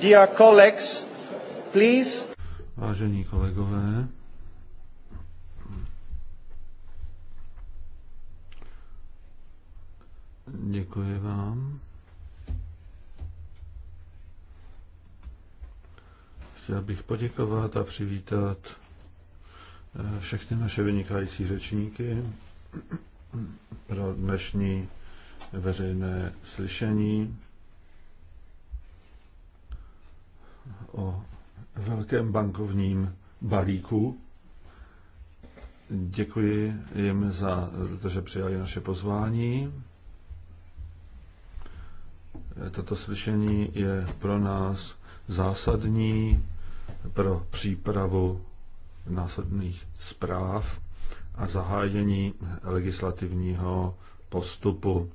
Dear colleagues, please. Vážení kolegové, děkuji vám. Chtěl bych poděkovat a přivítat eh, všechny naše vynikající řečníky pro dnešní veřejné slyšení. o velkém bankovním balíku. Děkuji jim za to, že přijali naše pozvání. Toto slyšení je pro nás zásadní pro přípravu následných zpráv a zahájení legislativního postupu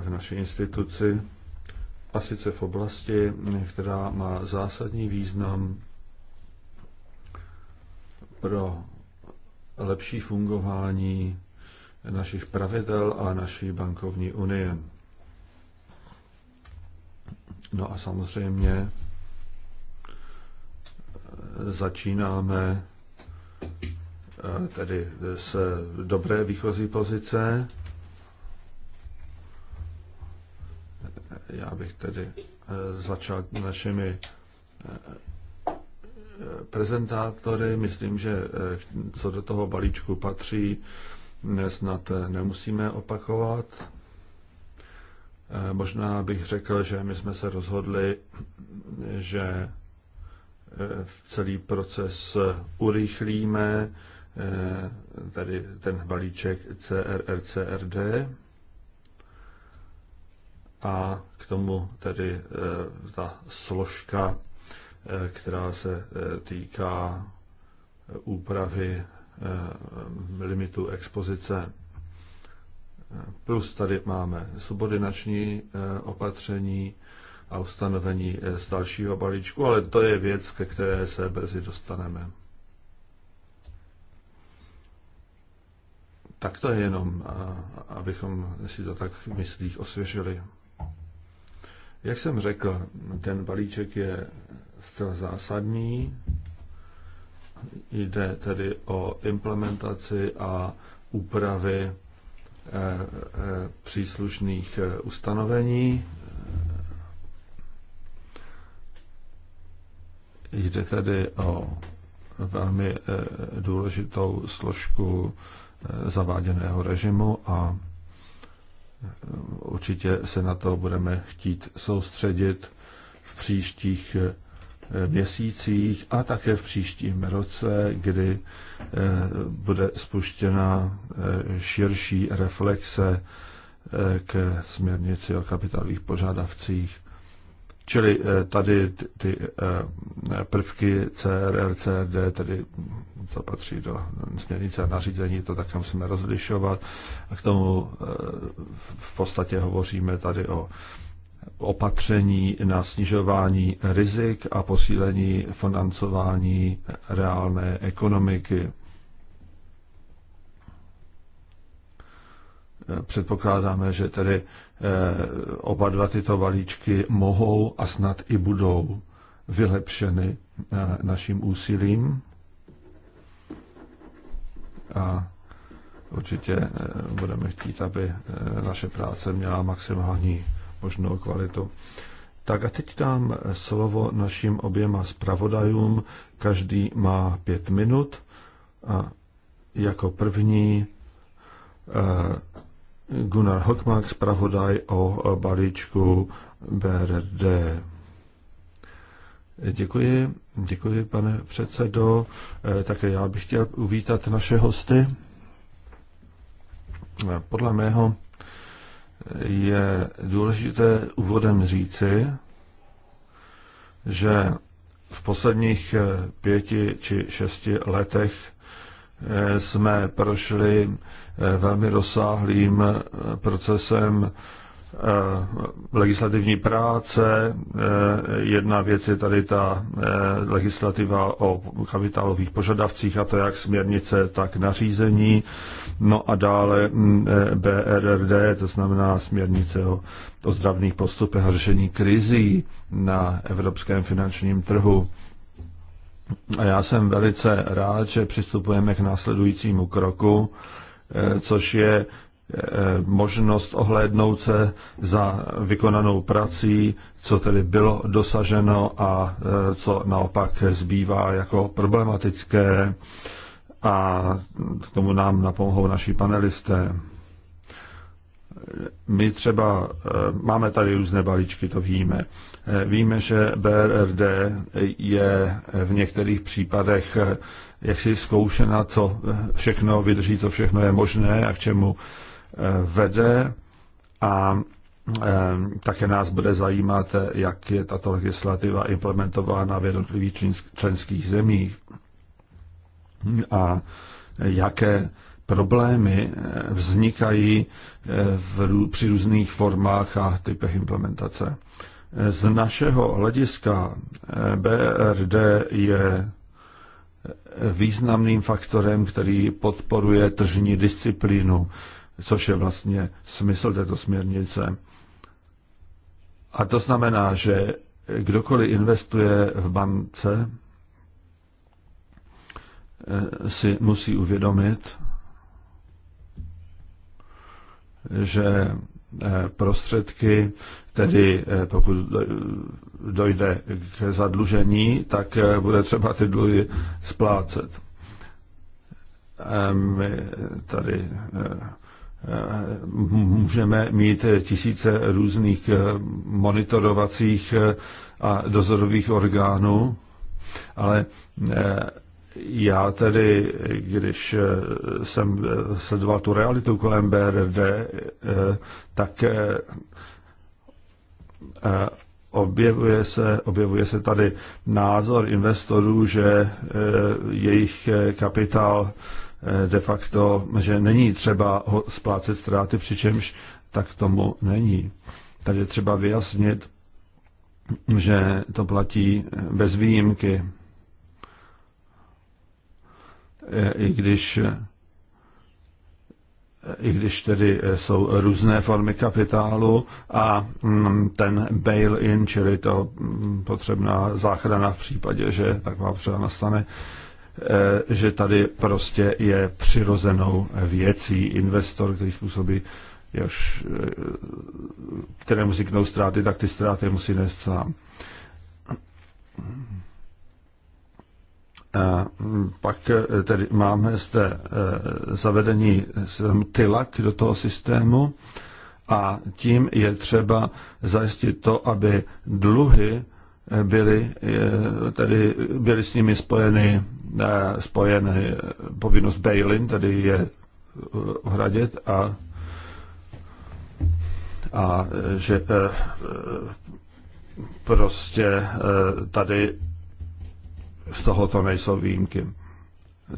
v naší instituci a sice v oblasti, která má zásadní význam pro lepší fungování našich pravidel a naší bankovní unie. No a samozřejmě začínáme eh, tedy se dobré výchozí pozice Já bych tedy eh, začal našimi eh, eh, prezentátory. Myslím, že co do toho balíčku patří, snad nemusíme opakovat. Možná bych řekl, že my jsme se rozhodli, že celý proces urychlíme, tedy ten balíček CRR-CRD a k tomu tedy eh, ta složka, eh, která se eh, týká úpravy limitu expozice. Plus tady máme subordinační opatření a ustanovení z dalšího balíčku, ale to je věc, ke které se brzy dostaneme. Tak to je jenom, abychom si to tak v myslích osvěžili. Jak jsem řekl, ten balíček je zcela zásadní. Jde tedy o implementaci a úpravy eh, eh, příslušných eh, ustanovení. Jde tedy o velmi důležitou složku zaváděného režimu a Určitě se na to budeme chtít soustředit v příštích eh, měsících a také v příštím roce, kdy eh, bude spuštěna eh, širší reflexe k směrnici o kapitálových požadavcích. Čili eh, tady ty, ty eh, prvky CRRC, d tedy to patří do směrnice a nařízení, to tak musíme rozlišovat. A k tomu eh, v podstatě hovoříme tady o opatření na snižování rizik a posílení financování reálné ekonomiky. Předpokládáme, že tedy Eh, oba dva tyto balíčky mohou a snad i budou vylepšeny eh, naším úsilím. A určitě eh, budeme chtít, aby naše práce měla maximální možnou kvalitu. Tak a teď dám slovo našim oběma zpravodajům. Každý má pět minut a jako první Gunnar Hockmark, zpravodaj o balíčku BRD. Děkuji, děkuji pane předsedo. E, také já bych chtěl uvítat naše hosty. E, podle mého je důležité úvodem říci, že v posledních e, pěti či šesti letech jsme prošli velmi rozsáhlým procesem eh, legislativní práce. Eh, jedna věc je tady ta eh, legislativa o kapitálových požadavcích, a to jak směrnice, tak nařízení. No a dále mm, BRRD, to znamená směrnice o ozdravných postupech a řešení krizí na evropském finančním trhu. A já jsem velice rád, že přistupujeme k následujícímu kroku, Eh, což je eh, možnost ohlédnout se za vykonanou prací, co tedy bylo dosaženo a eh, co naopak zbývá jako problematické. A k tomu nám napomohou naši panelisté. My třeba eh, máme tady různé balíčky, to víme. Eh, víme, že BRD je v některých případech eh, jaksi zkoušena, co všechno vydrží, co všechno je možné a k čemu vede. A také nás bude zajímat, jak je tato legislativa implementována v jednotlivých členských zemích a jaké problémy eh, vznikají eh, v, při různých formách a typech implementace. Eh, z našeho hlediska BRD je významným faktorem, který podporuje tržní disciplínu, což je vlastně smysl této směrnice. A to znamená, že kdokoliv investuje v bance, si musí uvědomit, že eh, prostředky, tedy eh, pokud dojde k zadlužení, tak eh, bude třeba ty dluhy splácet. Ehm, my tady můžeme mít tisíce různých monitorovacích a dozorových orgánů, ale já tedy, když eh, jsem eh, sledoval tu realitu kolem BRD, eh, tak objevuje se, objevuje se tady názor investorů, že jejich kapitál de facto, že není třeba ho splácet ztráty, přičemž tak tomu není. Tady třeba vyjasnit, že to platí bez výjimky i když i když tedy jsou různé formy kapitálu a mm, ten bail-in, čili to mm, potřebná záchrana v případě, že taková třeba nastane, e, že tady prostě je přirozenou věcí investor, který způsobí, jož, e, kterému vzniknou ztráty, tak ty ztráty musí nést sám. A pak eh, tedy máme zde eh, zavedení tylak do toho systému a tím je třeba zajistit to, aby dluhy eh, byly, tedy byly s nimi spojeny, spojeny povinnost bail-in, tedy je hradit a, a že prostě tady z tohoto nejsou výjimky.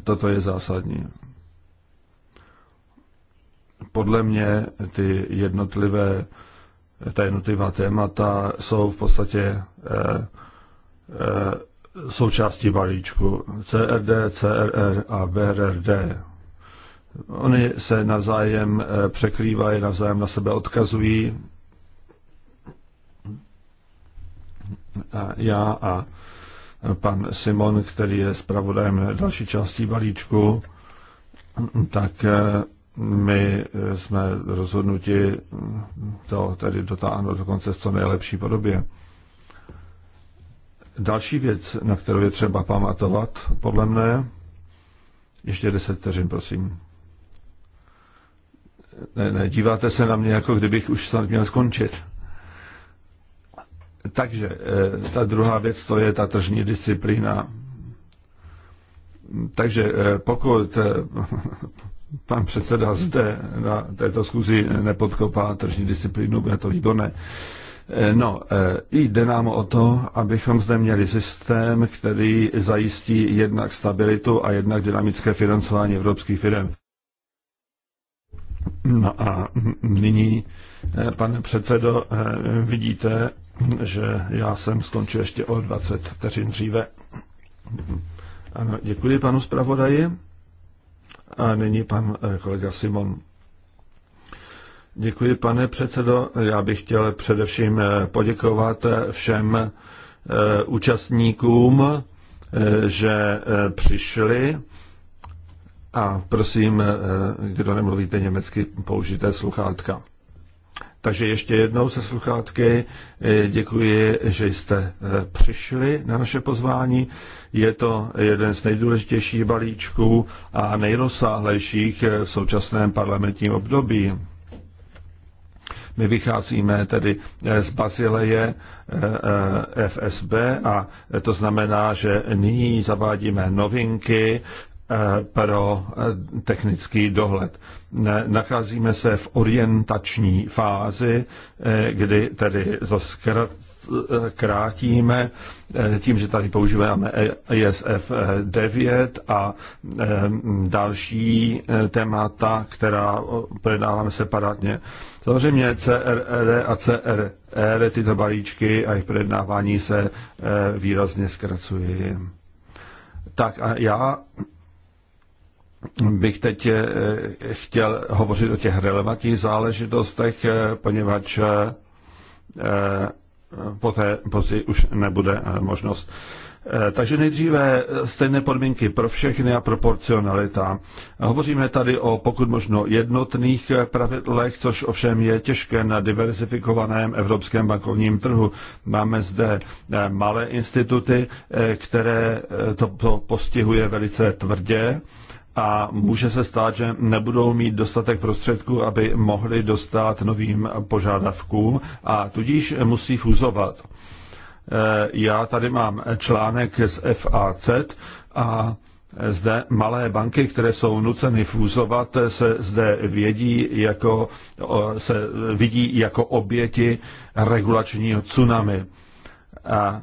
Toto je zásadní. Podle mě ty jednotlivé, ta jednotlivá témata jsou v podstatě e, e, součástí balíčku CRD, CRR a BRRD. Oni se navzájem eh, překrývají, navzájem na sebe odkazují. A já a pan Simon, který je zpravodajem další části balíčku, tak eh, my eh, jsme rozhodnuti to tedy dotáhnout dokonce v co nejlepší podobě. Další věc, na kterou je třeba pamatovat, podle mne, ještě deset vteřin, prosím. Ne, ne, díváte se na mě, jako kdybych už snad měl skončit. Takže eh, ta druhá věc, to je ta tržní disciplína. Takže eh, pokud eh, pan předseda zde na této schůzi nepodkopá tržní disciplínu, bude to výborné. No, jde nám o to, abychom zde měli systém, který zajistí jednak stabilitu a jednak dynamické financování evropských firm. No a nyní, pane předsedo, vidíte, že já jsem skončil ještě o 20 vteřin dříve. Ano, děkuji panu zpravodaji. A nyní pan eh, kolega Simon. Děkuji, pane předsedo. Já bych chtěl především eh, poděkovat eh, všem účastníkům, že přišli. A prosím, kdo nemluvíte německy, použijte sluchátka. Takže ještě jednou se sluchátky eh, děkuji, že jste eh, přišli na naše pozvání. Je to jeden z nejdůležitějších balíčků a nejrozsáhlejších eh, v současném parlamentním období. My vycházíme tedy z Bazileje FSB a to znamená, že nyní zavádíme novinky Eh, pro eh, technický dohled. Nacházíme se v orientační fázi, eh, kdy tedy to zkrat, krátíme tím, že tady používáme ISF e 9 a další témata, která předáváme separátně. Samozřejmě CRR a CRR, tyto balíčky a jejich předávání se výrazně zkracují. Tak a já bych teď eh, chtěl hovořit o těch relevantních záležitostech, eh, poněvadž eh, poté později už nebude možnost. Takže nejdříve stejné podmínky pro všechny a proporcionalita. Hovoříme tady o pokud možno jednotných pravidlech, což ovšem je těžké na diversifikovaném evropském bankovním trhu. Máme zde malé instituty, které to postihuje velice tvrdě a může se stát, že nebudou mít dostatek prostředků, aby mohli dostat novým požádavkům a tudíž musí fuzovat. Eh, já tady mám článek z FAC a zde malé banky, které jsou nuceny fúzovat, se zde vědí jako, se vidí jako oběti regulačního tsunami. A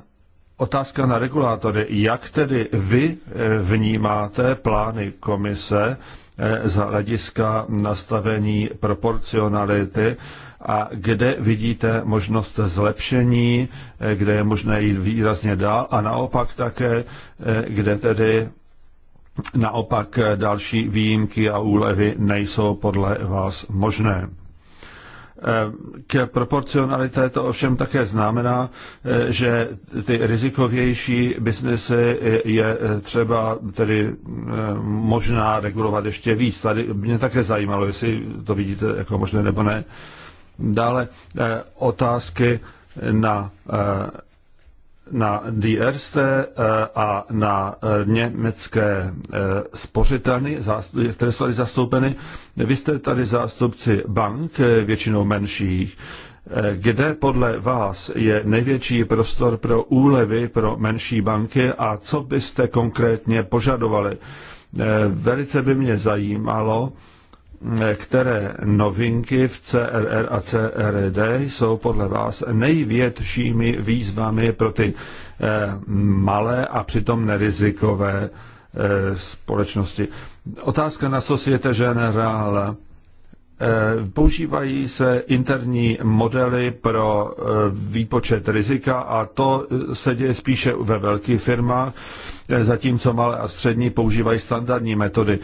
Otázka na regulátory. Jak tedy vy eh, vnímáte plány komise eh, z hlediska nastavení proporcionality a kde vidíte možnost zlepšení, eh, kde je možné jít výrazně dál a naopak také, kde tedy naopak další výjimky a úlevy nejsou podle vás možné. Eh, k proporcionalitě to ovšem také znamená, eh, že ty rizikovější biznesy eh, je třeba tedy možná regulovat ještě víc. Tady mě také zajímalo, jestli to vidíte jako možné nebo ne. Dále otázky na na Erste eh, a na eh, německé eh, spořitelny, které jsou tady zastoupeny. Vy jste tady zástupci bank, většinou menších. Kde podle vás je největší prostor pro úlevy pro menší banky a co byste konkrétně požadovali? Velice by mě zajímalo, které novinky v CRR a CRD jsou podle vás největšími výzvami pro ty eh, malé a přitom nerizikové eh, společnosti. Otázka na Societe Generale. Eh, používají se interní modely pro výpočet rizika a to se děje spíše ve velkých firmách, zatímco malé a střední používají standardní metody.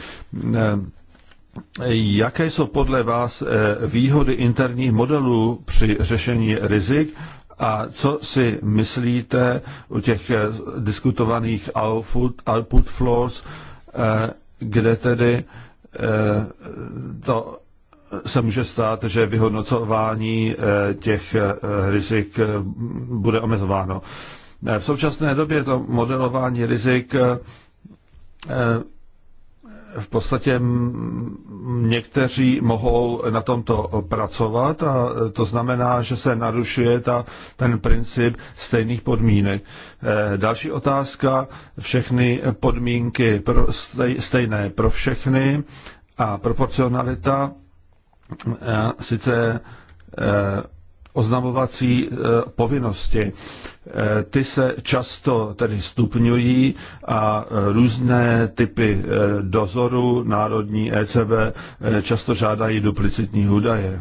Jaké jsou podle vás eh, výhody interních modelů při řešení rizik a co si myslíte o těch eh, diskutovaných output, output floors, eh, kde tedy to se může stát, že vyhodnocování těch rizik bude omezováno. V současné době to modelování rizik v podstatě někteří mohou na tomto pracovat a to znamená, že se narušuje ta, ten princip stejných podmínek. Eh, další otázka, všechny podmínky pro, stej, stejné pro všechny a proporcionalita eh, sice eh, oznamovací eh, povinnosti. Eh, ty se často tedy stupňují a eh, různé typy dozoru národní ECB často žádají duplicitní údaje.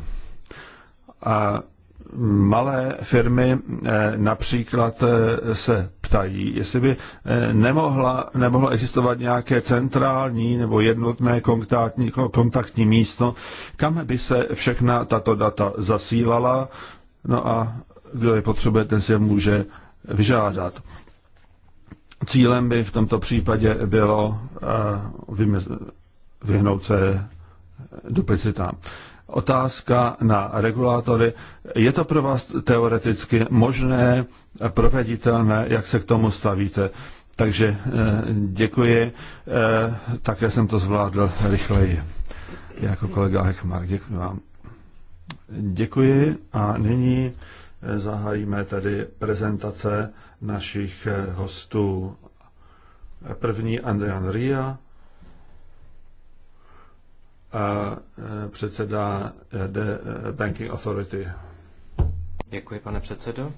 A malé firmy například se ptají, jestli by nemohla, nemohlo existovat nějaké centrální nebo jednotné kontaktní, kontaktní místo, kam by se všechna tato data zasílala, No a kdo je potřebuje, ten si je může vyžádat. Cílem by v tomto případě bylo eh, vyhnout se duplicitám. Otázka na regulátory. Je to pro vás teoreticky možné, proveditelné, jak se k tomu stavíte? Takže eh, děkuji. Eh, také jsem to zvládl rychleji jako kolega Hekmark. Děkuji vám. Děkuji a nyní eh, zahájíme tedy prezentace našich eh, hostů. První Andrian Ria, a eh, předseda The Banking Authority. Děkuji, pane předsedo.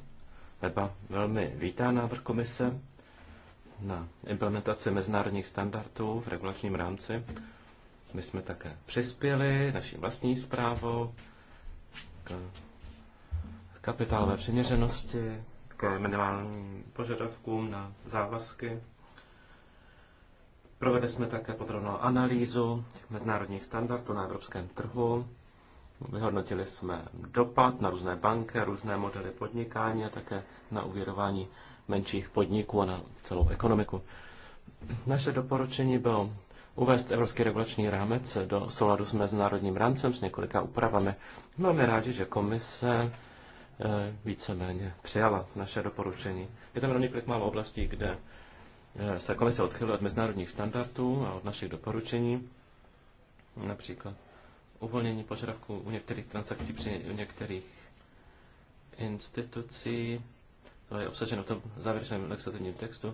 EBA velmi vítá návrh komise na implementaci mezinárodních standardů v regulačním rámci. My jsme také přispěli naší vlastní zprávou k kapitálové přiměřenosti, k minimálním požadavkům na závazky. Provedli jsme také podrobnou analýzu mezinárodních standardů na evropském trhu. Vyhodnotili jsme dopad na různé banky, různé modely podnikání a také na uvěrování menších podniků a na celou ekonomiku. Naše doporučení bylo uvést evropský regulační rámec do souladu s mezinárodním rámcem s několika úpravami. Máme rádi, že komise eh, víceméně přijala naše doporučení. Je tam několik málo oblastí, kde eh, se komise odchyluje od mezinárodních standardů a od našich doporučení, například uvolnění požadavků u některých transakcí při u některých institucí, to je obsaženo v tom závěrečném legislativním textu,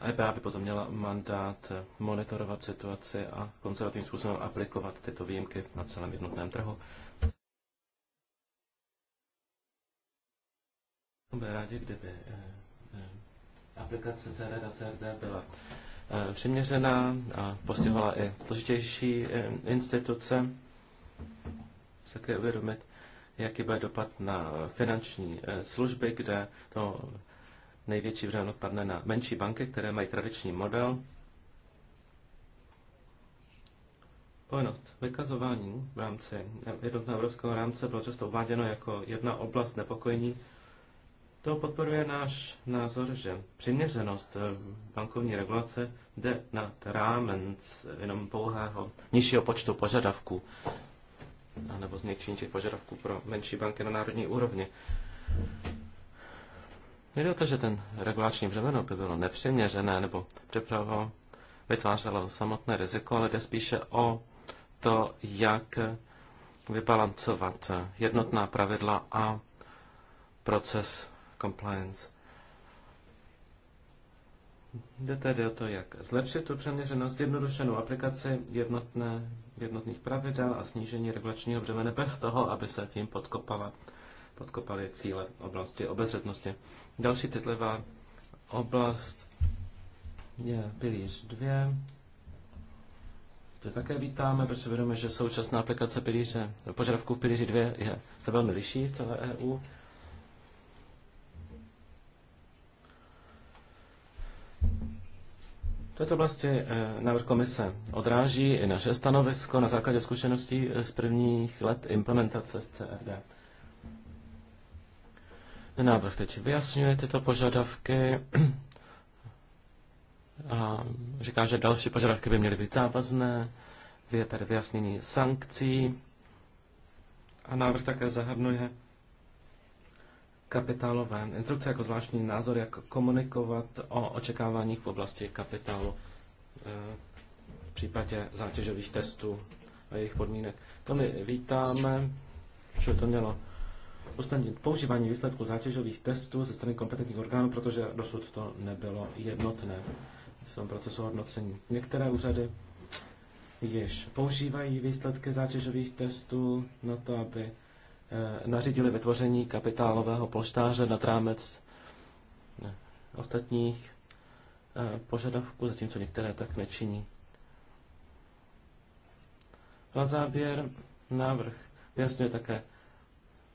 EPA e by potom měla mandát monitorovat situaci a konzervativním způsobem aplikovat tyto výjimky na celém jednotném trhu. Byl rádi, kdyby eh, eh, aplikace CRD e a CRD byla eh, přiměřená a postihovala i složitější instituce. Se také uvědomit, jaký bude dopad na finanční služby, kde to no, Největší břemeno padne na menší banky, které mají tradiční model. Povinnost vykazování v rámci jednotného evropského rámce bylo často uváděno jako jedna oblast nepokojení. To podporuje náš názor, že přiměřenost eh, bankovní regulace jde nad rámec eh, jenom pouhého nižšího počtu požadavků nebo změkčení těch požadavků pro menší banky na národní úrovni. Měli o to, že ten regulační břemeno by bylo nepřiměřené nebo přepravo vytvářelo samotné riziko, ale jde spíše o to, jak vybalancovat jednotná pravidla a proces compliance. Jde tedy o to, jak zlepšit tu přeměřenost, jednodušenou aplikaci jednotné, jednotných pravidel a snížení regulačního břemene bez toho, aby se tím podkopala Podkopali cíle v oblasti obezřetnosti. Další citlivá oblast je pilíř 2. To také vítáme, protože vědeme, že současná aplikace pilíře, požadavků pilíři 2 je, se velmi liší v celé EU. V této oblasti eh, návrh komise odráží i naše stanovisko na základě zkušeností z prvních let implementace z CRD. E Návrh teď vyjasňuje tyto požadavky a říká, že další požadavky by měly být závazné. Je tady vyjasnění sankcí a návrh také zahrnuje kapitálové instrukce jako zvláštní názor, jak komunikovat o očekáváních v oblasti kapitálu eh, v případě zátěžových testů a jejich podmínek. To my vítáme, že to mělo usnadnit používání výsledků zátěžových testů ze strany kompetentních orgánů, protože dosud to nebylo jednotné v tom procesu hodnocení. Některé úřady již používají výsledky zátěžových testů na to, aby eh, nařídili vytvoření kapitálového polštáře nad rámec ostatních eh, požadavků, zatímco některé tak nečiní. Na závěr návrh vyjasňuje také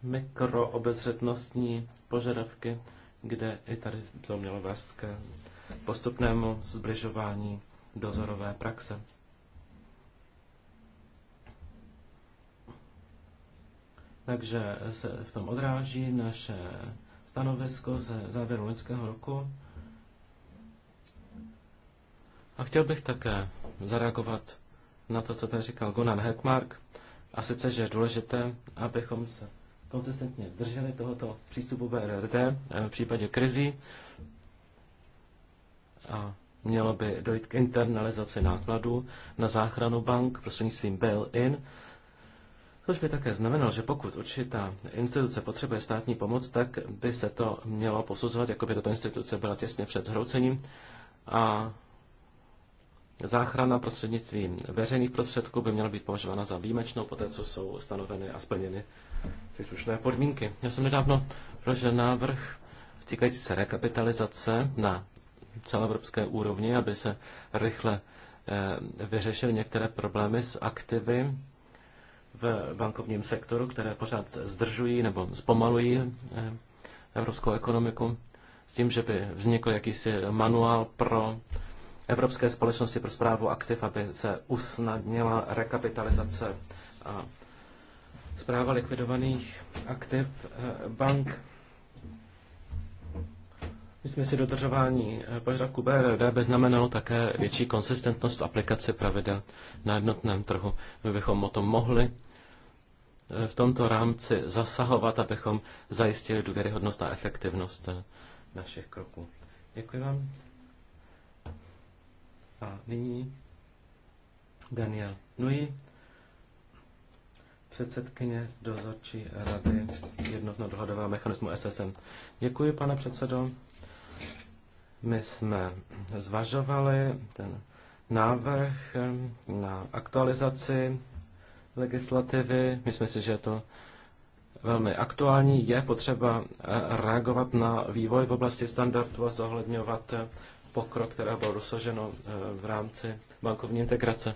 mikroobezřetnostní požadavky, kde i tady to mělo vést ke postupnému zbližování dozorové praxe. Takže se v tom odráží naše stanovisko ze závěru loňského roku. A chtěl bych také zareagovat na to, co tady říkal Gunnar Heckmark, a sice, že je důležité, abychom se konzistentně drželi tohoto přístupu BRRD eh, v případě krizi a mělo by dojít k internalizaci nákladů na záchranu bank prostřednictvím bail-in, což by také znamenalo, že pokud určitá instituce potřebuje státní pomoc, tak by se to mělo posuzovat, jako by tato instituce byla těsně před zhroucením a Záchrana prostřednictvím veřejných prostředků by měla být považována za výjimečnou, poté co jsou stanoveny a splněny slušné podmínky. Já jsem nedávno prožil návrh týkající se rekapitalizace na celoevropské úrovni, aby se rychle eh, vyřešily některé problémy s aktivy v bankovním sektoru, které pořád zdržují nebo zpomalují eh, evropskou ekonomiku, s tím, že by vznikl jakýsi manuál pro evropské společnosti pro zprávu aktiv, aby se usnadnila rekapitalizace a zpráva likvidovaných aktiv eh, bank. Myslím si, dodržování eh, požadavků BRD by znamenalo také větší konsistentnost aplikace pravidel na jednotném trhu. My bychom o tom mohli eh, v tomto rámci zasahovat, abychom zajistili důvěryhodnost a efektivnost našich kroků. Děkuji vám. A nyní Daniel Nui předsedkyně dozorčí rady jednotno dohledového mechanismu SSM. Děkuji, pane předsedo. My jsme zvažovali ten návrh na aktualizaci legislativy. Myslím si, že je to velmi aktuální. Je potřeba eh, reagovat na vývoj v oblasti standardů a zohledňovat eh, pokrok, kterého bylo dosaženo eh, v rámci bankovní integrace.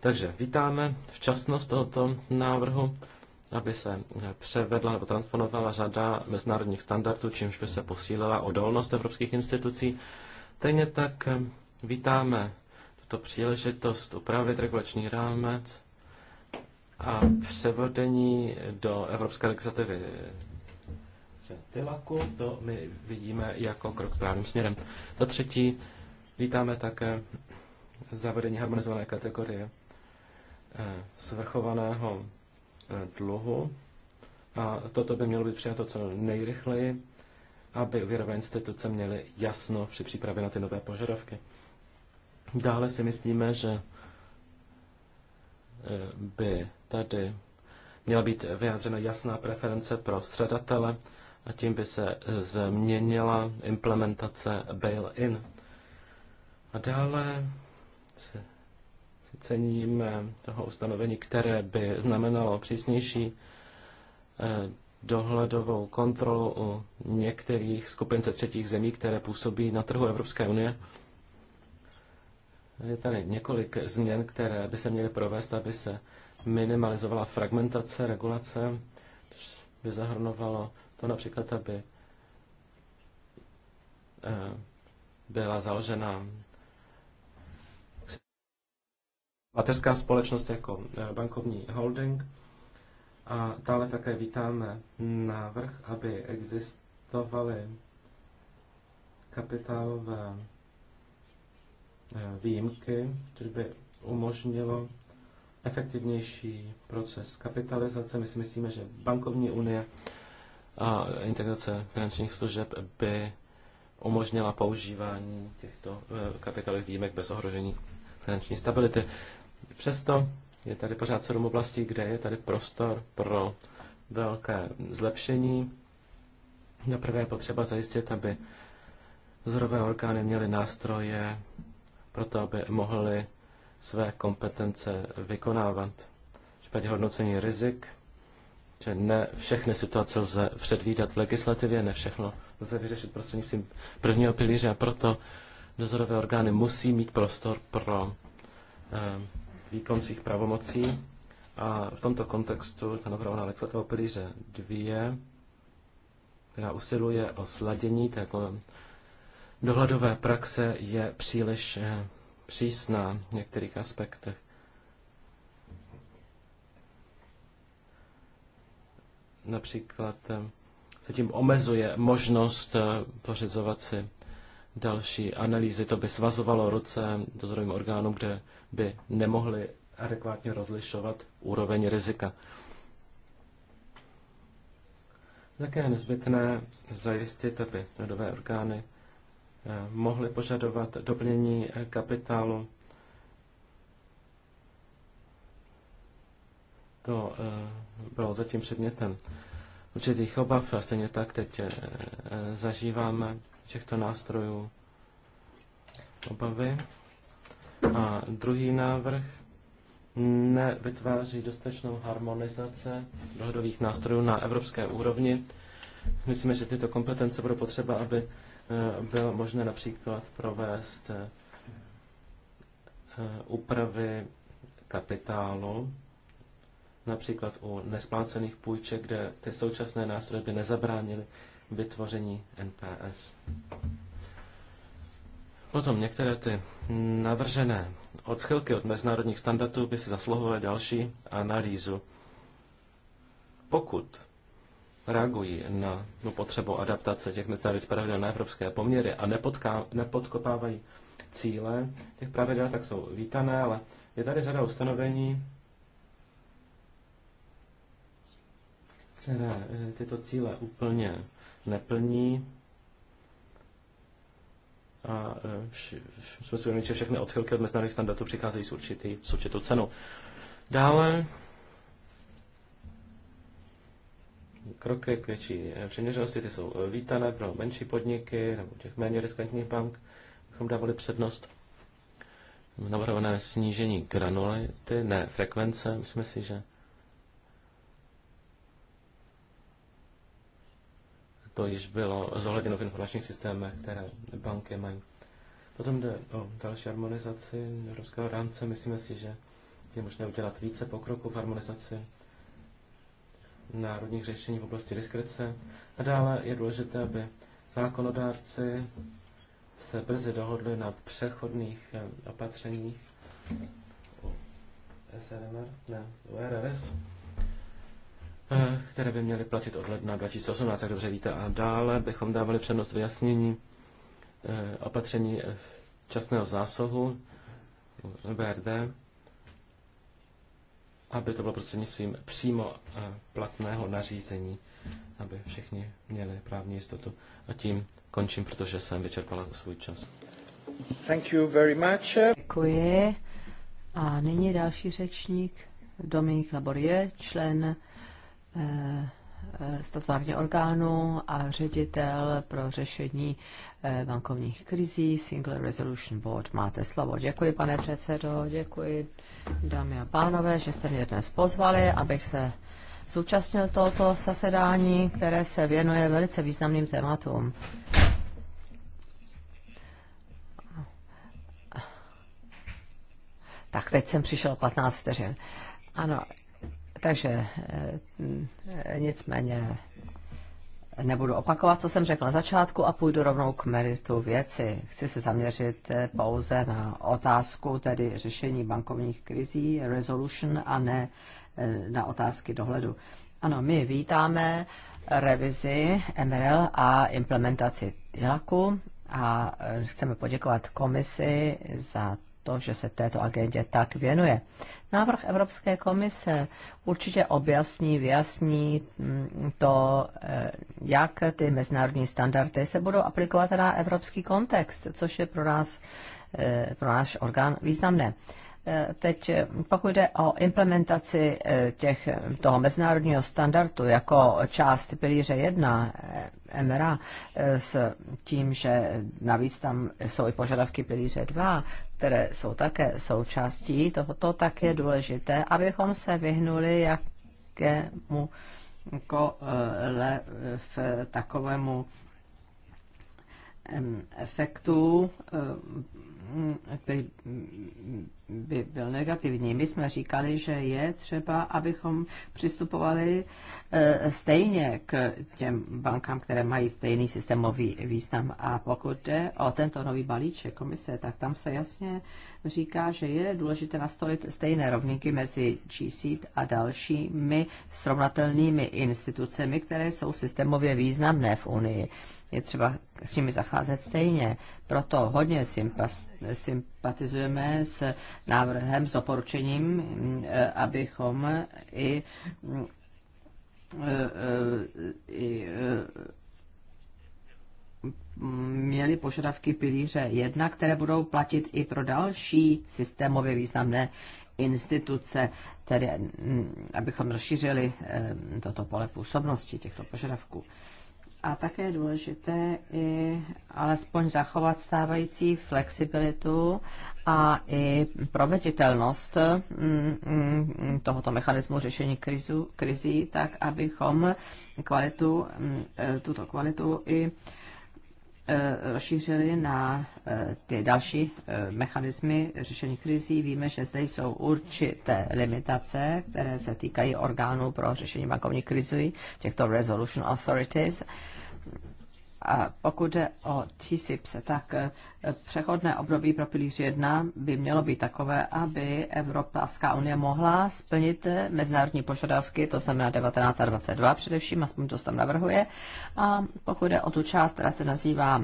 Takže vítáme včasnost tohoto návrhu, aby se převedla nebo transponovala řada mezinárodních standardů, čímž by se posílila odolnost evropských institucí. Stejně tak eh, vítáme tuto příležitost upravit regulační rámec a převedení do evropské legislativy Tylaku, to my vidíme jako krok správným směrem. Za třetí, vítáme také zavedení harmonizované kategorie Eh, svrchovaného eh, dluhu. A toto by mělo být přijato co nejrychleji, aby úvěrové instituce měly jasno při přípravě na ty nové požadavky. Dále si myslíme, že eh, by tady měla být vyjádřena jasná preference pro středatele a tím by se změnila implementace bail-in. A dále cením eh, toho ustanovení, které by znamenalo přísnější eh, dohledovou kontrolu u některých skupin ze třetích zemí, které působí na trhu Evropské unie. Je tady několik změn, které by se měly provést, aby se minimalizovala fragmentace regulace, což by zahrnovalo to například, aby eh, byla založena mateřská společnost jako eh, bankovní holding. A dále také vítáme návrh, aby existovaly kapitálové eh, výjimky, což by umožnilo efektivnější proces kapitalizace. My si myslíme, že bankovní unie a integrace finančních služeb by umožnila používání těchto eh, kapitálových výjimek bez ohrožení finanční stability. Přesto je tady pořád sedm oblastí, kde je tady prostor pro velké zlepšení. prvé je potřeba zajistit, aby vzorové orgány měly nástroje pro to, aby mohly své kompetence vykonávat. V případě hodnocení rizik, že ne všechny situace lze předvídat v legislativě, ne všechno lze vyřešit prostřednictvím prvního pilíře a proto dozorové orgány musí mít prostor pro eh, výkon svých pravomocí. A v tomto kontextu ta navrhovaná legislativa pilíře 2, která usiluje o sladění té dohledové praxe, je příliš eh, přísná v některých aspektech. Například eh, se tím omezuje možnost eh, pořizovat si další analýzy, to by svazovalo ruce dozorovým orgánům, kde by nemohli adekvátně rozlišovat úroveň rizika. Také je nezbytné zajistit, aby nové orgány eh, mohly požadovat doplnění eh, kapitálu. To eh, bylo zatím předmětem určitých obav a stejně tak teď eh, eh, zažíváme těchto nástrojů obavy. A druhý návrh nevytváří dostatečnou harmonizace dohodových nástrojů na evropské úrovni. Myslíme, že tyto kompetence budou potřeba, aby eh, bylo možné například provést úpravy kapitálu například u nesplácených půjček, kde ty současné nástroje by nezabránily vytvoření NPS. Potom některé ty navržené odchylky od mezinárodních standardů by si zasluhovaly další analýzu. Pokud reagují na no, potřebu adaptace těch mezinárodních pravidel na evropské poměry a nepotká, nepodkopávají cíle těch pravidel, tak jsou vítané, ale je tady řada ustanovení, které eh, tyto cíle úplně neplní. A eh, jsme si vědomi, že všechny odchylky od mezinárodních standardů přicházejí s, určitý, s určitou cenou. Dále kroky k větší eh, přiměřenosti, ty jsou vítané pro menší podniky nebo těch méně riskantních bank, bychom dávali přednost. Navrhované snížení granulity, ne frekvence, myslím si, že to již bylo zohledněno v informačních systémech, které banky mají. Potom jde o další harmonizaci evropského rámce. Myslíme si, že je možné udělat více pokroku v harmonizaci národních řešení v oblasti diskrece. A dále je důležité, aby zákonodárci se brzy dohodli na přechodných eh, opatřeních SRMR, ne, URRS. Eh, které by měly platit od ledna 2018, jak dobře víte. A dále bychom dávali přednost vyjasnění eh, opatření eh, časného zásahu BRD, aby to bylo prostřednictvím přímo platného nařízení, aby všichni měli právní jistotu. A tím končím, protože jsem vyčerpala svůj čas. Thank you very much. Děkuji. A nyní další řečník, Dominik Laborie, člen Eh, statutárního orgánu a ředitel pro řešení eh, bankovních krizí Single Resolution Board. Máte slovo. Děkuji, pane předsedo, děkuji, dámy a pánové, že jste mě dnes pozvali, abych se zúčastnil tohoto zasedání, které se věnuje velice významným tématům. Tak teď jsem přišel 15 vteřin. Ano, takže eh, hm, nicméně nebudu opakovat, co jsem řekl na začátku a půjdu rovnou k meritu věci. Chci se zaměřit eh, pouze na otázku, tedy řešení bankovních krizí, resolution a ne eh, na otázky dohledu. Ano, my vítáme revizi MRL a implementaci ILAKu a chceme poděkovat komisi za to, že se této agendě tak věnuje. Návrh Evropské komise určitě objasní, vyjasní mm, to, eh, jak ty mezinárodní standardy se budou aplikovat na evropský kontext, což je pro nás, eh, pro náš orgán významné. Eh, teď eh, pokud jde o implementaci eh, těch, toho mezinárodního standardu jako část pilíře 1 MRA s tím, že navíc tam jsou i požadavky pilíře 2, které jsou také součástí tohoto, tak je důležité, abychom se vyhnuli jakému kole v takovému efektu, který by byl negativní. My jsme říkali, že je třeba, abychom přistupovali e, stejně k těm bankám, které mají stejný systémový význam. A pokud jde o tento nový balíček komise, tak tam se jasně říká, že je důležité nastolit stejné rovníky mezi GSEED a dalšími srovnatelnými institucemi, které jsou systémově významné v Unii je třeba s nimi zacházet stejně. Proto hodně sympatizujeme s návrhem, s doporučením, eh, abychom i, eh, eh, i měli požadavky pilíře 1, které budou platit i pro další systémově významné instituce, tedy mm, abychom rozšířili toto pole působnosti těchto požadavků. A také je důležité i alespoň zachovat stávající flexibilitu a i proveditelnost mm, mm, tohoto mechanismu řešení krizu, krizí, tak abychom kvalitu, mm, e, tuto kvalitu i e, rozšířili na e, ty další mechanismy řešení krizí. Víme, že zde jsou určité limitace, které se týkají orgánů pro řešení bankovní krizi, těchto resolution authorities. A pokud jde o TSIPS, tak eh, přechodné období pro pilíř 1 by mělo být takové, aby Evropská unie mohla splnit eh, mezinárodní požadavky, to znamená 19 a 22 především, aspoň to se tam navrhuje. A pokud jde o tu část, která se nazývá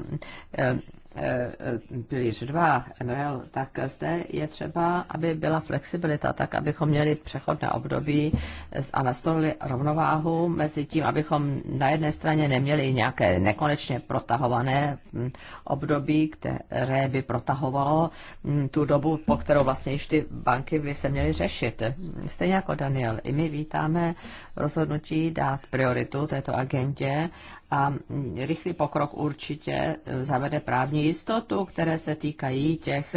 eh, pilíř 2 MRL, tak zde je třeba, aby byla flexibilita, tak abychom měli přechodné období a nastolili rovnováhu mezi tím, abychom na jedné straně neměli nějaké nekonečně protahované mm, období, které by protahovalo mm, tu dobu, po kterou vlastně již ty banky by se měly řešit. Stejně jako Daniel, i my vítáme rozhodnutí dát prioritu této agentě a rychlý pokrok určitě zavede právní jistotu, které se týkají těch,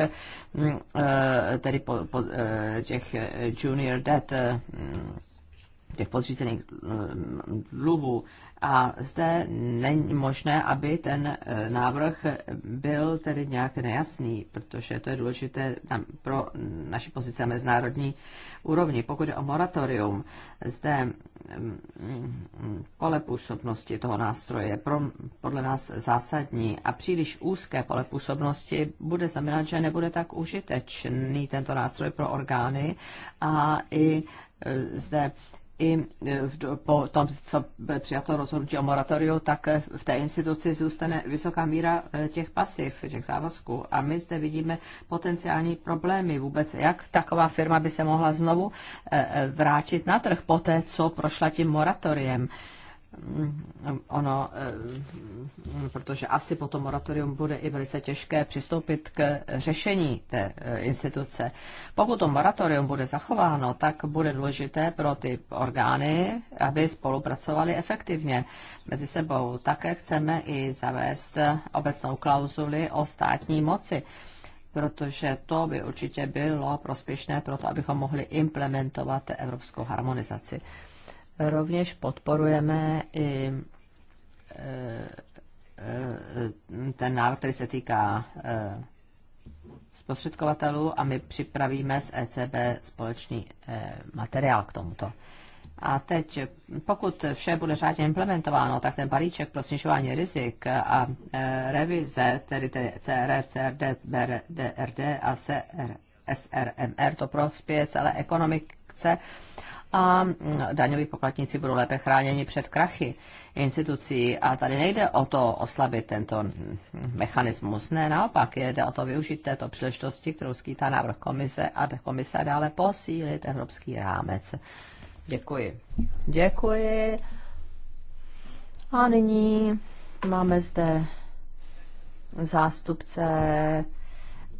mm, eh, tedy po, po, eh, těch junior debt, eh, těch podřízených dluhů a zde není možné, aby ten eh, návrh byl tedy nějak nejasný, protože to je důležité pro naši pozici na mezinárodní úrovni. Pokud je o moratorium, zde mm, mm, pole působnosti toho nástroje je pro, podle nás zásadní a příliš úzké pole působnosti bude znamenat, že nebude tak užitečný tento nástroj pro orgány a i eh, zde i e, v, po tom, co bylo přijato rozhodnutí o moratoriu, tak e, v té instituci zůstane vysoká míra e, těch pasiv, těch závazků. A my zde vidíme potenciální problémy vůbec, jak taková firma by se mohla znovu vrátit na trh po té, co prošla tím moratoriem. Mm, ono, eh, mm, protože asi po tom moratorium bude i velice těžké přistoupit k řešení té eh, instituce. Pokud to moratorium bude zachováno, tak bude důležité pro ty orgány, aby spolupracovali efektivně mezi sebou. Také chceme i zavést obecnou klauzuli o státní moci protože to by určitě bylo prospěšné pro to, abychom mohli implementovat evropskou harmonizaci. Rovněž podporujeme i e, e, ten návrh, který se týká e, spotřebitelů a my připravíme z ECB společný materiál k tomuto. A teď, pokud vše bude řádně implementováno, tak ten balíček pro snižování rizik a revize, tedy, tedy CR, CRD, BRD, DRD a CR, SRMR, to prospěje celé ekonomice a daňoví poplatníci budou lépe chráněni před krachy institucí. A tady nejde o to oslabit tento mechanismus, ne, naopak jde o to využít této příležitosti, kterou skýtá návrh komise a komise dále posílit evropský rámec. Děkuji. Děkuji. A nyní máme zde zástupce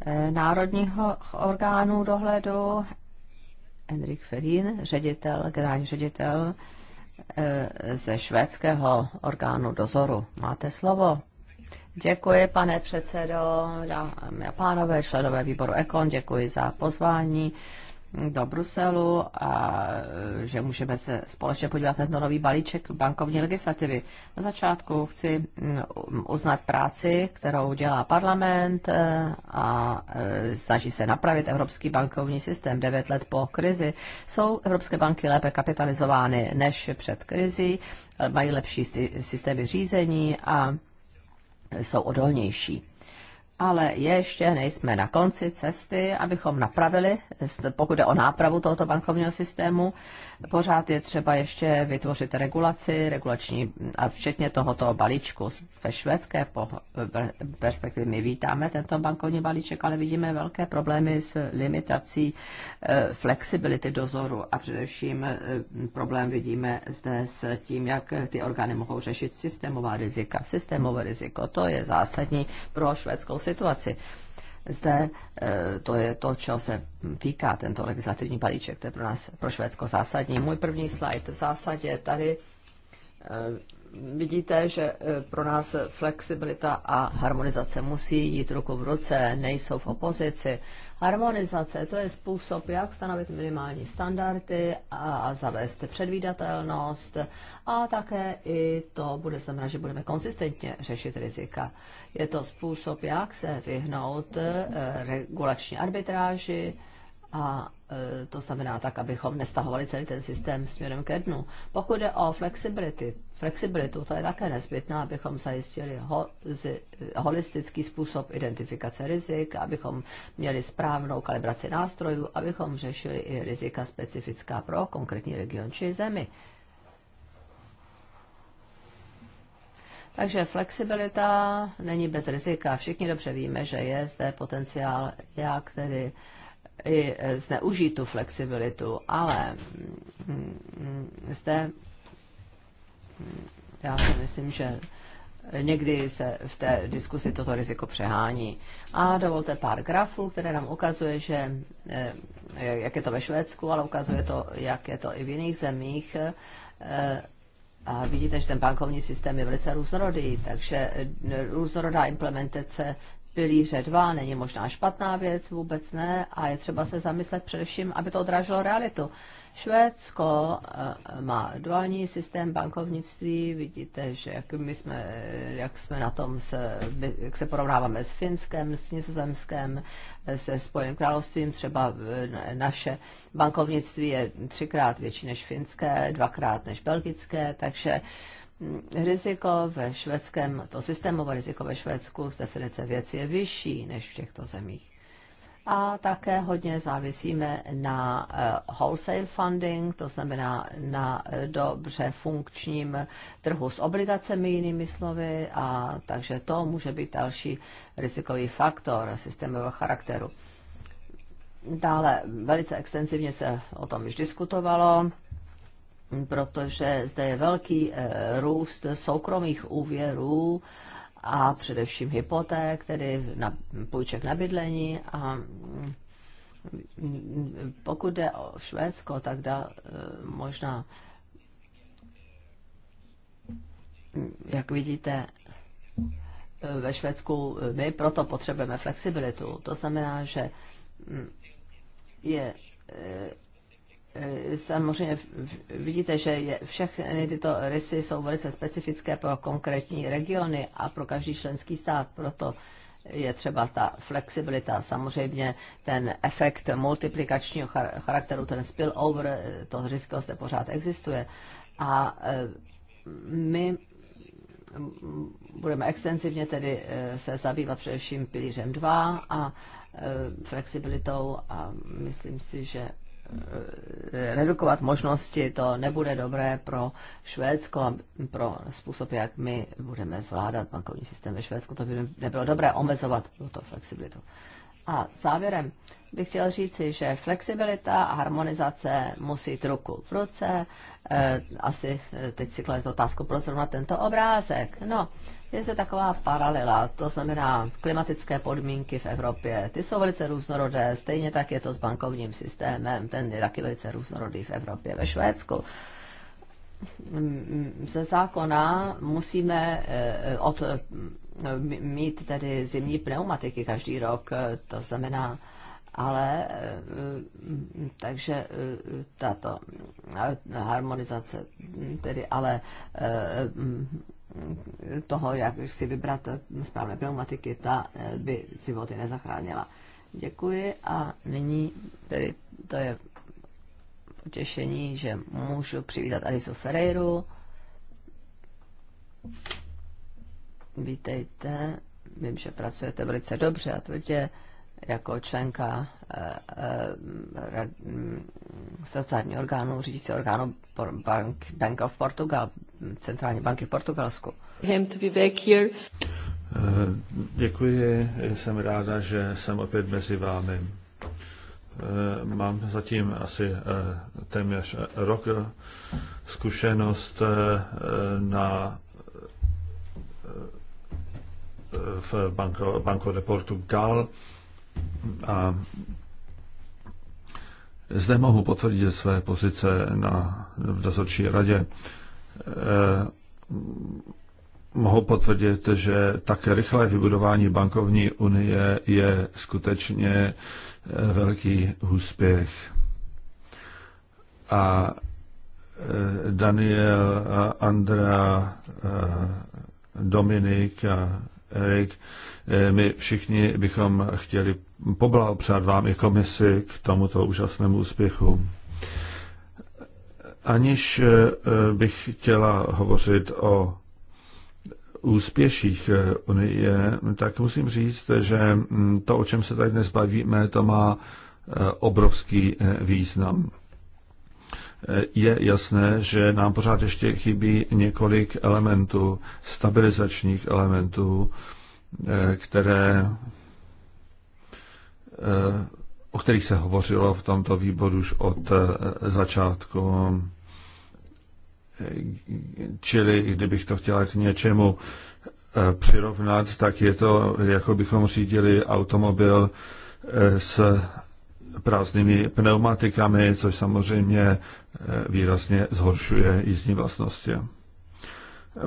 eh, národního orgánu dohledu Henrik Ferin, ředitel, generální ředitel eh, ze švédského orgánu dozoru. Máte slovo. Děkuji, pane předsedo, dámy a pánové, členové výboru Ekon, děkuji za pozvání do Bruselu a e, že můžeme se společně podívat na nový balíček bankovní legislativy. Na začátku chci uznat práci, kterou dělá parlament e, a e, snaží se napravit evropský bankovní systém. Devět let po krizi jsou evropské banky lépe kapitalizovány než před krizi, mají lepší systémy řízení a jsou odolnější ale ještě nejsme na konci cesty, abychom napravili, pokud jde o nápravu tohoto bankovního systému, Pořád je třeba ještě vytvořit regulaci, regulační a včetně tohoto balíčku. Ve švédské perspektivě my vítáme tento bankovní balíček, ale vidíme velké problémy s limitací eh, flexibility dozoru a především eh, problém vidíme zde s tím, jak ty orgány mohou řešit systémová rizika. Systémové riziko, to je zásadní pro švédskou situaci zde eh, to je to, čeho se týká tento legislativní balíček. To je pro nás, pro Švédsko zásadní. Můj první slide v zásadě tady eh, vidíte, že eh, pro nás flexibilita a harmonizace musí jít ruku v ruce, nejsou v opozici Harmonizace to je způsob, jak stanovit minimální standardy a zavést předvídatelnost a také i to bude znamenat, že budeme konsistentně řešit rizika. Je to způsob, jak se vyhnout eh, regulační arbitráži, a e, to znamená tak, abychom nestahovali celý ten systém směrem ke dnu. Pokud jde o flexibility, flexibilitu, to je také nezbytná, abychom zajistili ho, z, holistický způsob identifikace rizik, abychom měli správnou kalibraci nástrojů, abychom řešili i rizika specifická pro konkrétní region či zemi. Takže flexibilita není bez rizika. Všichni dobře víme, že je zde potenciál, jak tedy uh, i zneužít tu flexibilitu, ale mm, zde mm, já si myslím, že někdy se v té diskusi toto riziko přehání. A dovolte pár grafů, které nám ukazuje, že eh, jak je to ve Švédsku, ale ukazuje to, jak je to i v jiných zemích. Eh, a vidíte, že ten bankovní systém je velice různorodý, takže různorodá implementace pilíře dva, není možná špatná věc, vůbec ne, a je třeba se zamyslet především, aby to odráželo realitu. Švédsko eh, má duální systém bankovnictví, vidíte, že jak, my jsme, jak jsme na tom, se, jak se porovnáváme s Finskem, s Nizozemskem, eh, se Spojeným královstvím, třeba eh, naše bankovnictví je třikrát větší než finské, dvakrát než belgické, takže riziko ve švédském, to systémové riziko ve Švédsku z definice věci je vyšší než v těchto zemích. A také hodně závisíme na eh, wholesale funding, to znamená na eh, dobře funkčním trhu s obligacemi, jinými slovy, a takže to může být další rizikový faktor systémového charakteru. Dále velice extenzivně se o tom již diskutovalo protože zde je velký eh, růst soukromých úvěrů a především hypoték, tedy na půjček na bydlení a mm, pokud jde o Švédsko, tak dá eh, možná, mm, jak vidíte, eh, ve Švédsku my proto potřebujeme flexibilitu. To znamená, že mm, je Eh, samozřejmě vidíte, že je, všechny tyto rysy jsou velice specifické pro konkrétní regiony a pro každý členský stát, proto je třeba ta flexibilita, samozřejmě ten efekt multiplikačního charakteru, ten spillover, eh, to riziko zde pořád existuje. A eh, my budeme extenzivně tedy se zabývat především pilířem 2 a flexibilitou a myslím si, že Eh, redukovat možnosti, to nebude dobré pro Švédsko a pro způsob, jak my budeme zvládat bankovní systém ve Švédsku. To by nebylo dobré omezovat tuto flexibilitu. A závěrem bych chtěl říci, že flexibilita a harmonizace musí jít ruku v ruce. E, asi eh, teď si kladete otázku, proč zrovna tento obrázek. No, je zde taková paralela, to znamená klimatické podmínky v Evropě. Ty jsou velice různorodé, stejně tak je to s bankovním systémem, ten je taky velice různorodý v Evropě, ve Švédsku. Mm, ze zákona musíme eh, od, eh, mít tedy zimní pneumatiky každý rok, eh, to znamená, ale takže tato harmonizace, tedy ale toho, jak si vybrat správné pneumatiky, ta eh, by životy nezachránila. Děkuji a nyní tedy to je potěšení, že můžu přivítat Alisu Ferreiru. Vítejte, vím, že pracujete velice dobře a tvrdě jako členka eh, eh, mm, statutárního orgánu, řídící orgánu Bank, Bank of Portugal, Centrální banky v Portugalsku. to be back here. Eh, děkuji, jsem ráda, že jsem opět mezi vámi. Mám zatím asi téměř rok zkušenost na v Banco, Banco de Portugal a zde mohu potvrdit své pozice na, v dozorčí radě. E, mohu potvrdit, že tak rychlé vybudování bankovní unie je skutečně e, velký úspěch. A e, Daniel, Andrea, e, Dominik a Erik, eh, my všichni bychom chtěli poblahopřát vám i komisi k tomuto úžasnému úspěchu. Aniž eh, eh, bych chtěla hovořit o úspěších Unie, tak musím říct, že mm, to, o čem se tady dnes bavíme, to má obrovský význam je jasné, že nám pořád ještě chybí několik elementů, stabilizačních elementů, eh, které, eh, o kterých se hovořilo v tomto výboru už od eh, začátku. Čili, kdybych to chtěla k něčemu přirovnat, tak je to, jako bychom řídili automobil s prázdnými pneumatikami, což samozřejmě výrazně zhoršuje jízdní vlastnosti.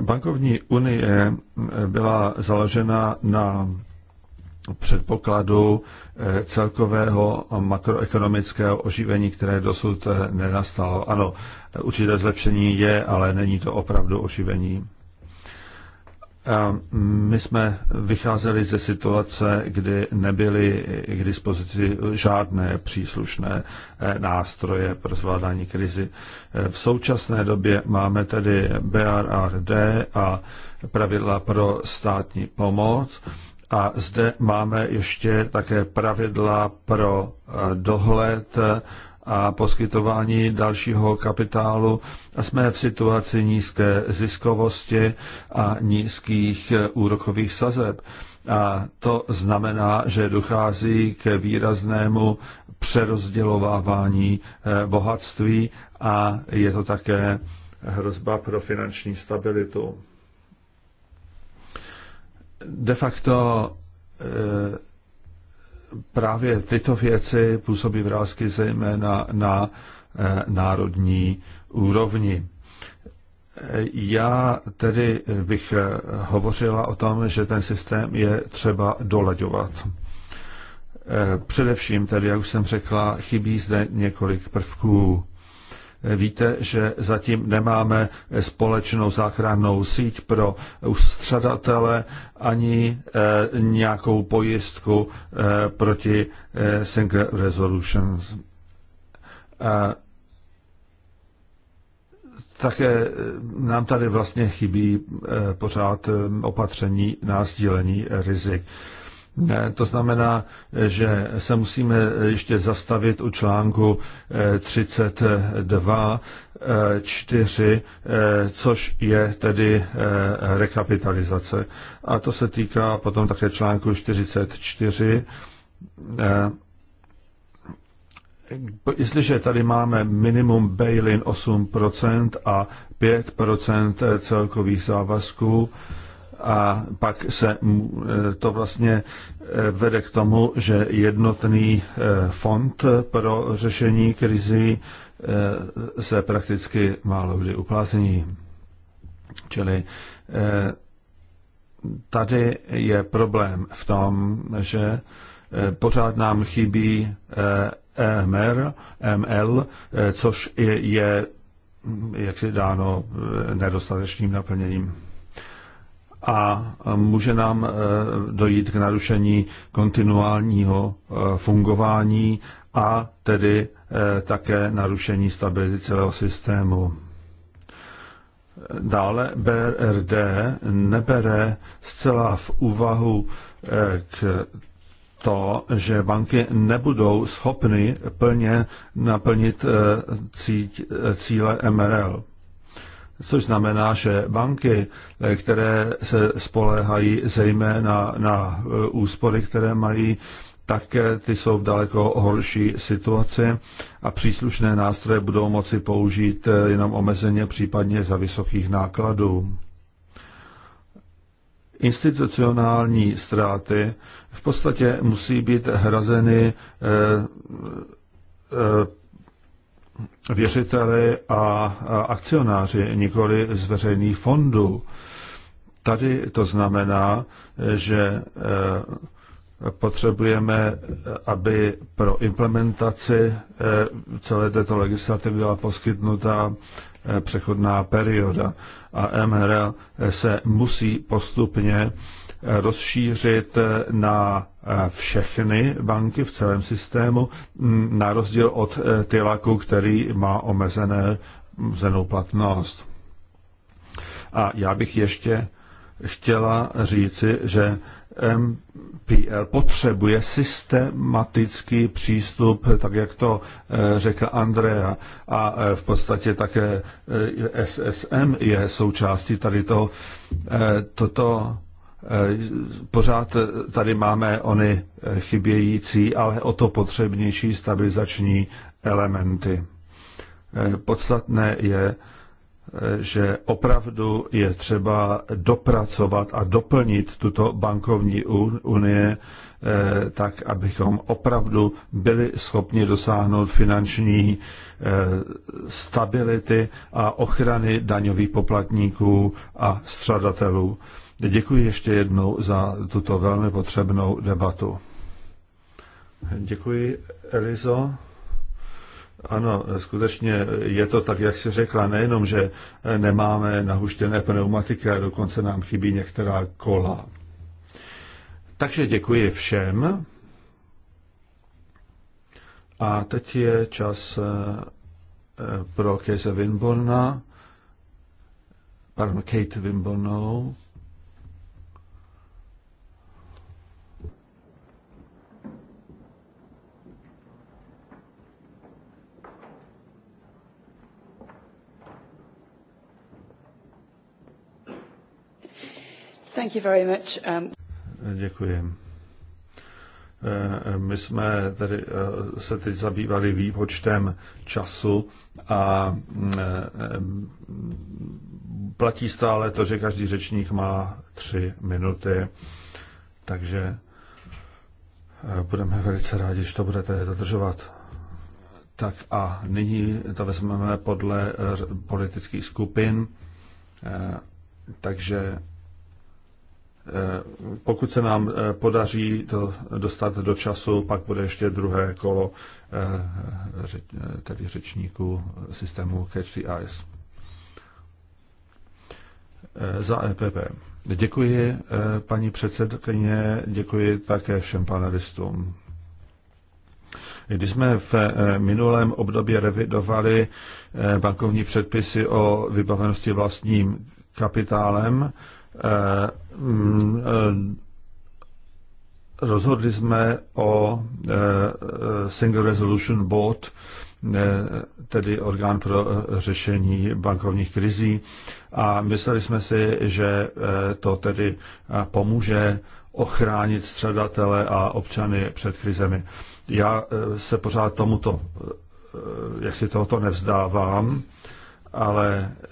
Bankovní unie byla založena na předpokladu eh, celkového makroekonomického oživení, které dosud eh, nenastalo. Ano, určité zlepšení je, ale není to opravdu oživení. A my jsme vycházeli ze situace, kdy nebyly k dispozici žádné příslušné e, nástroje pro zvládání krizi. E, v současné době máme tedy BRRD a pravidla pro státní pomoc. A zde máme ještě také pravidla pro e, dohled a poskytování dalšího kapitálu a jsme v situaci nízké ziskovosti a nízkých eh, úrokových sazeb. A to znamená, že dochází k výraznému přerozdělovávání eh, bohatství a je to také hrozba pro finanční stabilitu. De facto eh, právě tyto věci působí vrázky zejména na eh, národní úrovni. Eh, já tedy bych eh, hovořila o tom, že ten systém je třeba dolaďovat. Především tedy, jak už jsem řekla, chybí zde několik prvků. Víte, že zatím nemáme společnou záchrannou síť pro ustřadatele ani eh, nějakou pojistku eh, proti eh, single resolutions. Také nám tady vlastně chybí pořád opatření na sdílení rizik. To znamená, že se musíme ještě zastavit u článku 32, eh, 4, eh, eh, což je tedy rekapitalizace. A to se týká potom také článku 44, Jestliže tady máme minimum bail-in 8% a 5% celkových závazků, a pak se eh, to vlastně eh, vede k tomu, že jednotný eh, fond pro řešení krizi se prakticky málo kdy uplatní. Čili tady je problém v tom, že pořád nám chybí EMR, e ML, což je, je jak si dáno, nedostatečným naplněním a může nám e, dojít k narušení kontinuálního e, fungování a tedy e, také narušení stability celého systému. Dále BRD nebere zcela v úvahu k to, že banky nebudou schopny plně naplnit cíle MRL což znamená, že banky, eh, které se spoléhají zejména na eh, úspory, které mají, tak eh, ty jsou v daleko horší situaci a příslušné nástroje budou moci použít jenom omezeně, případně za vysokých nákladů. Institucionální ztráty v podstatě musí být hrazeny věřiteli a akcionáři, nikoli z veřejných fondů. Tady to znamená, že eh, potřebujeme, aby pro implementaci eh, celé této legislativy byla poskytnuta eh, přechodná perioda a MRL se musí postupně rozšířit na eh, všechny banky v celém systému, mm, na rozdíl od eh, Tylaku, který má omezené, omezenou mm, platnost. A já bych ještě chtěla říci, že MPL potřebuje systematický přístup, tak jak to eh, řekl Andrea, a v podstatě také SSM je součástí tady toho. Toto Eh, pořád tady máme ony eh, chybějící, ale o to potřebnější stabilizační elementy. Eh, podstatné je, že opravdu je třeba dopracovat a doplnit tuto bankovní unie tak, abychom opravdu byli schopni dosáhnout finanční stability a ochrany daňových poplatníků a střadatelů. Děkuji ještě jednou za tuto velmi potřebnou debatu. Děkuji, Elizo. Ano, skutečně je to tak, jak jsi řekla, nejenom, že nemáme nahuštěné pneumatiky, ale dokonce nám chybí některá kola. Takže děkuji všem. A teď je čas eh, pro Kejse Winborna, pardon, Kate Winbornou, Thank you very much. Um... Děkuji. Eh, my jsme tady eh, se teď zabývali výpočtem času a eh, platí stále to, že každý řečník má tři minuty, takže budeme velice rádi, že to budete dodržovat. Tak a nyní to vezmeme podle politických skupin, takže Eh, pokud se nám eh, podaří to dostat do času, pak bude ještě druhé kolo eh, tedy řečníků systému Catch the Eyes. Za EPP. Děkuji paní předsedkyně, děkuji také všem panelistům. Když jsme v minulém období revidovali bankovní předpisy o vybavenosti vlastním kapitálem, Mm, eh, rozhodli jsme o eh, eh, Single Resolution Board, tedy orgán pro řešení bankovních krizí a mysleli jsme si, že to tedy pomůže ochránit středatele a občany před krizemi. Já se pořád tomuto, jak si tohoto nevzdávám, ale eh,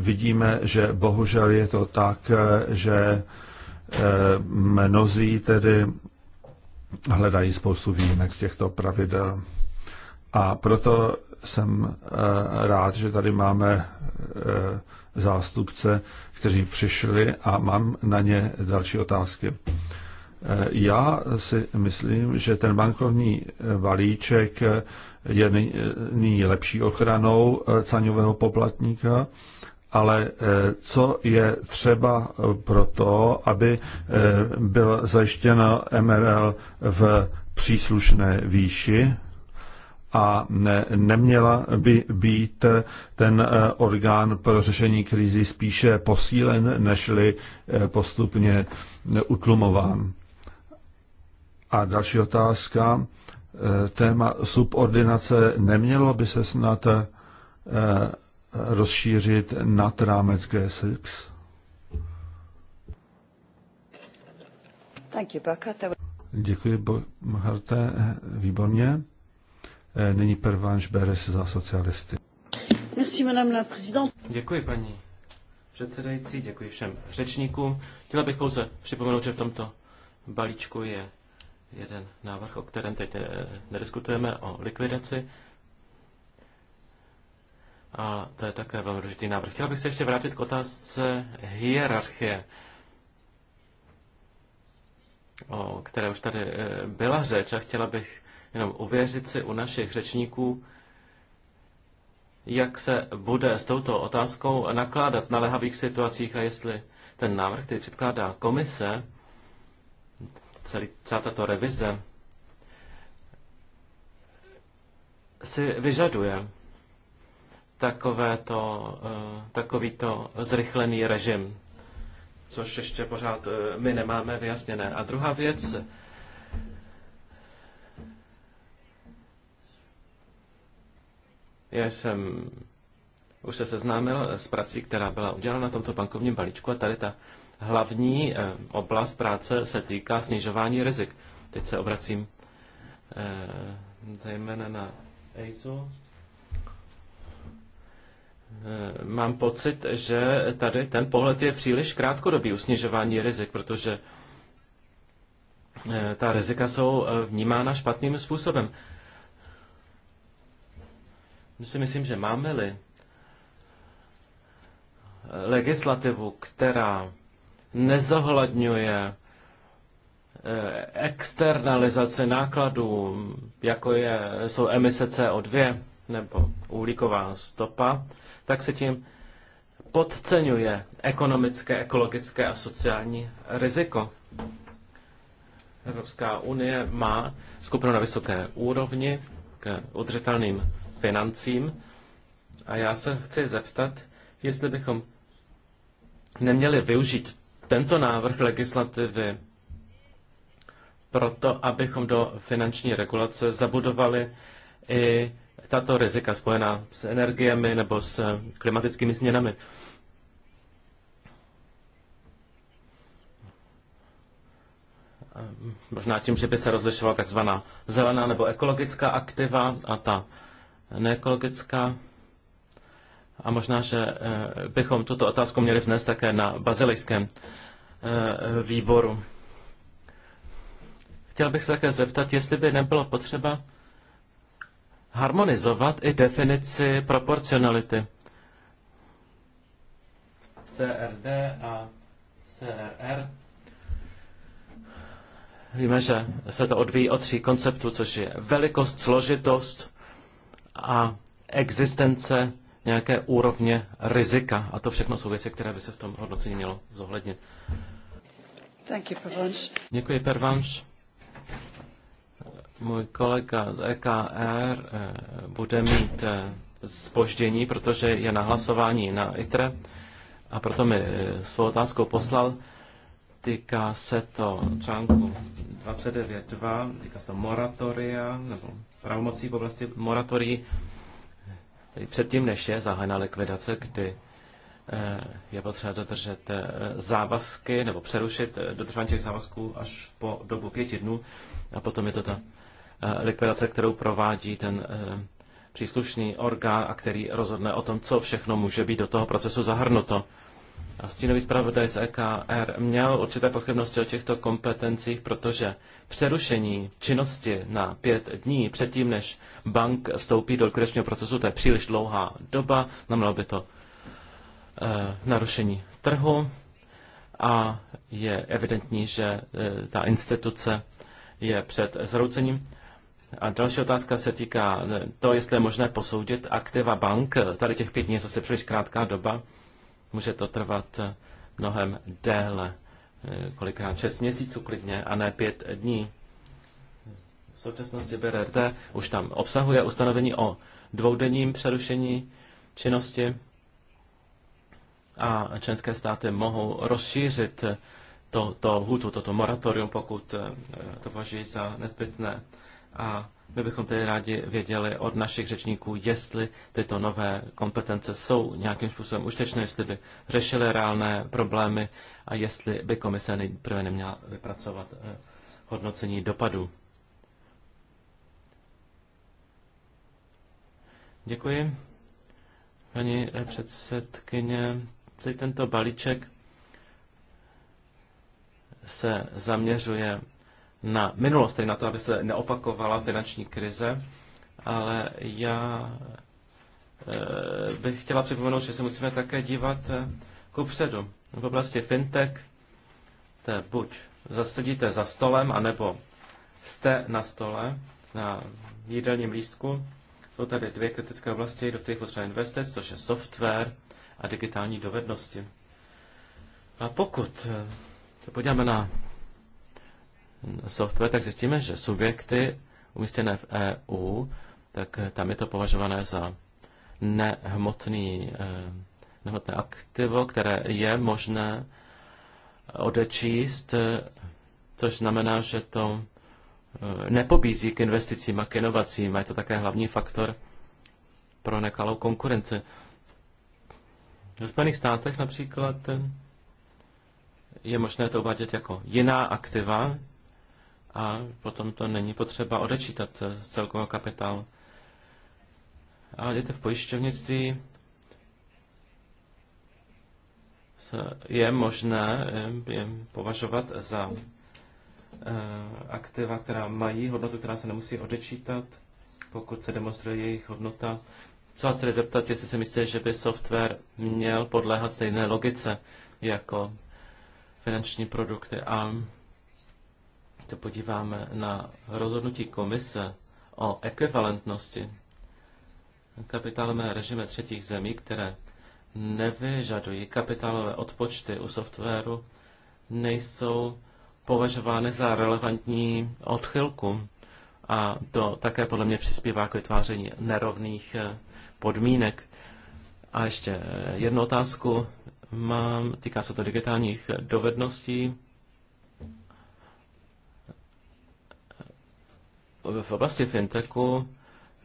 vidíme, že bohužel je to tak, eh, že eh, mnozí tedy hledají spoustu výjimek z těchto pravidel. A proto jsem rád, že tady máme zástupce, kteří přišli a mám na ně další otázky. Já si myslím, že ten bankovní balíček je nyní lepší ochranou eh, caňového poplatníka, ale eh, co je třeba eh, pro to, aby byl zajištěna MRL v příslušné výši a ne, neměla by být ten orgán pro řešení krizi spíše posílen, nežli postupně utlumován. A další otázka. Eh, téma subordinace nemělo by se snad eh, rozšířit nad rámec G6? Děkuji, Harte, výborně. Eh, nyní Pervanš Beres za socialisty. Děkuji, paní předsedající, děkuji všem řečníkům. Chtěla bych pouze připomenout, že v tomto balíčku je jeden návrh, o kterém teď eh, nediskutujeme, o likvidaci. A to je také velmi důležitý návrh. Chtěl bych se ještě vrátit k otázce hierarchie, o které už tady eh, byla řeč a chtěla bych jenom uvěřit si u našich řečníků, jak se bude s touto otázkou nakládat na lehavých situacích a jestli ten návrh, který předkládá komise, celý, celá tato revize si vyžaduje eh, takový to zrychlený režim, což ještě pořád eh, my nemáme vyjasněné. A druhá věc, já jsem už se seznámil s prací, která byla udělána na tomto bankovním balíčku a tady ta hlavní eh, oblast práce se týká snižování rizik. Teď se obracím eh, zejména na EISu. Eh, mám pocit, že tady ten pohled je příliš krátkodobý u snižování rizik, protože ta rizika jsou vnímána špatným způsobem. My si myslím, že máme-li legislativu, která nezohledňuje eh, externalizaci nákladů, jako je, jsou emise CO2 nebo uhlíková stopa, tak se tím podceňuje ekonomické, ekologické a sociální riziko. Evropská unie má skupinu na vysoké úrovni k udržitelným financím a já se chci zeptat, jestli bychom neměli využít tento návrh legislativy proto, abychom do finanční regulace zabudovali i tato rizika spojená s energiemi nebo s klimatickými změnami. Možná tím, že by se rozlišovala takzvaná zelená nebo ekologická aktiva a ta neekologická. A možná, že eh, bychom tuto otázku měli vnést také na bazilejském eh, výboru. Chtěl bych se také zeptat, jestli by nebylo potřeba harmonizovat i definici proporcionality. CRD a CRR. Víme, že se to odvíjí od tří konceptů, což je velikost, složitost a existence nějaké úrovně rizika. A to všechno jsou věci, které by se v tom hodnocení mělo zohlednit. Thank you, Pervanš. Děkuji, Pervanš. Můj kolega z EKR eh, bude mít spoždění, eh, protože je na hlasování na ITRE a proto mi eh, svou otázku poslal. Týká se to článku 29.2, týká se to moratoria, nebo pravomocí v oblasti moratorií předtím, než je zahájena likvidace, kdy eh, je potřeba dodržet eh, závazky nebo přerušit eh, dodržování těch závazků až po dobu pěti dnů a potom je to ta likvidace, kterou provádí ten příslušný orgán a který rozhodne o tom, co všechno může být do toho procesu zahrnuto a stínový zpravodaj z EKR měl určité pochybnosti o těchto kompetencích, protože přerušení činnosti na pět dní předtím, než bank vstoupí do likvidačního procesu, to je příliš dlouhá doba, znamenalo by to e, narušení trhu a je evidentní, že e, ta instituce je před zroucením. A další otázka se týká eh, to, jestli je možné posoudit aktiva bank. Tady těch pět dní je zase příliš krátká doba může to trvat eh, mnohem déle, eh, kolikrát 6 měsíců klidně, a ne 5 dní. V současnosti BRRT už tam obsahuje ustanovení o dvoudenním přerušení činnosti a členské státy mohou rozšířit eh, to, to hutu, toto moratorium, pokud to považují za nezbytné. A my bychom tedy rádi věděli od našich řečníků, jestli tyto nové kompetence jsou nějakým způsobem užitečné, jestli by řešily reálné problémy a jestli by komise nejprve neměla vypracovat eh, hodnocení dopadů. Děkuji. Paní eh, předsedkyně, celý tento balíček se zaměřuje na minulost, tedy na to, aby se neopakovala finanční krize, ale já eh, bych chtěla připomenout, že se musíme také dívat eh, ku předu. V oblasti fintech to buď zasedíte za stolem, anebo jste na stole, na jídelním lístku. Jsou tady dvě kritické oblasti, do kterých potřebujeme investic, což je software a digitální dovednosti. A pokud eh, se podíváme na software, tak zjistíme, že subjekty umístěné v EU, tak tam je to považované za nehmotný, eh, nehmotné aktivo, které je možné odečíst, eh, což znamená, že to eh, nepobízí k investicím a k inovacím. A je to také hlavní faktor pro nekalou konkurenci. Ve Spojených státech například je možné to uvádět jako jiná aktiva, a potom to není potřeba odečítat eh, z celkového kapitálu. A jdete v pojišťovnictví, je možné eh, je považovat za eh, aktiva, která mají hodnotu, která se nemusí odečítat, pokud se demonstruje jejich hodnota. Co vás tedy zeptat, jestli si myslíte, že by software měl podléhat stejné logice jako finanční produkty a to podíváme na rozhodnutí komise o ekvivalentnosti kapitálové režime třetích zemí, které nevyžadují kapitálové odpočty u softwaru, nejsou považovány za relevantní odchylku. A to také podle mě přispívá k vytváření nerovných eh, podmínek. A ještě eh, jednu otázku mám, týká se to digitálních eh, dovedností. v oblasti fintechu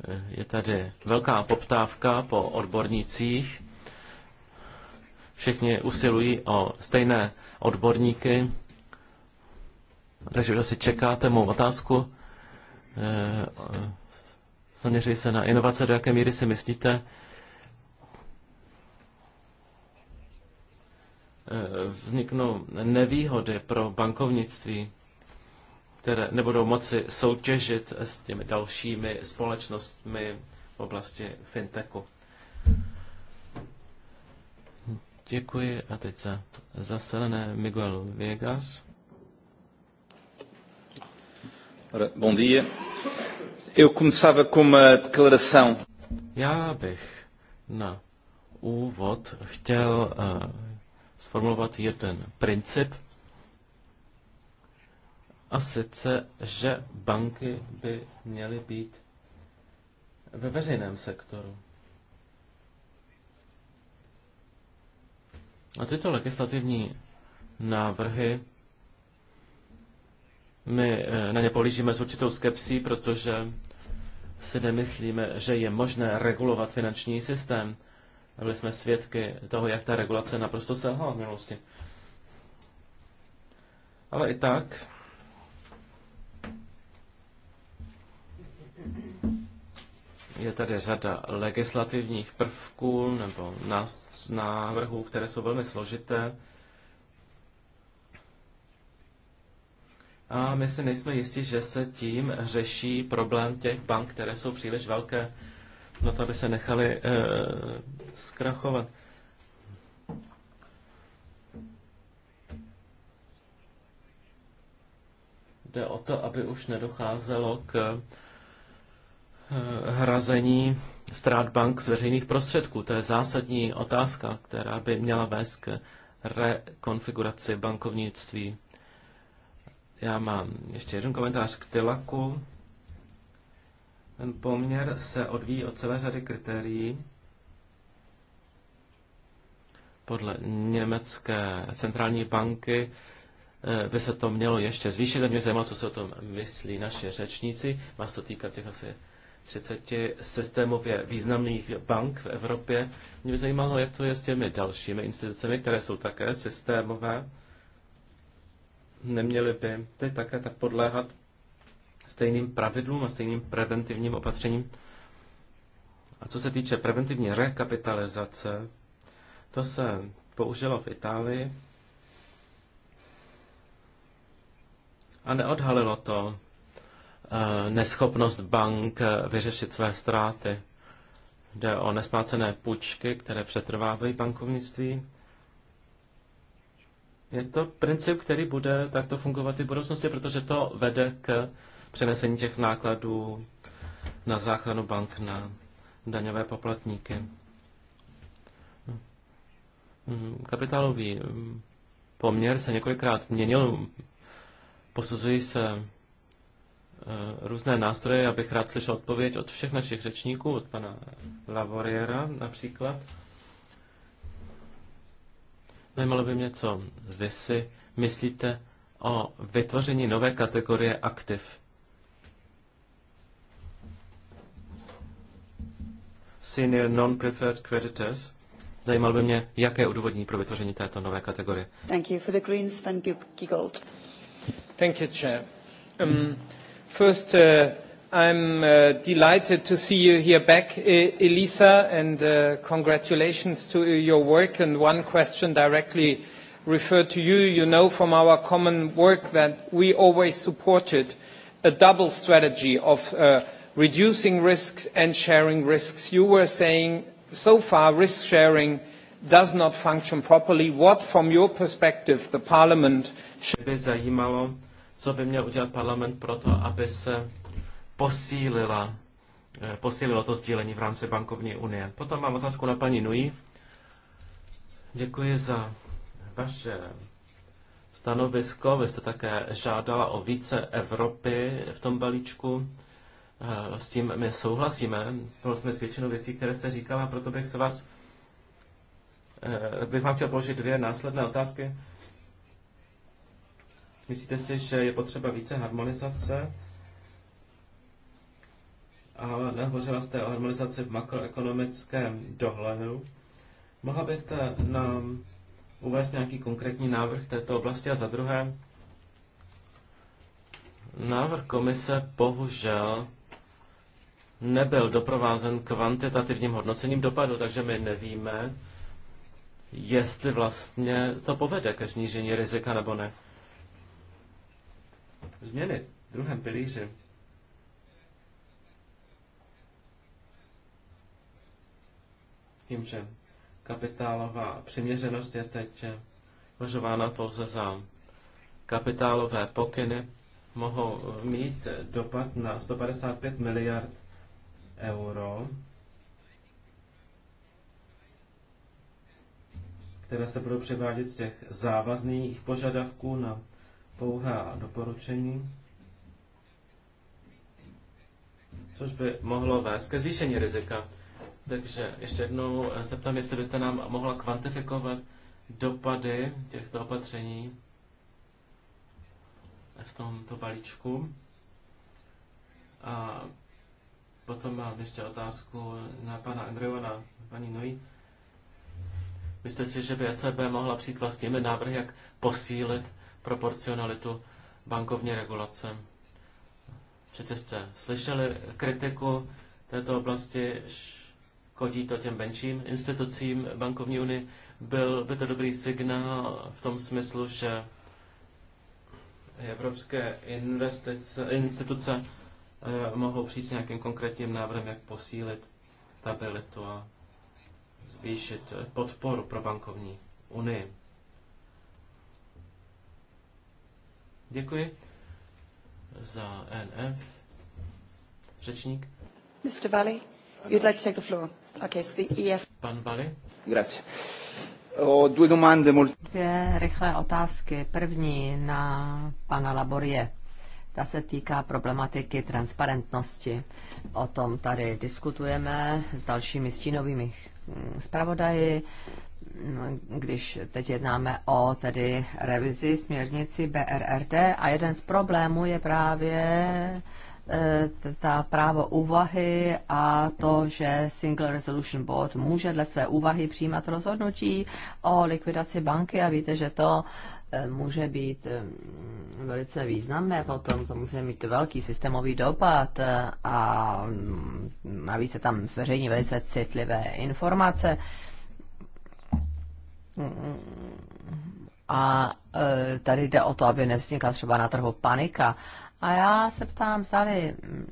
eh, je tady velká poptávka po odbornících. Všichni usilují o stejné odborníky. Takže kdo si čekáte mou otázku, eh, zaměřuji se na inovace, do jaké míry si myslíte, eh, vzniknou nevýhody pro bankovnictví které nebudou moci soutěžit s těmi dalšími společnostmi v oblasti fintechu. Děkuji a teď se zaselené Miguel Viegas. Ora, bom dia. Eu começava com uma declaração. Já bych na úvod chtěl uh, sformulovat jeden princip, a sice, že banky by měly být ve veřejném sektoru. A tyto legislativní návrhy my eh, na ně polížíme s určitou skepsí, protože si nemyslíme, že je možné regulovat finanční systém. Byli jsme svědky toho, jak ta regulace naprosto selhala v minulosti. Ale i tak je tady řada legislativních prvků nebo návrhů, které jsou velmi složité. A my si nejsme jistí, že se tím řeší problém těch bank, které jsou příliš velké na to, aby se nechali eh, zkrachovat. Jde o to, aby už nedocházelo k eh, Eh, hrazení ztrát bank z veřejných prostředků. To je zásadní otázka, která by měla vést k rekonfiguraci bankovnictví. Já mám ještě jeden komentář k Tylaku. Ten poměr se odvíjí od celé řady kritérií. Podle německé centrální banky eh, by se to mělo ještě zvýšit. A mě zajímalo, co se o tom myslí naše řečníci. Má se to týkat těch asi 30 systémově významných bank v Evropě. Mě by zajímalo, jak to je s těmi dalšími institucemi, které jsou také systémové. Neměly by ty také tak podléhat stejným pravidlům a stejným preventivním opatřením. A co se týče preventivní rekapitalizace, to se použilo v Itálii a neodhalilo to Eh, neschopnost bank eh, vyřešit své ztráty. Jde o nesplácené půjčky, které přetrvávají bankovnictví. Je to princip, který bude takto fungovat i v budoucnosti, protože to vede k přenesení těch nákladů na záchranu bank na daňové poplatníky. Mm, kapitálový mm, poměr se několikrát měnil. Posuzují se Eh, různé nástroje. Já bych rád slyšel odpověď od všech našich řečníků, od pana Lavoriera například. Zajímalo by mě, co vy si myslíte o vytvoření nové kategorie aktiv. Senior Non-Preferred Creditors. Zajímalo by mě, jaké je udůvodnění pro vytvoření této nové kategorie. Thank you for the Greens, Van Thank you, Chair. Um, First, uh, I'm uh, delighted to see you here back, e Elisa, and uh, congratulations to your work. And one question directly referred to you. You know from our common work that we always supported a double strategy of uh, reducing risks and sharing risks. You were saying so far risk sharing does not function properly. What, from your perspective, the Parliament should... be co by měl udělat parlament pro to, aby se posílila, eh, posílilo to sdílení v rámci bankovní unie. Potom mám otázku na paní Nui. Děkuji za vaše stanovisko. Vy jste také žádala o více Evropy v tom balíčku. Eh, s tím my souhlasíme, souhlasíme s většinou věcí, které jste říkala, proto bych se vás eh, bych vám chtěl položit dvě následné otázky. Myslíte si, že je potřeba více harmonizace? A nehovořila jste o harmonizaci v makroekonomickém dohledu. Mohla byste nám uvést nějaký konkrétní návrh této oblasti? A za druhé, návrh komise bohužel nebyl doprovázen kvantitativním hodnocením dopadu, takže my nevíme, jestli vlastně to povede ke snížení rizika nebo ne změny v druhém pilíři tím, že kapitálová přiměřenost je teď považována pouze za kapitálové pokyny, mohou mít dopad na 155 miliard euro, které se budou převádět z těch závazných požadavků na pouhá doporučení, což by mohlo vést ke zvýšení rizika. Takže ještě jednou zeptám, eh, jestli byste nám mohla kvantifikovat dopady těchto opatření v tomto balíčku. A potom mám ještě otázku na pana Andreju na paní Nui. Myslíte si, že by ECB mohla přijít vlastními návrhy, jak posílit proporcionalitu bankovní regulace. Přece jste slyšeli kritiku této oblasti, škodí to těm menším institucím bankovní unie. Byl by to dobrý signál v tom smyslu, že evropské investice, instituce eh, mohou přijít s nějakým konkrétním návrhem, jak posílit stabilitu a zvýšit podporu pro bankovní unii. Děkuji za NF. Řečník. Mr. Valley, you'd like to take the floor. Okay, so the EF. Pan Valley. Grazie. O due domande molto... Dvě rychlé otázky. První na pana Laborie. Ta se týká problematiky transparentnosti. O tom tady diskutujeme s dalšími stínovými hm, zpravodaji No, když teď jednáme o tedy revizi směrnici BRRD a jeden z problémů je právě eh, ta právo úvahy a to, že Single Resolution Board může dle své úvahy přijímat rozhodnutí o likvidaci banky a víte, že to eh, může být eh, velice významné potom, to může mít velký systémový dopad a mm, navíc se tam zveřejní velice citlivé informace a e, tady jde o to, aby nevznikla třeba na trhu panika. A já se ptám, zdali mm,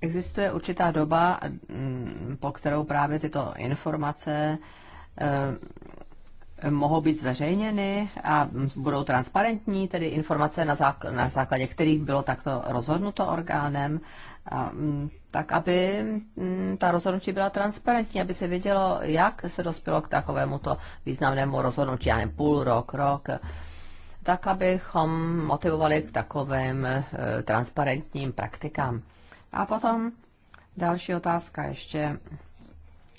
existuje určitá doba, mm, po kterou právě tyto informace e, mohou být zveřejněny a budou transparentní, tedy informace, na, základě kterých bylo takto rozhodnuto orgánem. A, mm, tak aby mm, ta rozhodnutí byla transparentní, aby se vědělo, jak se dospělo k takovému to významnému rozhodnutí, já nevím, půl rok, rok, tak abychom motivovali k takovým eh, transparentním praktikám. A potom další otázka ještě.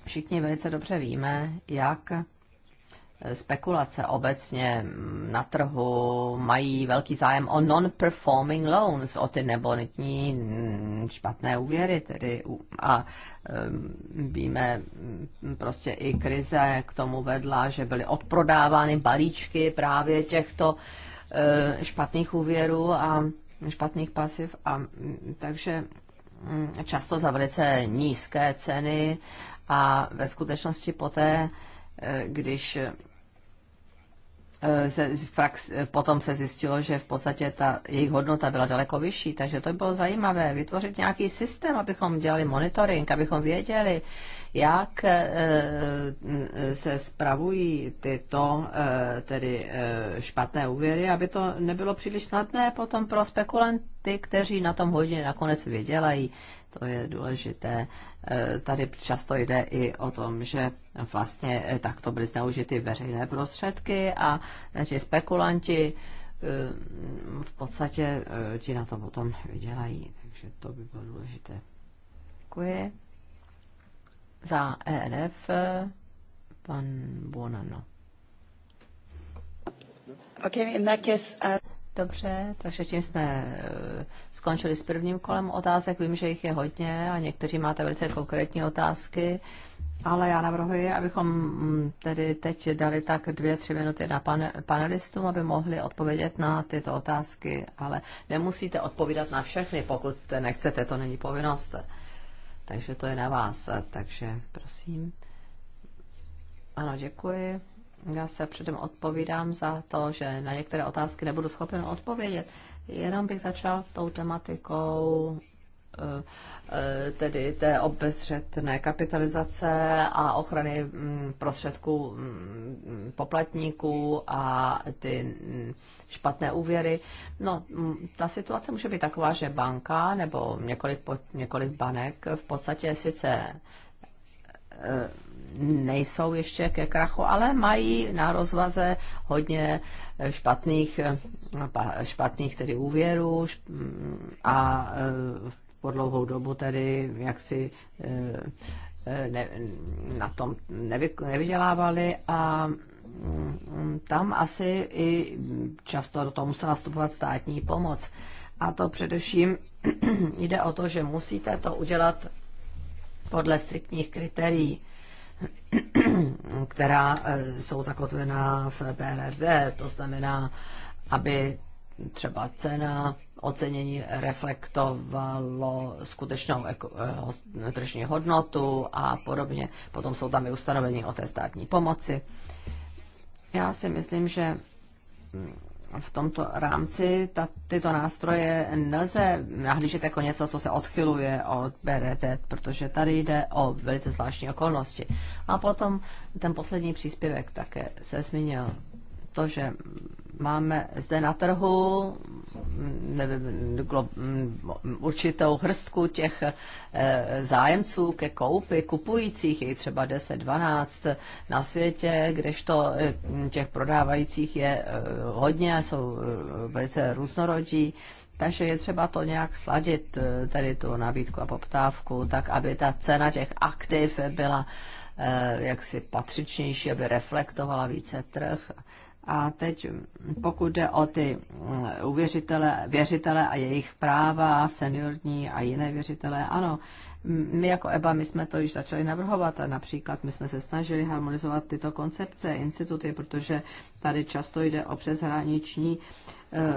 Všichni velice dobře víme, jak spekulace obecně na trhu mají velký zájem o non-performing loans, o ty nebonitní mm, špatné úvěry tedy. A víme, mm, prostě i krize k tomu vedla, že byly odprodávány balíčky právě těchto eh, špatných úvěrů a špatných pasiv. A mm, takže často za velice nízké ceny a ve skutečnosti poté eh, když Eh, se, prax, eh, potom se zjistilo, že v podstatě ta jejich hodnota byla daleko vyšší, takže to bylo zajímavé vytvořit nějaký systém, abychom dělali monitoring, abychom věděli, jak eh, se spravují tyto tedy špatné úvěry, aby to nebylo příliš snadné potom pro spekulanty, kteří na tom hodně nakonec vydělají. To je důležité. Eh, tady často jde i o tom, že vlastně eh, takto byly zneužity veřejné prostředky a že spekulanti eh, v podstatě ti na to potom vydělají. Takže to by bylo důležité. Děkuji. Za ERF pan Bonano. Okay, in that case, uh... Dobře, takže tím jsme eh, skončili s prvním kolem otázek. Vím, že jich je hodně a někteří máte velice konkrétní otázky, ale já navrhuji, abychom mm, tedy teď dali tak dvě, tři minuty na pan, panelistům, aby mohli odpovědět na tyto otázky, ale nemusíte odpovídat na všechny, pokud nechcete, to není povinnost. Takže to je na vás, takže prosím. Ano, děkuji já se předem odpovídám za to, že na některé otázky nebudu schopen odpovědět. Jenom bych začal tou tematikou eh, eh, tedy té obezřetné kapitalizace a ochrany mm, prostředků mm, poplatníků a ty mm, špatné úvěry. No, ta situace může být taková, že banka nebo několik, několik banek v podstatě sice eh, nejsou ještě ke krachu, ale mají na rozvaze hodně špatných, špatných tedy úvěrů a eh, po dlouhou dobu tedy jaksi eh, ne, na tom nevy, nevydělávali a mm, tam asi i často do toho musela nastupovat státní pomoc. A to především jde o to, že musíte to udělat podle striktních kritérií která eh, jsou zakotvená v PRD, to znamená, aby třeba cena ocenění reflektovalo skutečnou eh, tržní hodnotu a podobně. Potom jsou tam i ustanovení o té státní pomoci. Já si myslím, že hm, v tomto rámci ta, tyto nástroje nelze nahlížet jako něco, co se odchyluje od BRD, protože tady jde o velice zvláštní okolnosti. A potom ten poslední příspěvek také se zmínil to, že máme zde na trhu nevím, glo, určitou hrstku těch eh, zájemců ke koupi, kupujících je třeba 10-12 na světě, kdežto eh, těch prodávajících je eh, hodně, a jsou velice různorodí. Takže je třeba to nějak sladit, tedy tu nabídku a poptávku, tak aby ta cena těch aktiv byla jaksi patřičnější, aby reflektovala více trh. A teď, pokud jde o ty mm, uvěřitele, věřitele a jejich práva, seniorní a jiné věřitele, ano, my jako EBA, my jsme to již začali navrhovat a například my jsme se snažili harmonizovat tyto koncepce, instituty, protože tady často jde o přeshraniční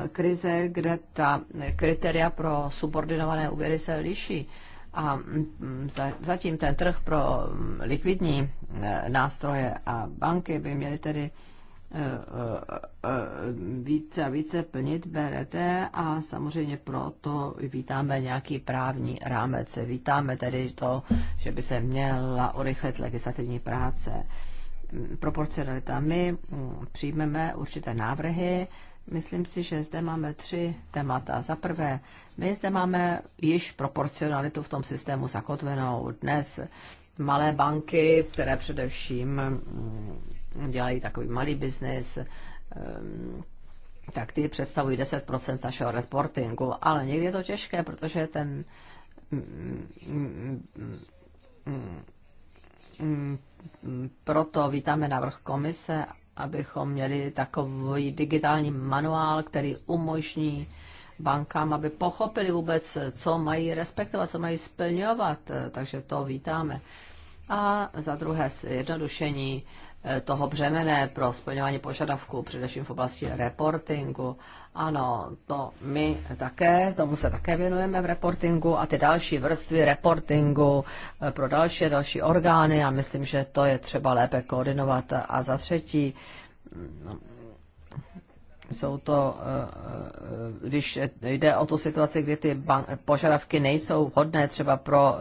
e, krize, kde ta kritéria pro subordinované úvěry se liší. A zatím ten trh pro likvidní e, nástroje a banky by měly tedy Eh, eh, eh, více a více plnit BRD a samozřejmě proto vítáme nějaký právní rámec. Vítáme tedy to, že by se měla urychlit legislativní práce. Proporcionalita. My mm, přijmeme určité návrhy. Myslím si, že zde máme tři témata. Za prvé, my zde máme již proporcionalitu v tom systému zakotvenou dnes malé banky, které především mm, dělají takový malý biznis, ehm, tak ty představují 10% našeho reportingu, ale někdy je to těžké, protože ten proto vítáme návrh komise, abychom měli takový digitální manuál, který umožní bankám, aby pochopili vůbec, co mají respektovat, co mají splňovat, takže to vítáme. A za druhé zjednodušení Eh, toho břemene pro splňování požadavků, především v oblasti reportingu. Ano, to my také, tomu se také věnujeme v reportingu a ty další vrstvy reportingu eh, pro další další orgány a myslím, že to je třeba lépe koordinovat. A za třetí, no, jsou to, eh, když jde o tu situaci, kdy ty bank, požadavky nejsou hodné třeba pro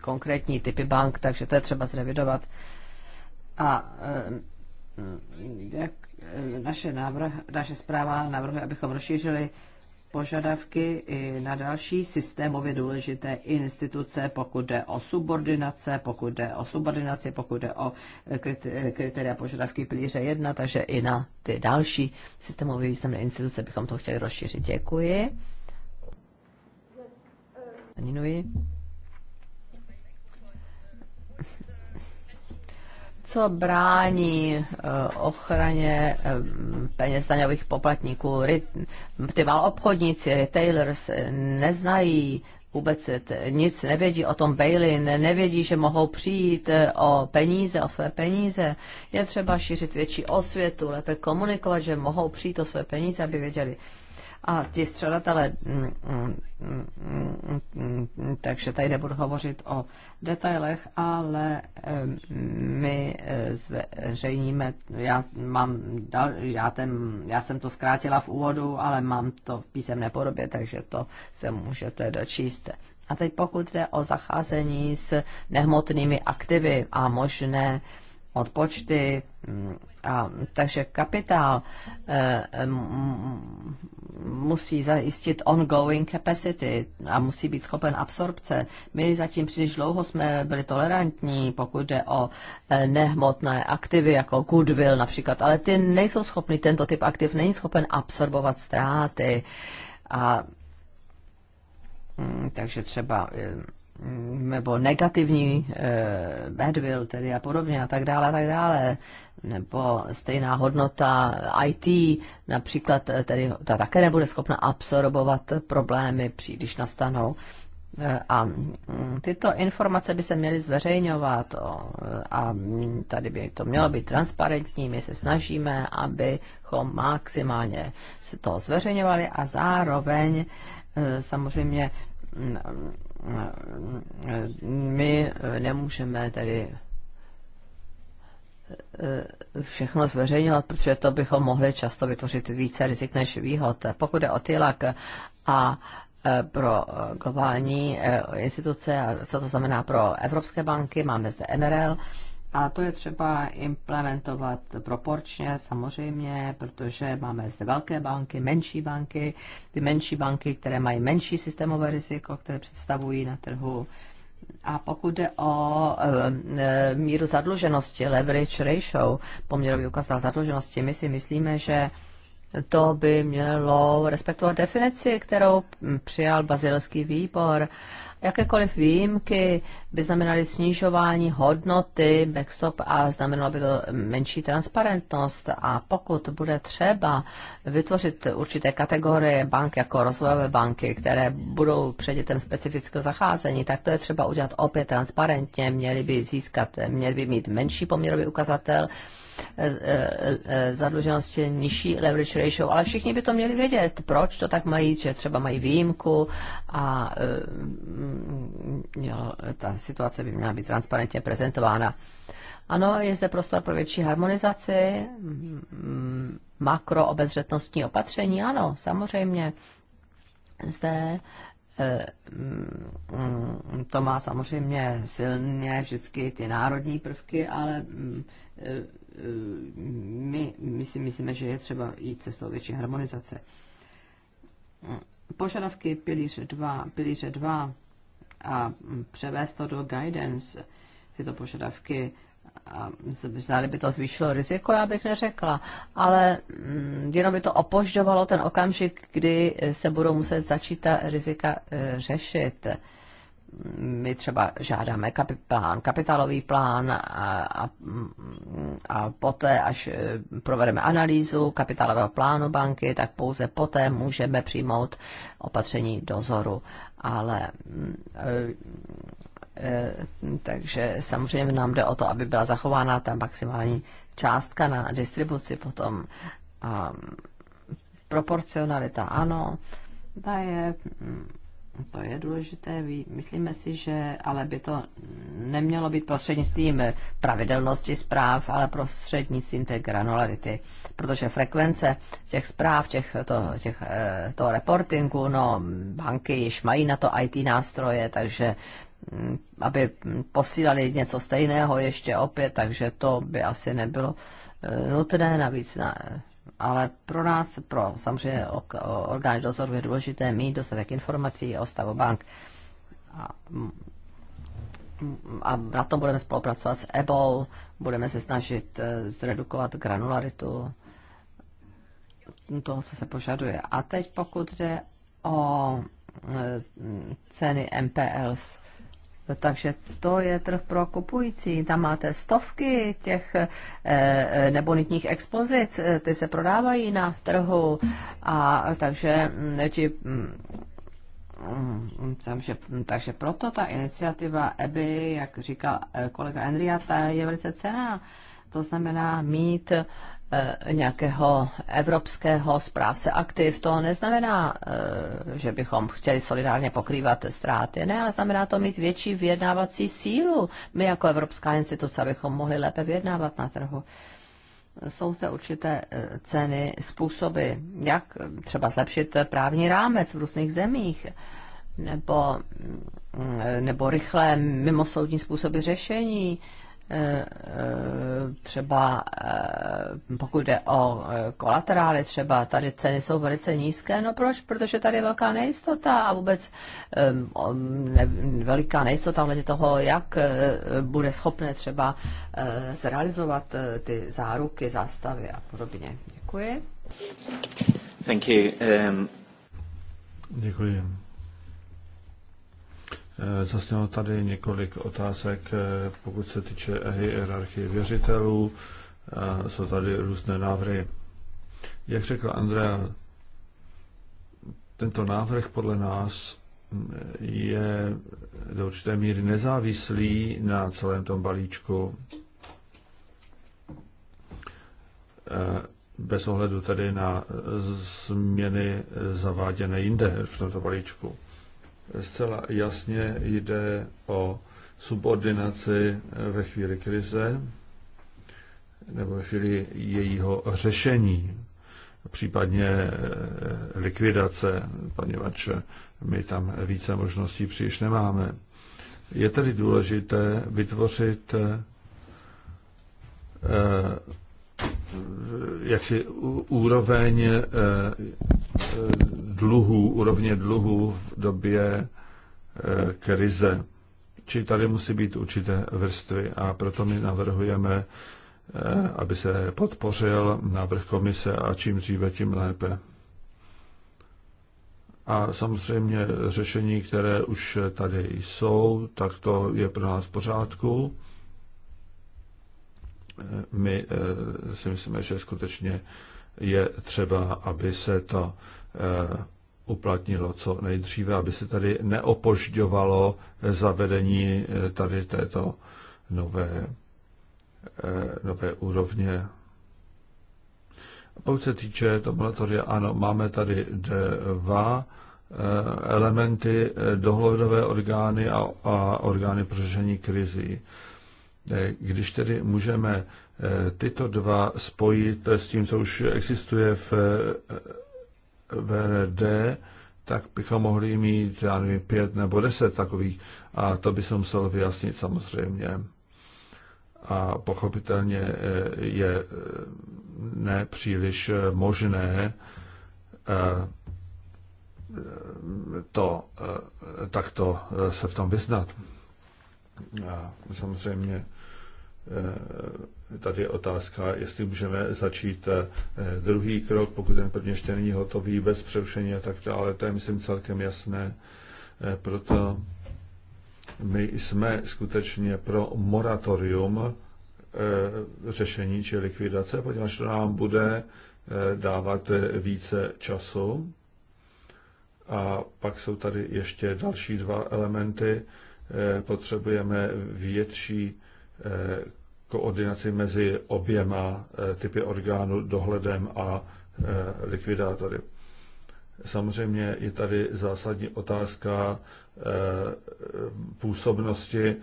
konkrétní typy bank, takže to je třeba zrevidovat. A eh, jak eh, naše, návrh, naše zpráva navrhuje, abychom rozšířili požadavky i na další systémově důležité instituce, pokud jde o subordinace, pokud jde o subordinaci, pokud jde o eh, kritéria požadavky pilíře 1, takže i na ty další systémově významné instituce bychom to chtěli rozšířit. Děkuji. Aninuji. co brání eh, ochraně eh, peněz daňových poplatníků. Ty malobchodníci, retailers eh, neznají vůbec nic nevědí o tom bail nevědí, že mohou přijít o peníze, o své peníze. Je třeba šířit větší osvětu, lépe komunikovat, že mohou přijít o své peníze, aby věděli, a ti střadatelé, mm, mm, mm, takže tady nebudu hovořit o detailech, ale my eh, zveřejníme, já, mám, já, ten, já jsem to zkrátila v úvodu, ale mám to v písemné podobě, takže to se můžete dočíst. A teď pokud jde o zacházení s nehmotnými aktivy a možné eh, odpočty, mm, a, takže kapitál e, m, musí zajistit ongoing capacity a musí být schopen absorpce. My zatím příliš dlouho jsme byli tolerantní, pokud jde o eh, nehmotné aktivy, jako goodwill například, ale ty nejsou schopny, tento typ aktiv není schopen absorbovat ztráty. A, mm, takže třeba eh, nebo negativní eh, will, tedy a podobně a tak dále a tak dále, nebo stejná hodnota IT například eh, tedy ta také nebude schopna absorbovat problémy, když nastanou. Eh, a mm, tyto informace by se měly zveřejňovat a mm, tady by to mělo být transparentní. My se snažíme, abychom maximálně se to zveřejňovali a zároveň eh, samozřejmě mm, my nemůžeme tedy eh, všechno zveřejňovat, protože to bychom mohli často vytvořit více rizik než výhod. Pokud je o tylak a eh, pro eh, globální instituce, co to znamená pro evropské banky, máme zde MRL, a to je třeba implementovat proporčně samozřejmě, protože máme zde velké banky, menší banky, ty menší banky, které mají menší systémové riziko, které představují na trhu. A pokud jde o e, míru zadluženosti, leverage ratio, poměrový ukazatel zadluženosti, my si myslíme, že to by mělo respektovat definici, kterou hm, přijal bazilský výbor. E, Jakékoliv výjimky by znamenaly snižování hodnoty backstop a znamenalo by to menší transparentnost. A pokud bude třeba vytvořit určité kategorie bank jako rozvojové banky, které budou předětem specifického zacházení, tak to je třeba udělat opět transparentně. Měli by získat, měli by mít menší poměrový ukazatel, zadluženosti nižší leverage ratio, ale všichni by to měli vědět, proč to tak mají, že třeba mají výjimku a mm, jo, ta situace by měla být transparentně prezentována. Ano, je zde prostor pro větší harmonizaci, mm, makroobezřetnostní opatření, ano, samozřejmě. Zde eh, mm, to má samozřejmě silně vždycky ty národní prvky, ale eh, Eh, my, my si myslíme, že je třeba jít cestou větší harmonizace. Požadavky pilíře 2, pilíře 2 a převést to do guidance, tyto požadavky, zdali by to zvýšilo riziko, já bych neřekla, ale mm, jenom by to opožďovalo ten okamžik, kdy se budou muset začít ta rizika eh, řešit my třeba žádáme kapi- plán, kapitálový plán a, a, a poté, až e, provedeme analýzu kapitálového plánu banky, tak pouze poté můžeme přijmout opatření dozoru. Ale e, e, takže samozřejmě nám jde o to, aby byla zachována ta maximální částka na distribuci potom. A proporcionalita, ano, ta je to je důležité. Myslíme si, že ale by to nemělo být prostřednictvím pravidelnosti zpráv, ale prostřednictvím té granularity. Protože frekvence těch zpráv, těch, to, těch, eh, toho reportingu, no, banky již mají na to IT nástroje, takže mm, aby posílali něco stejného ještě opět, takže to by asi nebylo eh, nutné. Navíc na, ale pro nás, pro samozřejmě orgány dozoru je důležité mít dostatek informací o stavu bank. A, mm, a na tom budeme spolupracovat s EBOL, budeme se snažit eh, zredukovat granularitu toho, co se požaduje. A teď pokud jde o eh, ceny MPLs, takže to je trh pro kupující. Tam máte stovky těch eh, eh, nebonitních expozic, eh, ty se prodávají na trhu. A takže mm, ti mm, mm, že, takže proto ta iniciativa EBY, jak říkal kolega Enriata, je velice cená. To znamená mít eh, nějakého evropského správce aktiv. To neznamená, eh, že bychom chtěli solidárně pokrývat ztráty, ne, ale znamená to mít větší vyjednávací sílu. My jako evropská instituce, bychom mohli lépe vyjednávat na trhu. Jsou zde určité eh, ceny, způsoby, jak třeba zlepšit právní rámec v různých zemích nebo, mm, nebo rychlé mimosoudní způsoby řešení Eh, eh, třeba eh, pokud jde o kolaterály, třeba tady ceny jsou velice nízké. No proč? Protože tady je velká nejistota a vůbec velká nejistota ohledně toho, jak bude schopné třeba zrealizovat ty záruky, zástavy a podobně. Děkuji. Thank you. Um... Děkuji. Eh, Zasnělo tady několik otázek, eh, pokud se týče hierarchie věřitelů. Eh, jsou tady různé návrhy. Jak řekl Andrea, tento návrh podle nás mm, je do určité míry nezávislý na celém tom balíčku. Bez ohledu tedy na změny zaváděné jinde v tomto balíčku zcela jasně jde o subordinaci ve chvíli krize nebo ve chvíli jejího řešení, případně eh, likvidace, poněvadž my tam více možností příliš nemáme. Je tedy důležité vytvořit eh, jaksi úroveň eh, dluhů, úrovně dluhů v době eh, krize. Či tady musí být určité vrstvy a proto my navrhujeme, eh, aby se podpořil návrh komise a čím dříve, tím lépe. A samozřejmě řešení, které už tady jsou, tak to je pro nás v pořádku. Eh, my eh, si myslíme, že skutečně je třeba, aby se to eh, uplatnilo co nejdříve, aby se tady neopožďovalo zavedení tady této nové, nové úrovně. Pokud se týče to moratoria, ano, máme tady dva elementy, dohledové orgány a, a orgány pro řešení Eh, když tedy můžeme eh, tyto dva spojit eh, s tím, co už existuje v VRD, tak bychom mohli mít, já nevím, pět nebo deset takových a to by se muselo vyjasnit samozřejmě. A pochopitelně je nepříliš možné to takto se v tom vyznat. A samozřejmě Eh, tady je otázka, jestli můžeme začít eh, druhý krok, pokud ten první ještě není hotový, bez přerušení a tak dále. To je, myslím, celkem jasné. Eh, proto my jsme skutečně pro moratorium řešení či likvidace, poněvadž to nám bude dávat více času. A pak jsou tady ještě další dva elementy. Potřebujeme větší koordinaci mezi oběma eh, typy orgánů, dohledem a eh, likvidátory. Samozřejmě je tady zásadní otázka eh, působnosti.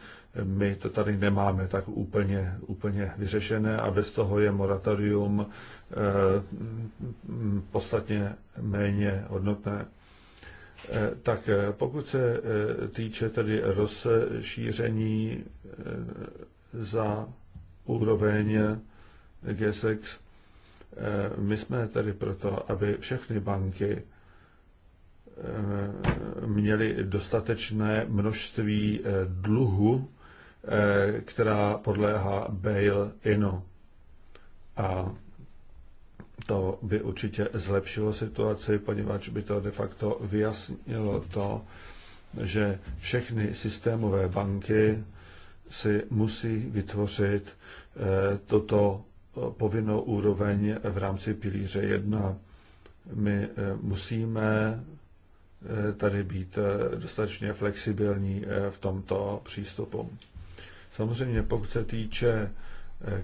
My to tady nemáme tak úplně, úplně vyřešené a bez toho je moratorium podstatně méně hodnotné. Tak pokud se týče tedy rozšíření za úroveň GSX. Eh, my jsme tedy proto, aby všechny banky eh, měly dostatečné množství eh, dluhu, která podléhá bail-inu. A to by určitě zlepšilo situaci, poněvadž by to de facto vyjasnilo to, že všechny systémové banky si musí vytvořit eh, toto eh, povinnou úroveň v rámci pilíře 1. My eh, musíme tady být dostatečně flexibilní v tomto přístupu. Samozřejmě pokud se týče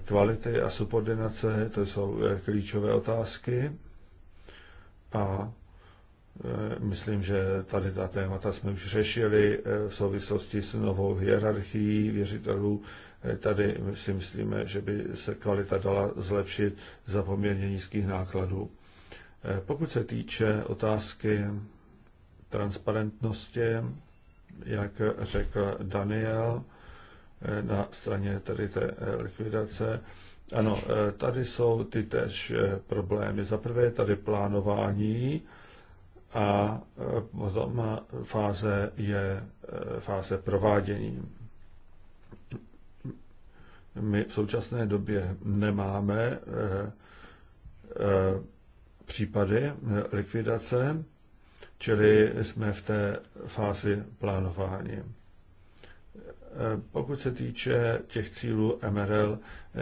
kvality a subordinace, to jsou klíčové otázky. A Eh, myslím, že tady ta témata jsme už řešili eh, v souvislosti s novou hierarchií věřitelů. Eh, tady si myslíme, že by se kvalita dala zlepšit za poměrně nízkých nákladů. Pokud se týče otázky transparentnosti, jak řekl Daniel, na straně tady té likvidace. Ano, tady jsou ty tež problémy. Za prvé je tady plánování, a e, potom e, fáze je e, fáze provádění. My v současné době nemáme případy likvidace, čili jsme v té fázi plánování. Pokud se týče těch cílů MRL,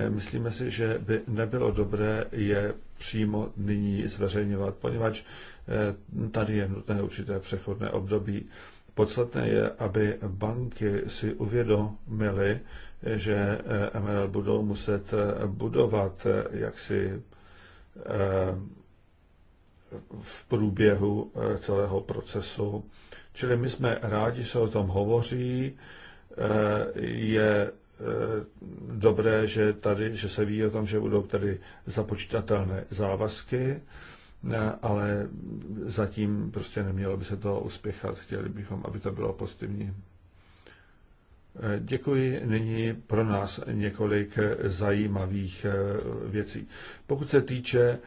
myslíme si, že by nebylo dobré je přímo nyní zveřejňovat, poněvadž eh, tady je nutné určité přechodné období. Podstatné je, aby banky si uvědomily, že eh, MRL budou muset eh, budovat jaksi v průběhu celého procesu. Čili my jsme rádi, že se o tom hovoří, je Eh, dobré, že, tady, že se ví o tom, že budou tady započítatelné závazky, eh, ale zatím prostě nemělo by se to uspěchat. Chtěli bychom, aby to bylo pozitivní. Eh, děkuji. Nyní pro nás několik zajímavých věcí. Pokud se týče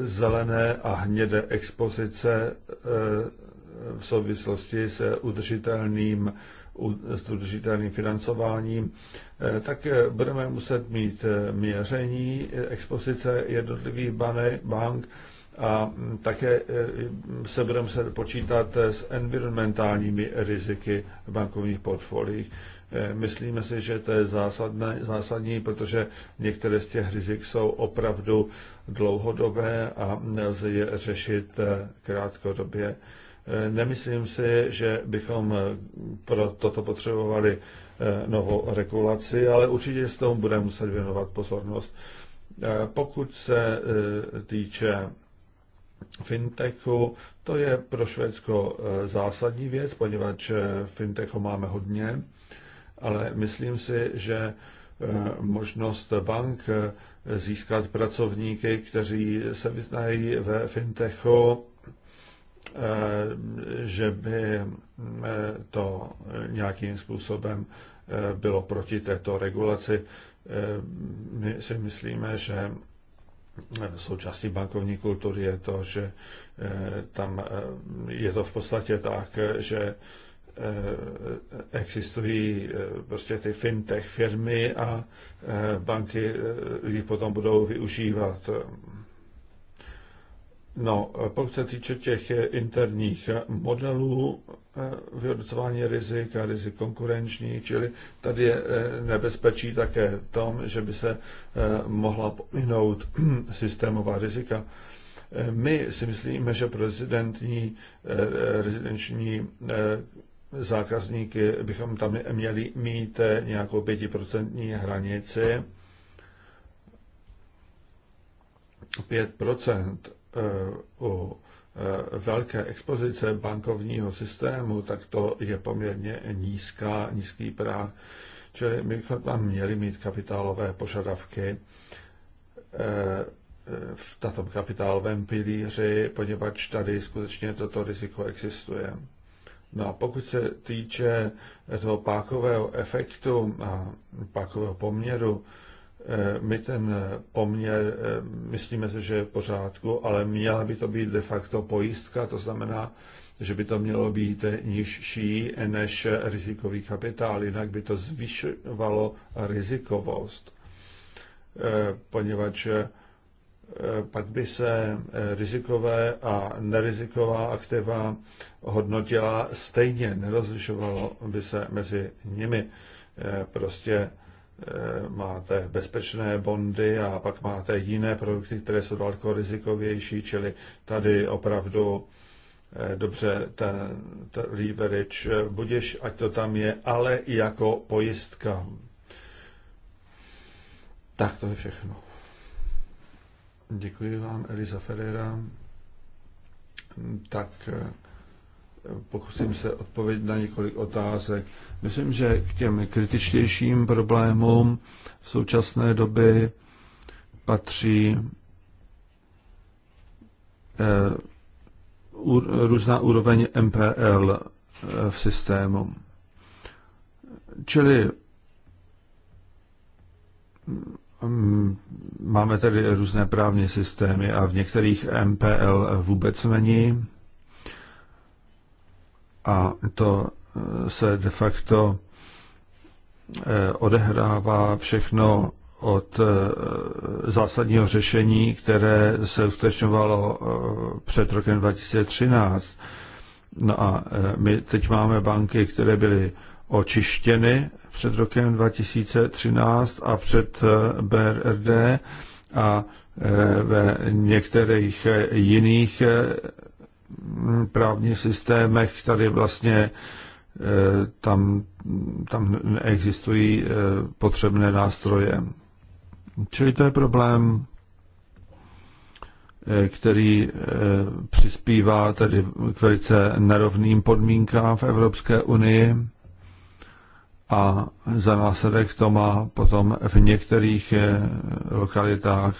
zelené a hnědé expozice v souvislosti se udržitelným s udržitelným financováním, eh, tak eh, budeme muset mít eh, měření expozice jednotlivých bank a mm, také se budeme muset počítat s environmentálními riziky v bankovních portfoliích. Myslíme si, že to je zásadné, zásadní, protože některé z těch rizik jsou opravdu dlouhodobé a nelze je řešit krátkodobě. Nemyslím si, že bychom eh, pro toto potřebovali eh, novou regulaci, ale určitě s tomu budeme muset věnovat pozornost. Eh, pokud se týče fintechu, to je pro Švédsko zásadní věc, poněvadž fintechu máme hodně, ale myslím si, že možnost bank získat pracovníky, kteří se vyznají ve fintechu, Eh, že by eh, to nějakým způsobem eh, bylo proti této regulaci. My si myslíme, že součástí bankovní kultury je to, že tam je to v podstatě tak, že existují prostě ty fintech firmy a banky ji potom budou využívat No, pokud se týče těch interních modelů eh, vyhodnocování rizik a rizik konkurenční, čili tady je eh, nebezpečí také v tom, že by se eh, mohla pominout systémová rizika. My si myslíme, že pro rezidentní, rezidenční zákazníky bychom tam měli mít nějakou pětiprocentní hranici. Eh, u eh, velké expozice bankovního systému, tak to je poměrně nízká, nízký práh. Čili my bychom tam měli mít kapitálové požadavky eh, v tato kapitálovém pilíři, poněvadž tady skutečně toto riziko existuje. No a pokud se týče toho pákového efektu a pákového poměru, Eh, my ten eh, poměr eh, myslíme si, že je v pořádku, ale měla by to být de facto pojistka, to znamená, že by to mělo být nižší než rizikový kapitál, jinak by to zvyšovalo rizikovost, poněvadž pak by se rizikové a neriziková aktiva hodnotila stejně, nerozlišovalo by se mezi nimi. Prostě Eh, máte bezpečné bondy a pak máte jiné produkty, které jsou daleko rizikovější, čili tady opravdu eh, dobře ten, ten leverage, eh, budeš, ať to tam je, ale i jako pojistka. Tak to je všechno. Děkuji vám, Eliza Ferreira. Tak pokusím se odpovědět na několik otázek. Myslím, že k těm kritičtějším problémům v současné doby patří eh, různá úroveň MPL eh, v systému. Čili mm, máme tady různé právní systémy a v některých MPL vůbec není a to eh, se de facto eh, odehrává všechno od eh, zásadního řešení, které se uskutečňovalo před rokem 2013. No a my teď máme banky, které byly očištěny před rokem 2013 a před BRD a ve některých jiných právních systémech tady vlastně eh, tam, tam neexistují eh, potřebné nástroje. Čili to je problém, eh, který přispívá tedy k velice nerovným podmínkám v Evropské unii a za následek to má potom v některých lokalitách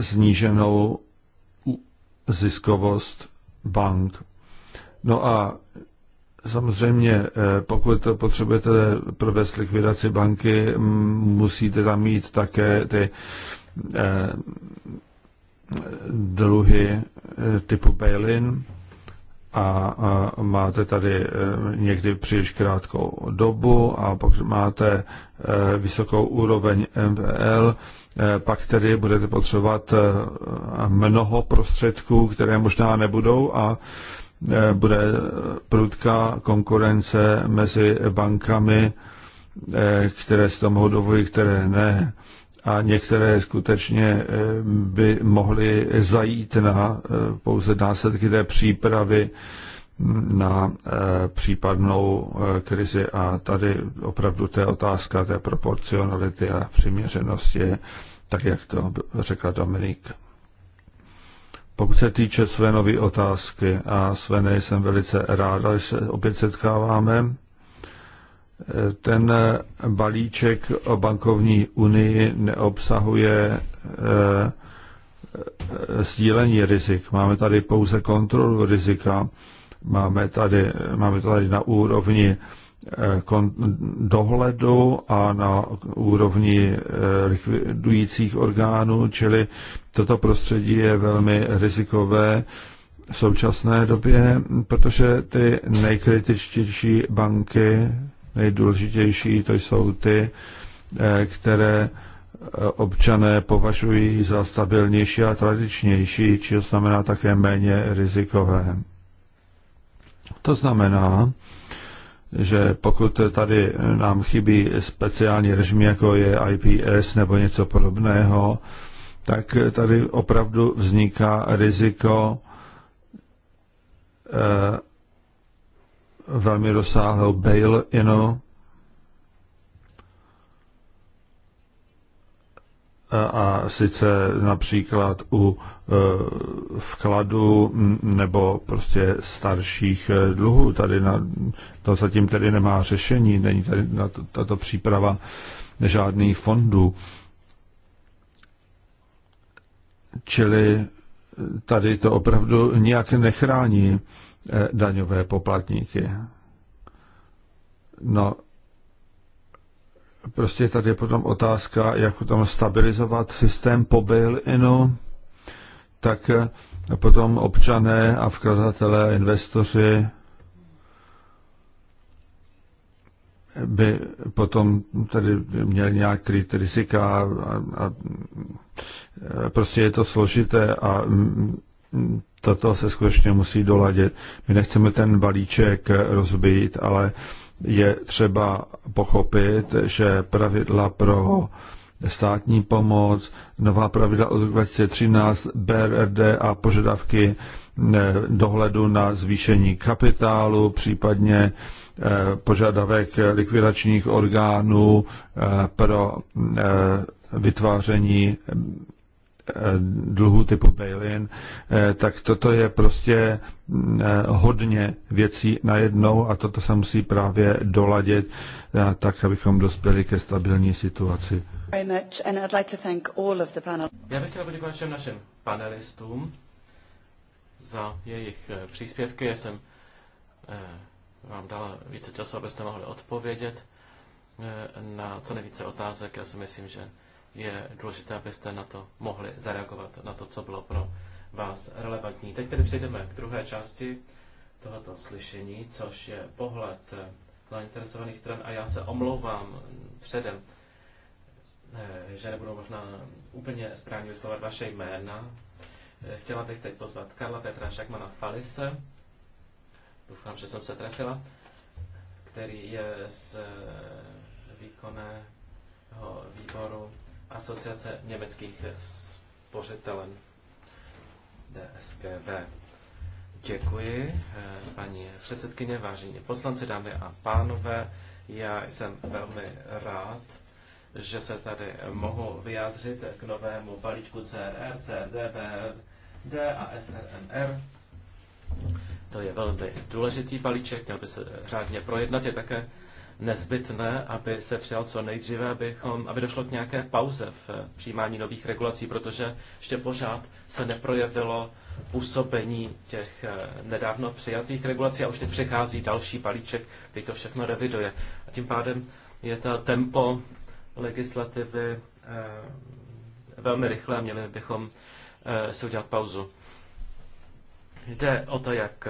zníženou mm, ziskovost bank. No a samozřejmě, eh, pokud potřebujete provést likvidaci banky, musíte tam mít také ty eh, dluhy eh, typu bail-in a, a máte tady někdy příliš krátkou dobu a pokud máte vysokou úroveň MPL, Eh, pak tedy budete potřebovat eh, mnoho prostředků, které možná nebudou a eh, bude prudká konkurence mezi bankami, které si to mohou dovolit, které ne. A některé skutečně by mohly zajít na pouze následky té přípravy hm, na případnou krizi. A tady opravdu to je otázka té proporcionality a přiměřenosti tak jak to řekla Dominik. Pokud se týče nové otázky, a Svene jsem velice rád, že se opět setkáváme, ten balíček o bankovní unii neobsahuje e, e, sdílení rizik. Máme tady pouze kontrolu rizika. Máme tady, máme tady na úrovni Eh, dohledu a na úrovni eh, likvidujících orgánů, čili toto prostředí je velmi rizikové v současné době, protože ty nejkritičtější banky, nejdůležitější, to jsou ty, eh, které občané považují za stabilnější a tradičnější, či znamená také méně rizikové. To znamená, že pokud tady nám chybí speciální režim, jako je IPS nebo něco podobného, tak tady opravdu vzniká riziko eh, velmi rozsáhlou bail-inu a sice například u e, vkladu nebo prostě starších e, dluhů. Tady na, to zatím tedy nemá řešení, není tady na to, tato příprava žádných fondů. Čili tady to opravdu nijak nechrání e, daňové poplatníky. No, prostě tady je potom otázka, jak potom stabilizovat systém po bail-inu, tak eh, potom občané a vkladatelé, investoři by potom tady měli nějak kryt rizika a, a eh, prostě je to složité a mm, mm, toto se skutečně musí doladit. My nechceme ten balíček eh, rozbít, ale je třeba pochopit, že pravidla pro státní pomoc, nová pravidla od 2013, BRD a požadavky eh, dohledu na zvýšení kapitálu, případně eh, požadavek likvidačních orgánů eh, pro vytváření Eh, dluhů typu bail-in, eh, tak toto je prostě mm, eh, hodně věcí najednou a toto se musí právě doladit tak, abychom dospěli ke stabilní situaci. Já bych chtěl poděkovat všem našim panelistům za jejich příspěvky. Já jsem vám dala více času, abyste mohli odpovědět na co nejvíce otázek. Já si myslím, že je důležité, abyste na to mohli zareagovat, na to, co bylo pro vás relevantní. Teď tedy přejdeme k druhé části tohoto slyšení, což je pohled eh, na interesovaných stran a já se omlouvám předem, eh, že nebudu možná úplně správně vyslovat vaše jména. Eh, chtěla bych teď pozvat Karla Petra Šakmana Falise, doufám, že jsem se trefila, který je z výkonného výboru Asociace německých spořitelen DSGV. Děkuji, eh, paní předsedkyně, vážení poslanci, dámy a pánové. Já jsem velmi rád, že se tady mohu vyjádřit k novému balíčku CRR, CRD, D a SRMR. To je velmi důležitý balíček, měl by se řádně projednat, je také nezbytné, aby se přijal co nejdříve, abychom, aby došlo k nějaké pauze v eh, přijímání nových regulací, protože ještě pořád se neprojevilo působení těch eh, nedávno přijatých regulací a už teď přechází další balíček, který to všechno reviduje. A tím pádem je to tempo legislativy eh, velmi rychlé, měli bychom si udělat pauzu. Jde o to, jak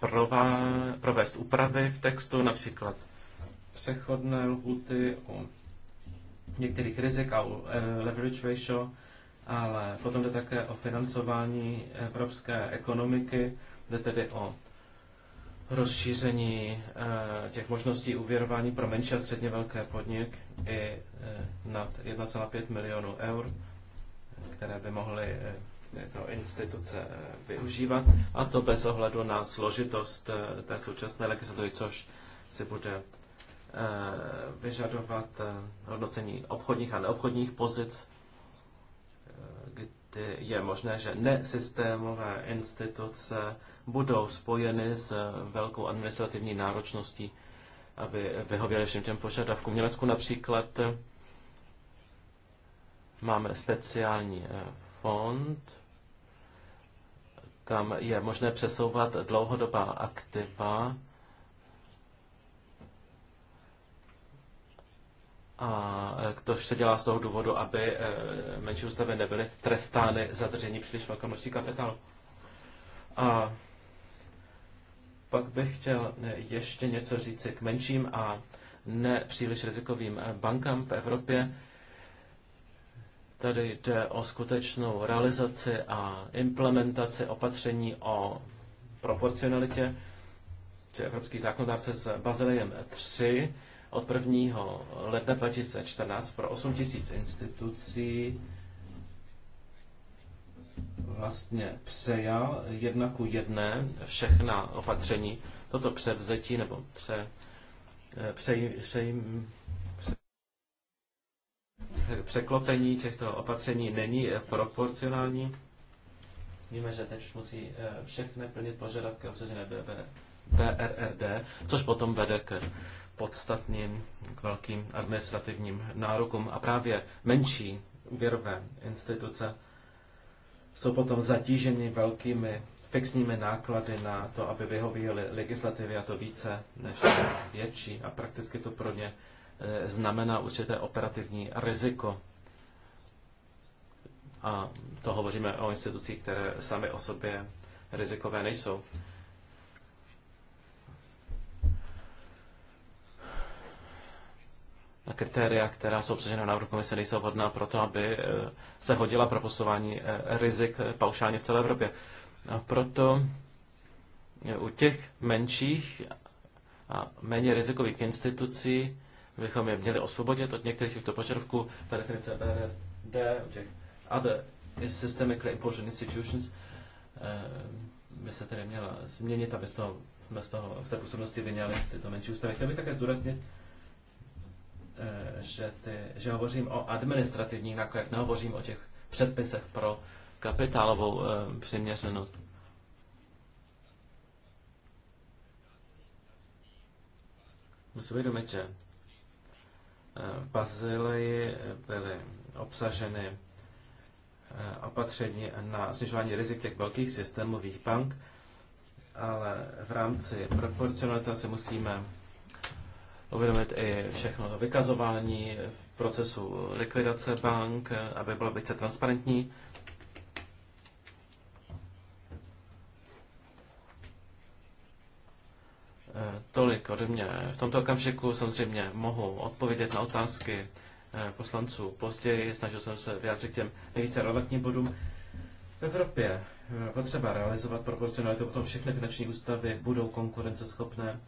prová, provést úpravy v textu, například přechodné lhuty, u některých rizik a u eh, leverage ratio, ale potom jde také o financování evropské ekonomiky, jde tedy o rozšíření eh, těch možností uvěrování pro menší a středně velké podnik i eh, nad 1,5 milionů eur, které by mohly tyto instituce využívat, a to bez ohledu na složitost té současné legislativy, což si bude Eh, vyžadovat eh, hodnocení obchodních a neobchodních pozic, eh, kdy je možné, že nesystémové instituce budou spojeny s velkou administrativní náročností, aby vyhověly všem těm požadavkům. V Německu například máme speciální fond, kam je možné přesouvat dlouhodobá aktiva, A e, to se dělá z toho důvodu, aby e, menší ústavy nebyly trestány za držení příliš velké množství kapitálu. A pak bych chtěl e, ještě něco říci k menším a nepříliš rizikovým bankám v Evropě. Tady jde o skutečnou realizaci a implementaci opatření o proporcionalitě, či evropský zákonodárce s Bazilejem 3 od 1. ledna 2014 pro 8 tisíc institucí vlastně přejal jedna ku jedné všechna opatření. Toto převzetí nebo pře, pře, eh, pře, pře, překlopení těchto opatření není proporcionální. Víme, že teď už musí eh, všechny plnit požadavky obsažené BRRD, e což potom vede k podstatným k velkým administrativním nárokům a právě menší úvěrové instituce jsou potom zatíženy velkými fixními náklady na to, aby vyhověly legislativě a to více než větší a prakticky to pro ně eh, znamená určité operativní riziko. A to hovoříme o institucích, které sami o sobě rizikové nejsou. a kritéria, která jsou obsažena v návrhu komise, nejsou vhodná pro to, aby eh, se hodila pro posování eh, rizik eh, paušálně v celé Evropě. A proto u těch menších a méně rizikových institucí bychom je měli osvobodit od některých těchto požadavků. Ta definice BRD, u těch other systemically important institutions, by se tedy měla změnit, aby z toho, z toho v té působnosti vyňali tyto menší ústavy. Chtěl bych také zdůraznit, Eh, že, ty, že hovořím o administrativních nákladech, nehovořím o těch předpisech pro kapitálovou eh, přiměřenost. Musím vědomit, že eh, v Bazileji byly obsaženy opatření na snižování rizik těch velkých systémových bank, ale v rámci proporcionality se musíme uvědomit i všechno vykazování v procesu likvidace bank, aby bylo více transparentní. Eh, tolik ode mě. V tomto okamžiku samozřejmě mohu odpovědět na otázky eh, poslanců později. Snažil jsem se vyjádřit těm nejvíce relevantním bodům. V Evropě eh, potřeba realizovat proporcionalitu, potom všechny finanční ústavy budou konkurenceschopné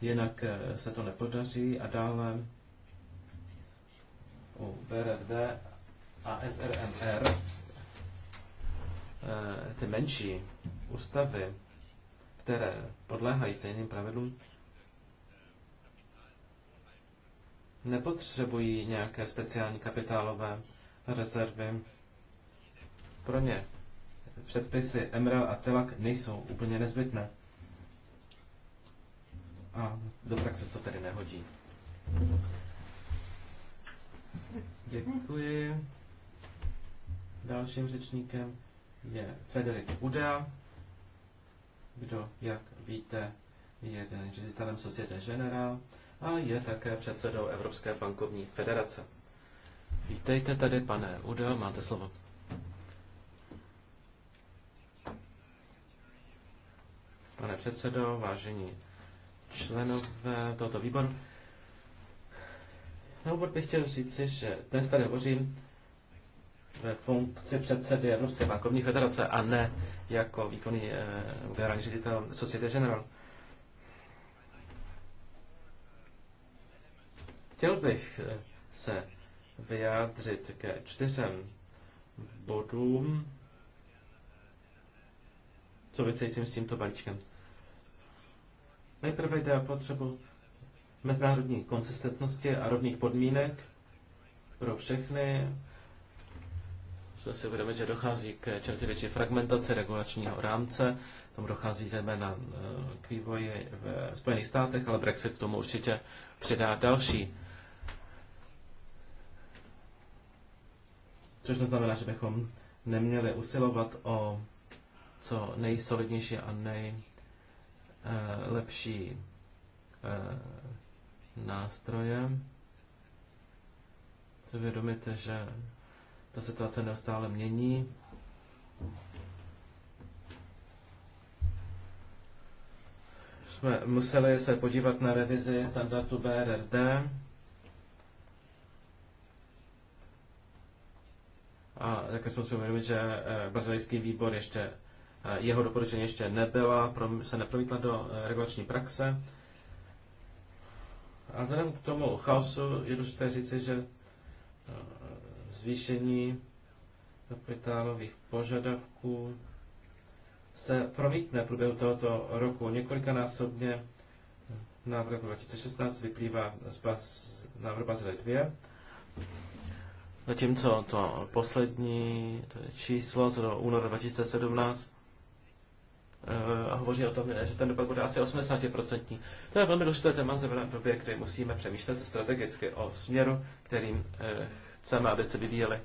jinak eh, se to nepodaří. A dále u BRD a SRMR eh, ty menší ústavy, které podléhají stejným pravidlům, nepotřebují nějaké speciální kapitálové rezervy. Pro ně předpisy MREL a Telak nejsou úplně nezbytné a do praxe se to tady nehodí. Děkuji. Dalším řečníkem je Frederik Uda. Kdo, jak víte, je ředitelem Societe General a je také předsedou Evropské bankovní federace. Vítejte tady, pane Udo, máte slovo. Pane předsedo, vážení členové tohoto výboru. Na úvod bych chtěl říci, že dnes tady hovořím ve funkci předsedy Evropské bankovní federace a ne jako výkonný eh, generální ředitel Societe General. Chtěl bych eh, se vyjádřit ke čtyřem bodům souvisejícím s tímto balíčkem. Nejprve jde o potřebu mezinárodní konsistentnosti a rovných podmínek pro všechny. Musíme si uvědomit, že dochází k čem větší fragmentaci regulačního rámce. Tam dochází zejména e, k vývoji v Spojených státech, ale Brexit tomu určitě přidá další. Což neznamená, že bychom neměli usilovat o co nejsolidnější a nej Eh, lepší eh, nástroje. Se vědomíte, že ta situace neustále mění. Jsme museli se podívat na revizi standardu BRD. A také jsme si uvědomit, že eh, brazilský výbor ještě Eh, jeho doporučení ještě nebyla, se nepromítla do eh, regulační praxe. A vzhledem k tomu chaosu je důležité říci, že eh, zvýšení kapitálových požadavků se promítne v průběhu tohoto roku několikanásobně. Návrh roku 2016 vyplývá z bas, návrh Bazile 2. Zatímco to poslední to číslo, co do února 2017, Eh, a hovoří o tom, že ten dopad bude asi 80%. To je velmi důležité téma, zejména v době, kdy musíme přemýšlet strategicky o směru, kterým eh, chceme, aby se vyvíjely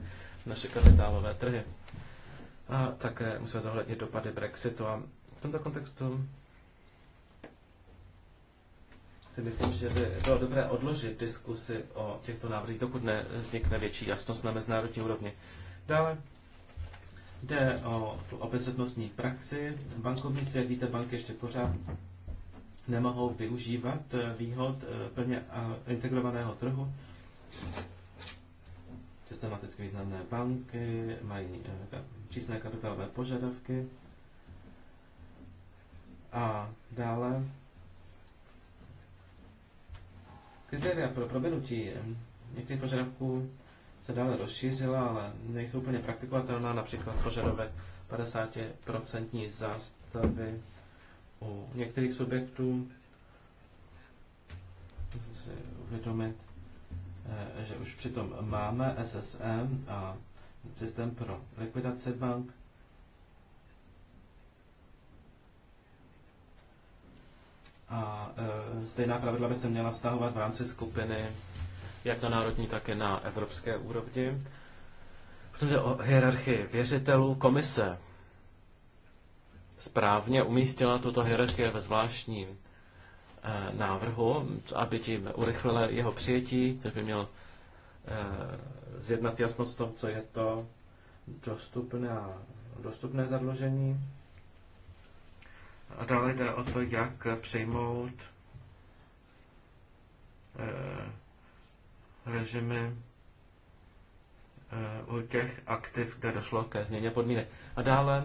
naše kapitálové trhy. A také musíme zohlednit dopady Brexitu a v tomto kontextu si myslím, že by bylo dobré odložit diskusy o těchto návrzích, dokud nevznikne větší jasnost na mezinárodní úrovni. Dále Jde o tu obezřetnostní praxi. Bankovnictví, jak víte, banky ještě pořád nemohou využívat eh, výhod eh, plně eh, integrovaného trhu. Systematicky významné banky mají přísné kapitálové požadavky. A dále kritéria pro proběhnutí některých požadavků se dále rozšířila, ale nejsou úplně praktikovatelná, například požadavek 50% zástavy u některých subjektů. Musím si uvědomit, eh, že už přitom máme SSM a systém pro likvidaci bank. A e, stejná pravidla by se měla vztahovat v rámci skupiny jak na národní, tak i na evropské úrovni. Potom jde o hierarchii věřitelů. Komise správně umístila tuto hierarchii ve zvláštním eh, návrhu, aby tím urychlila jeho přijetí, že by měl eh, zjednat jasnost v tom, co je to dostupné, dostupné zadlužení. A dále jde o to, jak přejmout eh, režimy eh, u těch aktiv, kde došlo ke změně podmínek. A dále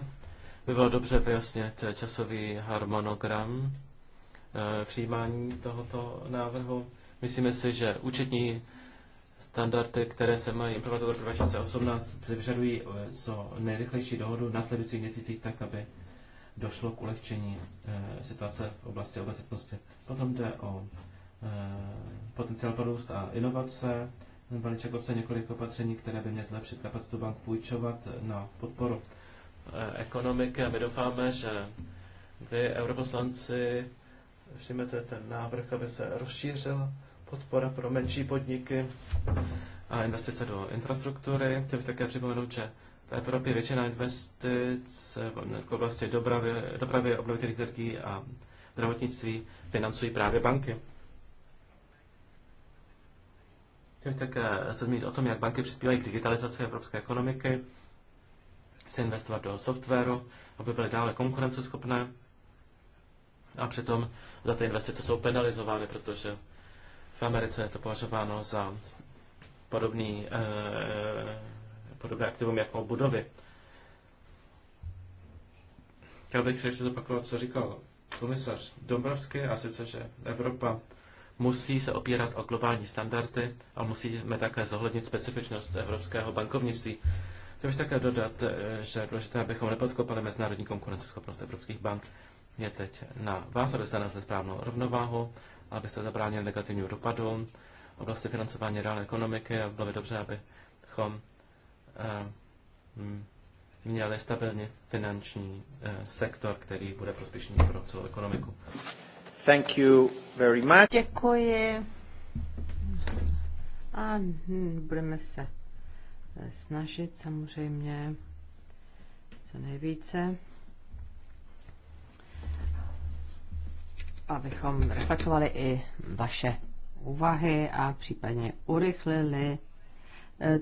by bylo dobře vyjasnit časový harmonogram eh, přijímání tohoto návrhu. Myslíme si, že účetní standardy, které se mají implementovat v 2018, vyžadují eh, co nejrychlejší dohodu v následujících měsících tak, aby došlo k ulehčení situace v oblasti obezřetnosti. Potom jde o Eh, potenciál pro růst a inovace. Balíček obsahuje několik opatření, které by mě zlepšit kapacitu bank půjčovat na podporu eh, ekonomiky a my doufáme, že vy, europoslanci, přijmete ten návrh, aby se rozšířila podpora pro menší podniky a investice do infrastruktury. Chtěl bych také připomenout, že v Evropě většina investic eh, v oblasti dopravy, dopravy obnovitelných energií a zdravotnictví financují právě banky. Chtěl bych také se zmínit o tom, jak banky přispívají k digitalizaci evropské ekonomiky, chce investovat do softwaru, aby byly dále konkurenceschopné a přitom za ty investice jsou penalizovány, protože v Americe je to považováno za podobný, eh, podobné aktivum jako budovy. Chtěl bych ještě zopakovat, co říkal komisař Dombrovský, a sice, že Evropa musí se opírat o globální standardy a musíme také zohlednit specifičnost evropského bankovnictví. Chtěl bych také dodat, eh, že důležité, abychom nepodkopali mezinárodní konkurenceschopnost evropských bank. Je teď na vás, abyste nalezli správnou rovnováhu, abyste zabránili negativním dopadům v oblasti financování reálné ekonomiky a bylo by dobře, abychom eh, měli stabilně finanční eh, sektor, který bude prospěšný pro celou ekonomiku. Thank you very much. Děkuji. A hm, budeme se snažit samozřejmě co nejvíce, abychom reflektovali i vaše úvahy a případně urychlili eh,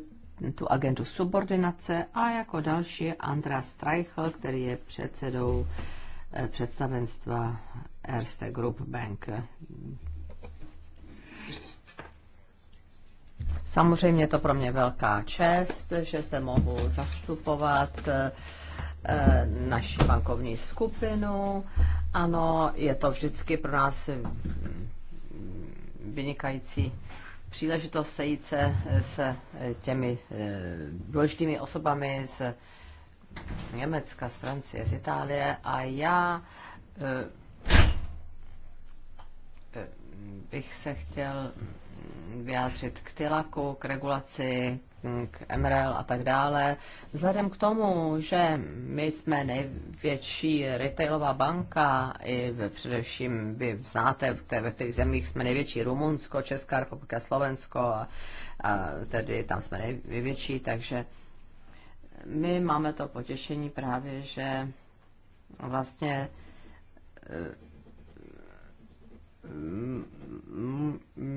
tu agendu subordinace a jako další je Andra Streichl, který je předsedou eh, představenstva Erste Group Bank. Samozřejmě to pro mě velká čest, že zde mohu zastupovat eh, naši bankovní skupinu. Ano, je to vždycky pro nás vynikající příležitost sejít se s těmi eh, důležitými osobami z Německa, z Francie, z Itálie a já eh, bych se chtěl vyjádřit k TILAKu, k regulaci, k MRL a tak dále. Vzhledem k tomu, že my jsme největší retailová banka, i v, především vy znáte, ve kterých zemích jsme největší Rumunsko, Česká republika, Slovensko, a, a tedy tam jsme největší, takže my máme to potěšení právě, že vlastně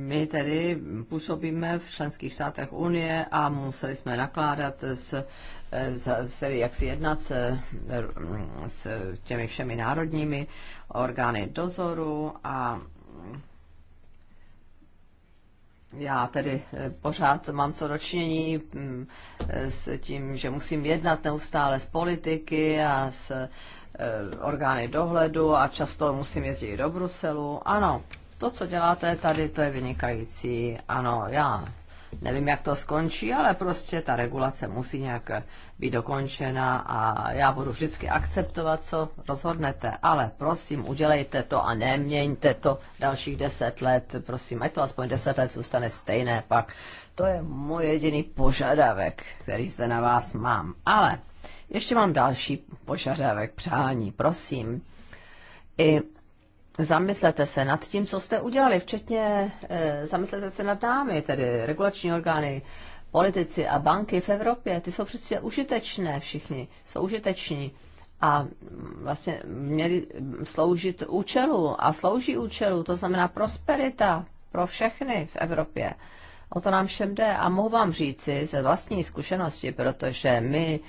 my tedy působíme v členských státech Unie a museli jsme nakládat s se, jak si jednat se, s těmi všemi národními orgány dozoru a já tedy pořád mám co ročnění mm, s tím, že musím jednat neustále s politiky a s Eh, orgány dohledu a často musím jezdit do Bruselu. Ano, to, co děláte tady, to je vynikající. Ano, já nevím, jak to skončí, ale prostě ta regulace musí nějak být dokončena a já budu vždycky akceptovat, co rozhodnete. Ale prosím, udělejte to a neměňte to dalších deset let. Prosím, ať to aspoň deset let zůstane stejné pak. To je můj jediný požadavek, který zde na vás mám. Ale ještě mám další požadavek, přání, prosím. I zamyslete se nad tím, co jste udělali, včetně e, zamyslete se nad námi, tedy regulační orgány, politici a banky v Evropě. Ty jsou přece užitečné všichni, jsou užiteční a vlastně měli sloužit účelu a slouží účelu, to znamená prosperita pro všechny v Evropě. O to nám všem jde a mohu vám říci ze vlastní zkušenosti, protože my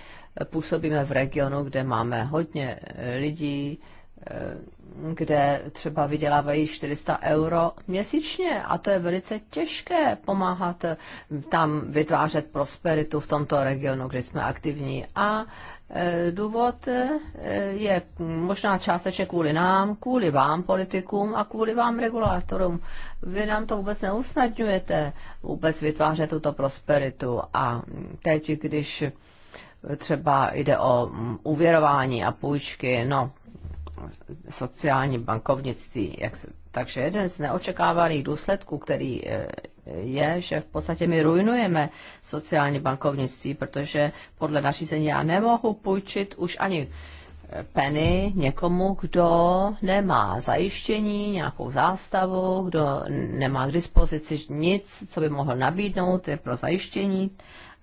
působíme v regionu, kde máme hodně eh, lidí, eh, kde třeba vydělávají 400 euro měsíčně a to je velice těžké pomáhat eh, tam vytvářet prosperitu v tomto regionu, kde jsme aktivní. A důvod je možná částečně kvůli nám, kvůli vám politikům a kvůli vám regulátorům. Vy nám to vůbec neusnadňujete vůbec vytvářet tuto prosperitu a teď, když třeba jde o uvěrování a půjčky, no, sociální bankovnictví. Jak se, takže jeden z neočekávaných důsledků, který eh, je, že v podstatě my ruinujeme sociální bankovnictví, protože podle nařízení já nemohu půjčit už ani eh, peny někomu, kdo nemá zajištění, nějakou zástavu, kdo nemá k dispozici nic, co by mohl nabídnout, je pro zajištění.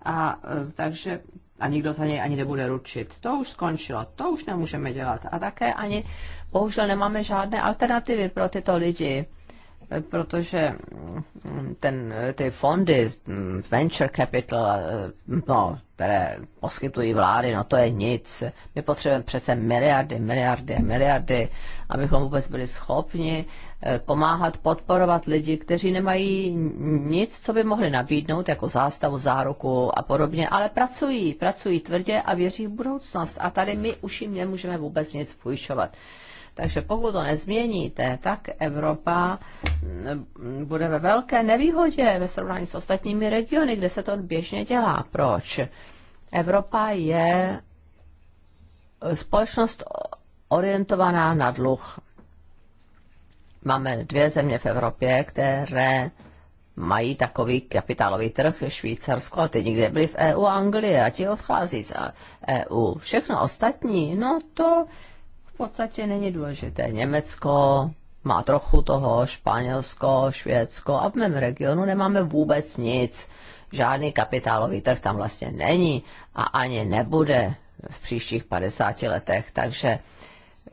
A eh, takže a nikdo za něj ani nebude ručit. To už skončilo, to už nemůžeme dělat. A také ani, bohužel, nemáme žádné alternativy pro tyto lidi, protože mm, ten, ty fondy, mm, venture capital, mm, no, které poskytují vlády, no to je nic. My potřebujeme přece miliardy, miliardy a miliardy, abychom vůbec byli schopni Eh, pomáhat, podporovat lidi, kteří nemají nic, co by mohli nabídnout, jako zástavu, záruku a podobně, ale pracují, pracují tvrdě a věří v budoucnost. A tady my už jim nemůžeme vůbec nic půjčovat. Takže pokud to nezměníte, tak Evropa mm, bude ve velké nevýhodě ve srovnání s ostatními regiony, kde se to běžně dělá. Proč? Evropa je společnost orientovaná na dluh máme dvě země v Evropě, které mají takový kapitálový trh, Švýcarsko, a ty nikdy byli v EU a Anglie a ti odchází z EU. Všechno ostatní, no to v podstatě není důležité. Německo má trochu toho, Španělsko, Švédsko a v mém regionu nemáme vůbec nic. Žádný kapitálový trh tam vlastně není a ani nebude v příštích 50 letech, takže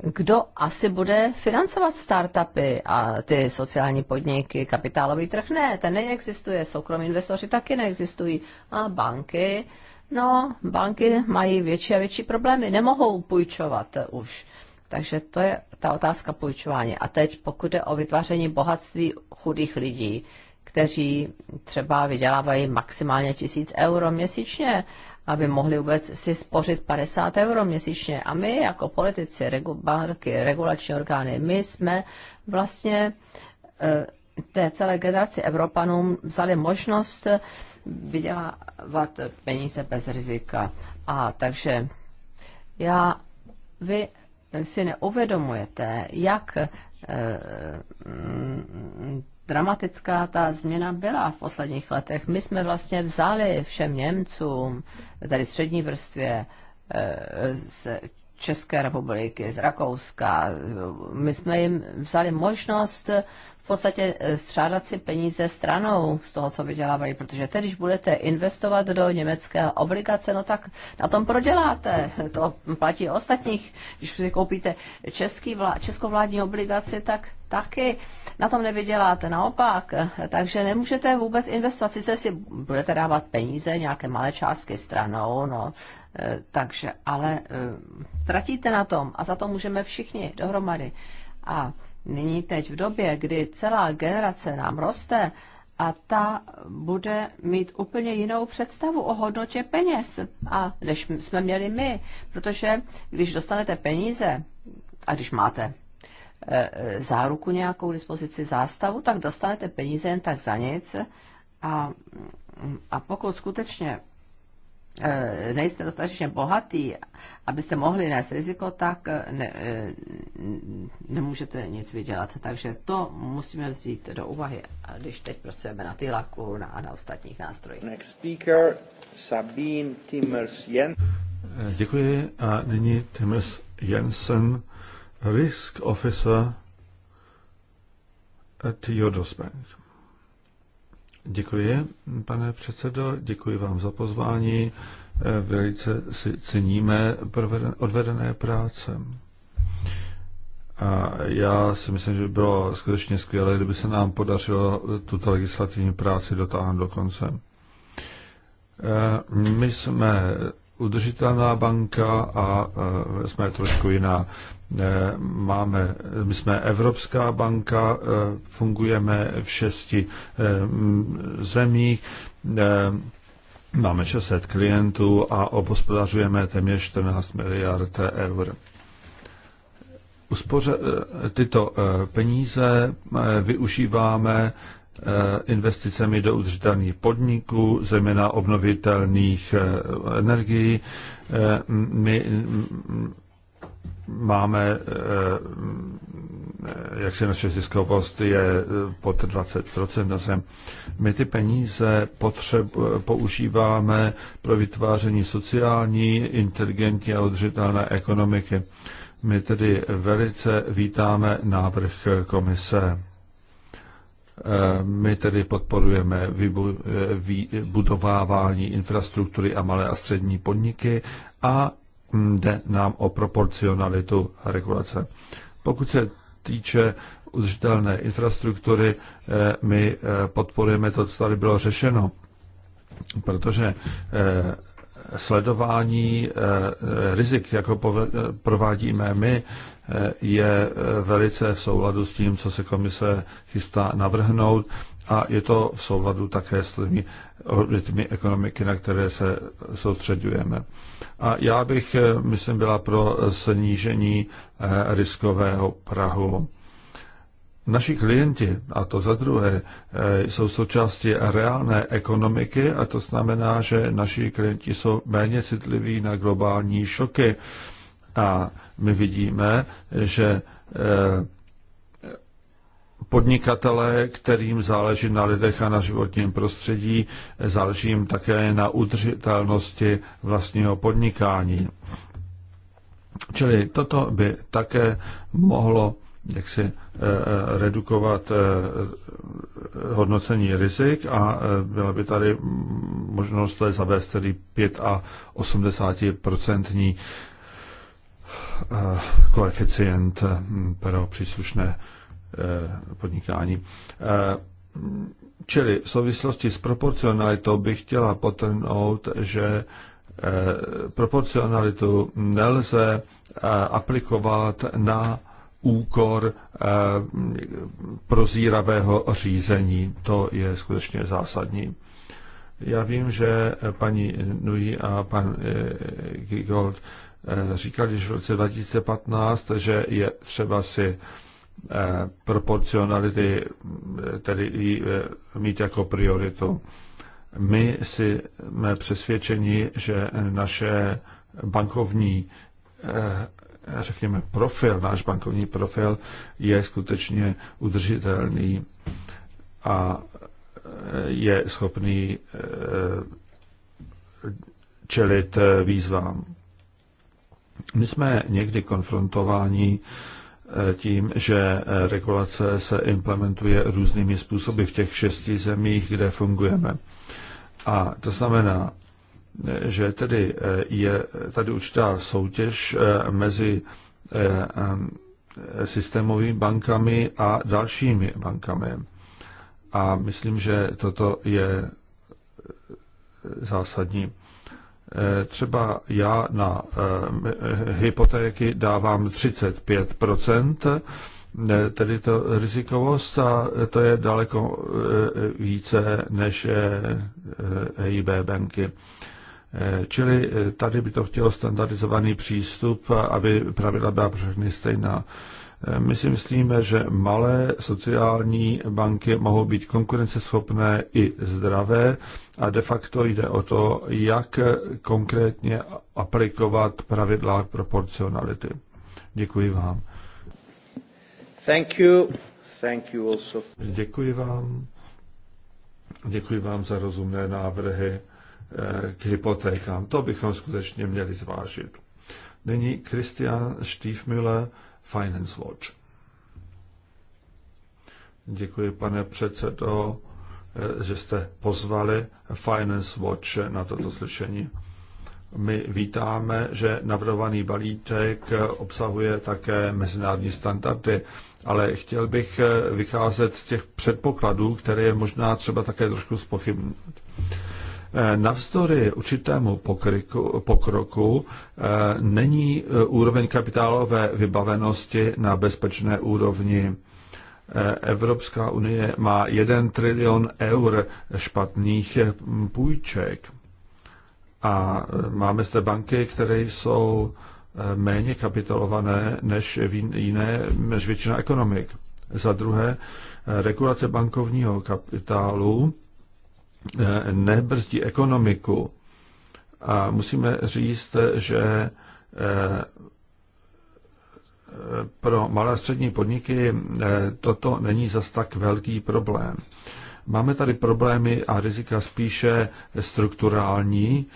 kdo asi bude financovat startupy a ty sociální podniky, kapitálový trh ne, ten neexistuje, soukromí investoři taky neexistují a banky, no banky mají větší a větší problémy, nemohou půjčovat už. Takže to je ta otázka půjčování. A teď pokud je o vytváření bohatství chudých lidí, kteří třeba vydělávají maximálně tisíc euro měsíčně, aby mohli vůbec si spořit 50 euro měsíčně. A my jako politici, regu, banky, regulační orgány, my jsme vlastně eh, té celé generaci Evropanům vzali možnost vydělávat peníze bez rizika. A takže já, vy si neuvědomujete, jak eh, dramatická ta změna byla v posledních letech. My jsme vlastně vzali všem Němcům, tady střední vrstvě, eh, České republiky, z Rakouska. My jsme jim vzali možnost v podstatě eh, střádat si peníze stranou z toho, co vydělávají, protože teď, když budete investovat do německé obligace, no tak na tom proděláte. To platí ostatních. Když si koupíte český vlá, českou vládní obligaci, tak taky na tom nevyděláte. Naopak, eh, takže nemůžete vůbec investovat. Sice si budete dávat peníze, nějaké malé částky stranou, no, Eh, takže ale eh, tratíte na tom a za to můžeme všichni dohromady. A nyní teď v době, kdy celá generace nám roste a ta bude mít úplně jinou představu o hodnotě peněz, a než jsme měli my, protože když dostanete peníze a když máte eh, záruku nějakou dispozici zástavu, tak dostanete peníze jen tak za nic a, a pokud skutečně Eh, nejste dostatečně bohatý, abyste mohli nést riziko, tak eh, ne, eh, nemůžete nic vydělat. Takže to musíme vzít do úvahy, když teď pracujeme na Tylaku a na ostatních nástrojích. Next speaker, Sabine Timmers Jensen. Děkuji a nyní Timmers Jensen, risk officer at Jodos Bank. Děkuji, pane předsedo, děkuji vám za pozvání. Velice si ceníme odvedené práce. A já si myslím, že by bylo skutečně skvělé, kdyby se nám podařilo tuto legislativní práci dotáhnout do konce. Eh, my jsme udržitelná banka a eh, jsme trošku jiná. Eh, máme, my jsme Evropská banka, eh, fungujeme v šesti eh, mm, zemích, máme 600 klientů a obospodařujeme téměř 14 miliard eur. Uspoře- tyto peníze využíváme investicemi do udržitelných podniků, zejména obnovitelných energií. My máme, eh, eh, jak se naše ziskovost je eh, pod 20%. Zem. My ty peníze potřeb, používáme pro vytváření sociální, inteligentní a udržitelné ekonomiky. My tedy velice vítáme návrh komise. My tedy podporujeme vybudovávání infrastruktury a malé a střední podniky a Mm, jde nám o proporcionalitu regulace. Pokud se týče udržitelné infrastruktury, eh, my eh, podporujeme to, co tady bylo řešeno, protože eh, sledování rizik, jako provádíme my, je velice v souladu s tím, co se komise chystá navrhnout a je to v souladu také s těmi rytmy ekonomiky, na které se soustředujeme. A já bych, eh, myslím, byla pro snížení eh, riskového Prahu. Naši klienti, a to za druhé, eh, jsou součástí reálné ekonomiky a to znamená, že naši klienti jsou méně citliví na globální šoky. A my vidíme, že podnikatele, kterým záleží na lidech a na životním prostředí, záleží jim také na udržitelnosti vlastního podnikání. Čili toto by také mohlo jak si eh, eh, redukovat eh, hodnocení rizik a byla by tady možnost zavést tedy 5 a 80% koeficient pro příslušné Eh, podnikání. Eh, čili v souvislosti s proporcionalitou bych chtěla potrhnout, že eh, proporcionalitu nelze aplikovat na úkor prozíravého řízení. To je skutečně zásadní. Já vím, že paní Nui a pan Gigold říkali že v roce 2015, že je třeba si Eh, proporcionality, eh, tedy ji eh, mít jako prioritu. My si jsme přesvědčeni, že naše bankovní řekněme, profil, náš bankovní profil je skutečně udržitelný a je schopný čelit výzvám. My jsme někdy konfrontováni tím, že eh, regulace se implementuje různými způsoby v těch šesti zemích, kde fungujeme. A to znamená, eh, že tedy eh, je tady určitá soutěž mezi systémovými bankami a dalšími bankami. A myslím, že toto je zásadní. Eh, třeba já na eh, eh, hypotéky dávám 35 tedy to rizikovost, a to je daleko více než EIB e banky. Čili tady by to chtělo standardizovaný přístup, aby pravidla byla pro všechny stejná. My si myslíme, že malé sociální banky mohou být konkurenceschopné i zdravé a de facto jde o to, jak konkrétně aplikovat pravidla proporcionality. Děkuji vám. Thank you. Thank you also. Děkuji vám. Děkuji vám za rozumné návrhy eh, k hypotékám. To bychom skutečně měli zvážit. Nyní Christian Stiefmüller. Finance Watch. Děkuji, pane předsedo, eh, že jste pozvali Finance Watch na toto slyšení. My vítáme, že navrhovaný balíček obsahuje také mezinárodní standardy, ale chtěl bych eh, vycházet z těch předpokladů, které je možná třeba také trošku spochybnit. Eh, navzdory určitému pokryku, pokroku eh, není eh, úroveň kapitálové vybavenosti na bezpečné úrovni. Evropská unie má 1 trilion eur špatných půjček a máme zde banky, které jsou méně kapitalované než jiné, než většina ekonomik. Za druhé, regulace bankovního kapitálu Eh, nebrzdí ekonomiku. A musíme říct, že eh, pro malé a střední podniky eh, toto není zas tak velký problém. Máme tady problémy a rizika spíše strukturální,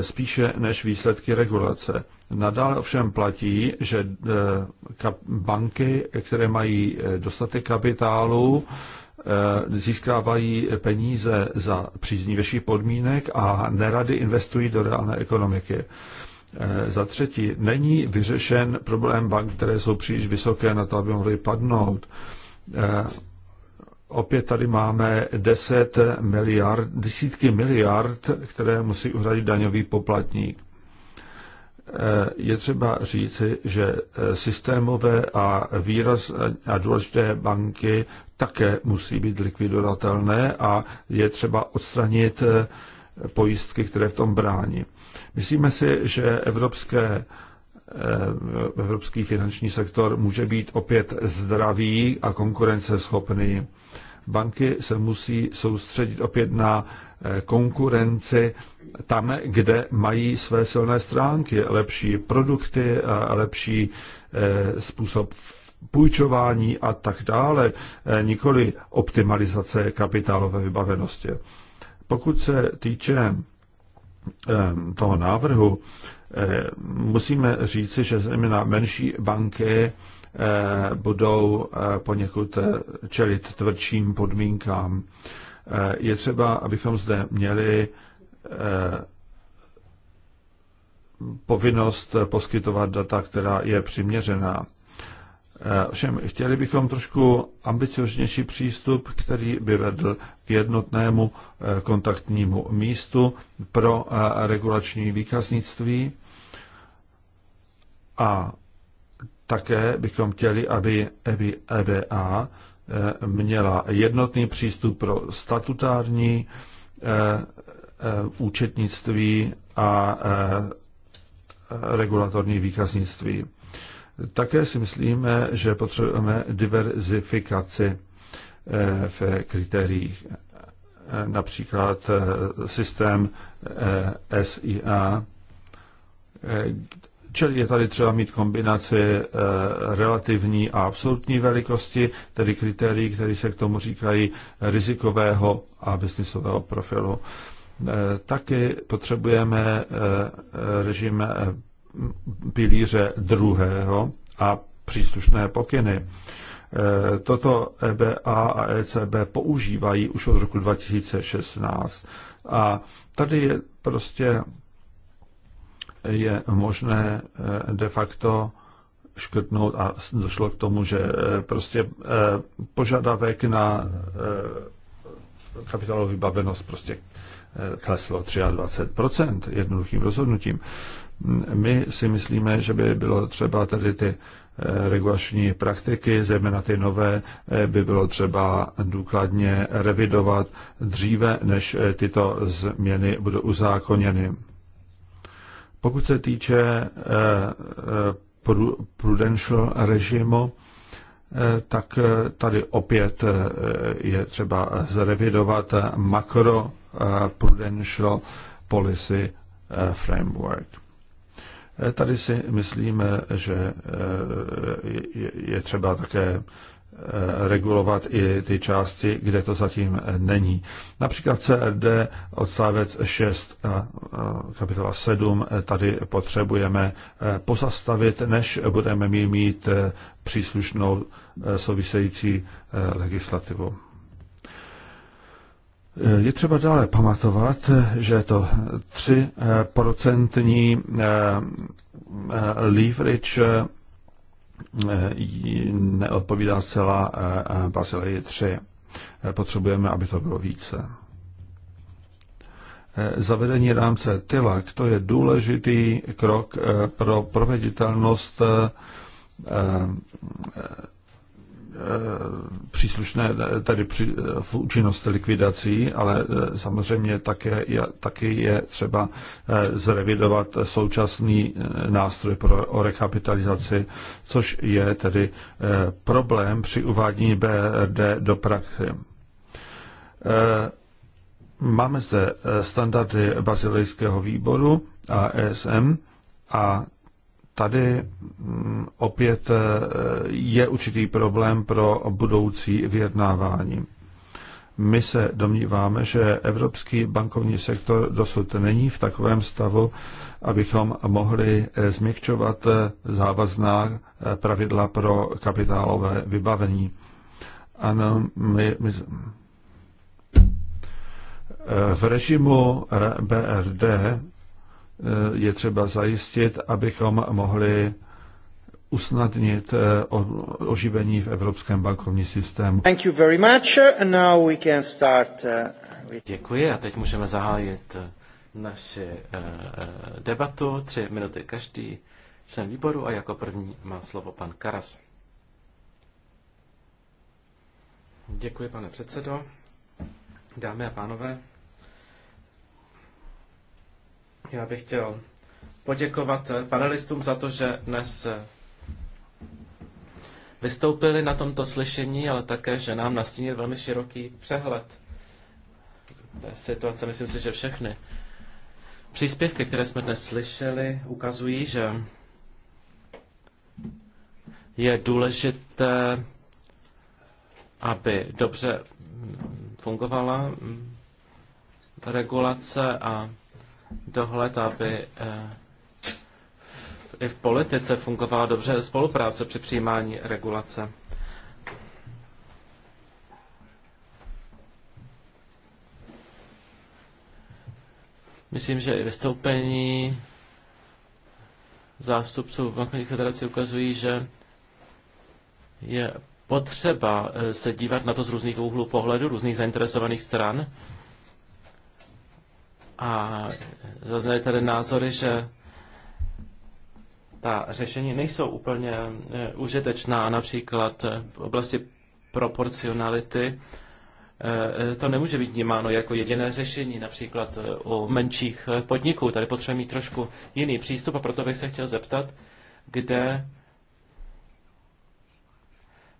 spíše než výsledky regulace. Nadále ovšem platí, že banky, které mají dostatek kapitálu, Eh, získávají peníze za příznivější podmínek a nerady investují do reálné ekonomiky. Eh, za třetí, není vyřešen problém bank, které jsou příliš vysoké na to, aby mohly padnout. Eh, opět tady máme 10 miliard, desítky miliard, které musí uhradit daňový poplatník. Eh, je třeba říci, že eh, systémové a výraz eh, a důležité banky také musí být likvidovatelné a je třeba odstranit pojistky, které v tom brání. Myslíme si, že evropské, evropský finanční sektor může být opět zdravý a konkurenceschopný. Banky se musí soustředit opět na Eh, konkurenci tam, kde mají své silné stránky, lepší produkty, eh, lepší eh, způsob půjčování a tak dále, nikoli optimalizace kapitálové vybavenosti. Pokud se týče toho návrhu, musíme říci, že zejména menší banky budou poněkud čelit tvrdším podmínkám. Eh, je třeba, abychom zde měli eh, povinnost poskytovat data, která je přiměřená. Eh, Všem chtěli bychom trošku ambicioznější přístup, který by vedl k jednotnému kontaktnímu místu pro regulační výkaznictví a také bychom chtěli, aby EBA měla jednotný přístup pro statutární eh, eh, účetnictví a eh, regulatorní výkaznictví. Také si myslíme, že potřebujeme diverzifikaci v kritériích. Například systém SIA, Čili je tady třeba mít kombinaci eh, relativní a absolutní velikosti, tedy kritérií, které se k tomu říkají rizikového a biznisového profilu. Eh, taky potřebujeme eh, režim pilíře druhého a příslušné pokyny. Toto EBA a ECB používají už od roku 2016. A tady je prostě je možné eh, de facto škrtnout a došlo k tomu, že eh, prostě eh, požadavek na kapitálovou vybavenost prostě kleslo 23% jednoduchým rozhodnutím. My si myslíme, že by bylo třeba tedy ty regulační praktiky, zejména ty nové, by bylo třeba důkladně revidovat dříve, než tyto změny budou uzákoněny. Pokud se týče eh, eh, prudential režimu, eh, tak tady opět je třeba zrevidovat makro prudential policy framework. Tady si myslíme, že je třeba také Eh, regulovat i ty části, kde to zatím není. Například CRD odstavec 6 a kapitola 7 eh, tady potřebujeme eh, pozastavit, než budeme mít příslušnou související legislativu. Je třeba dále pamatovat, že to 3% leverage neodpovídá celá eh, eh, Bazilii 3. Eh, potřebujeme, aby to bylo více. Zavedení rámce TILAK, to je důležitý krok pro proveditelnost Eh, příslušné, eh, tedy při, eh, v účinnost likvidací, ale samozřejmě také, taky je třeba zrevidovat současný nástroj pro rekapitalizaci, což je tedy problém při uvádění BRD do praxe. Máme zde standardy bazilejského výboru a a tady mm, opět eh, je určitý problém pro budoucí vyjednávání. My se domníváme, že evropský bankovní sektor dosud není v takovém stavu, abychom mohli eh, změkčovat eh, závazná pravidla pro kapitálové vybavení. Ano, my, my v režimu BRD je třeba zajistit, abychom mohli usnadnit eh, oživení v evropském bankovním systému. Eh, Děkuji a teď můžeme zahájit eh, naši debatu. Tři minuty každý člen výboru a jako první má slovo pan Karas. Děkuji, pane předsedo. Dámy a pánové, já bych chtěl poděkovat panelistům za to, že dnes vystoupili na tomto slyšení, ale také, že nám nastínil velmi široký přehled té situace. Myslím si, že všechny příspěvky, které jsme dnes slyšeli, ukazují, že je důležité, aby dobře fungovala regulace a dohled, aby eh, i v politice fungovala dobře spolupráce při přijímání regulace. Myslím, že i vystoupení zástupců bankovní federace ukazují, že je potřeba eh, se dívat na to z různých úhlů pohledu, různých zainteresovaných stran. A zazněly tady názory, že ta řešení nejsou úplně eh, užitečná, například eh, v oblasti proporcionality. Eh, to nemůže být vnímáno jako jediné řešení, například u menších podniků. Tady potřebujeme mít trošku jiný přístup a proto bych se chtěl zeptat, kde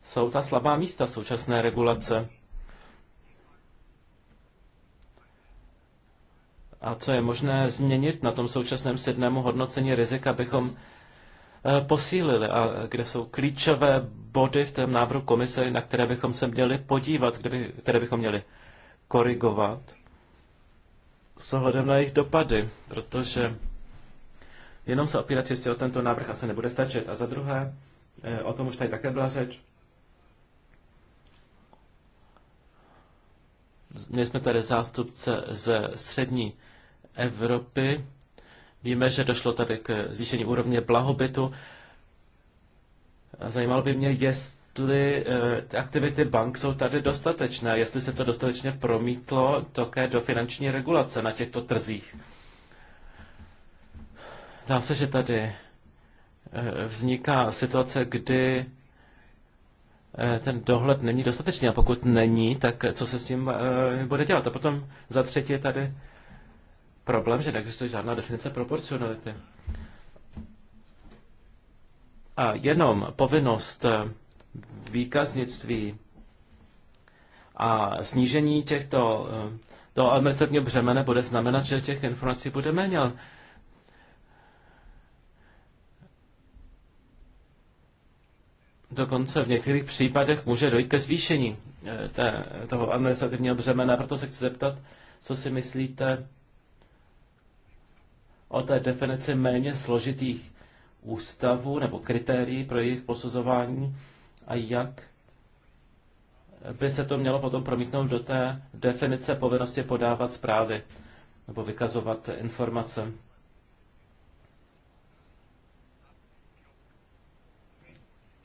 jsou ta slabá místa současné regulace. a co je možné změnit na tom současném sedmému hodnocení rizik, abychom eh, posílili a kde jsou klíčové body v tom návrhu komise, na které bychom se měli podívat, kde by, které bychom měli korigovat s ohledem na jejich dopady, protože jenom se opírat čistě o tento návrh asi nebude stačit. A za druhé, eh, o tom už tady také byla řeč, Měli jsme tady zástupce ze střední Evropy. Víme, že došlo tady k zvýšení úrovně blahobytu. Zajímalo by mě, jestli eh, aktivity bank jsou tady dostatečné, jestli se to dostatečně promítlo také do finanční regulace na těchto trzích. Zdá se, že tady eh, vzniká situace, kdy eh, ten dohled není dostatečný a pokud není, tak co se s tím bude dělat? A potom za třetí je tady problém, že neexistuje žádná definice proporcionality. A jenom povinnost eh, výkaznictví a snížení těchto do eh, administrativního břemene bude znamenat, že těch informací bude méně. Dokonce v některých případech může dojít ke zvýšení eh, té, toho administrativního břemena. Proto se chci zeptat, co si myslíte o té definici méně složitých ústavů nebo kritérií pro jejich posuzování a jak by se to mělo potom promítnout do té definice povinnosti podávat zprávy nebo vykazovat informace.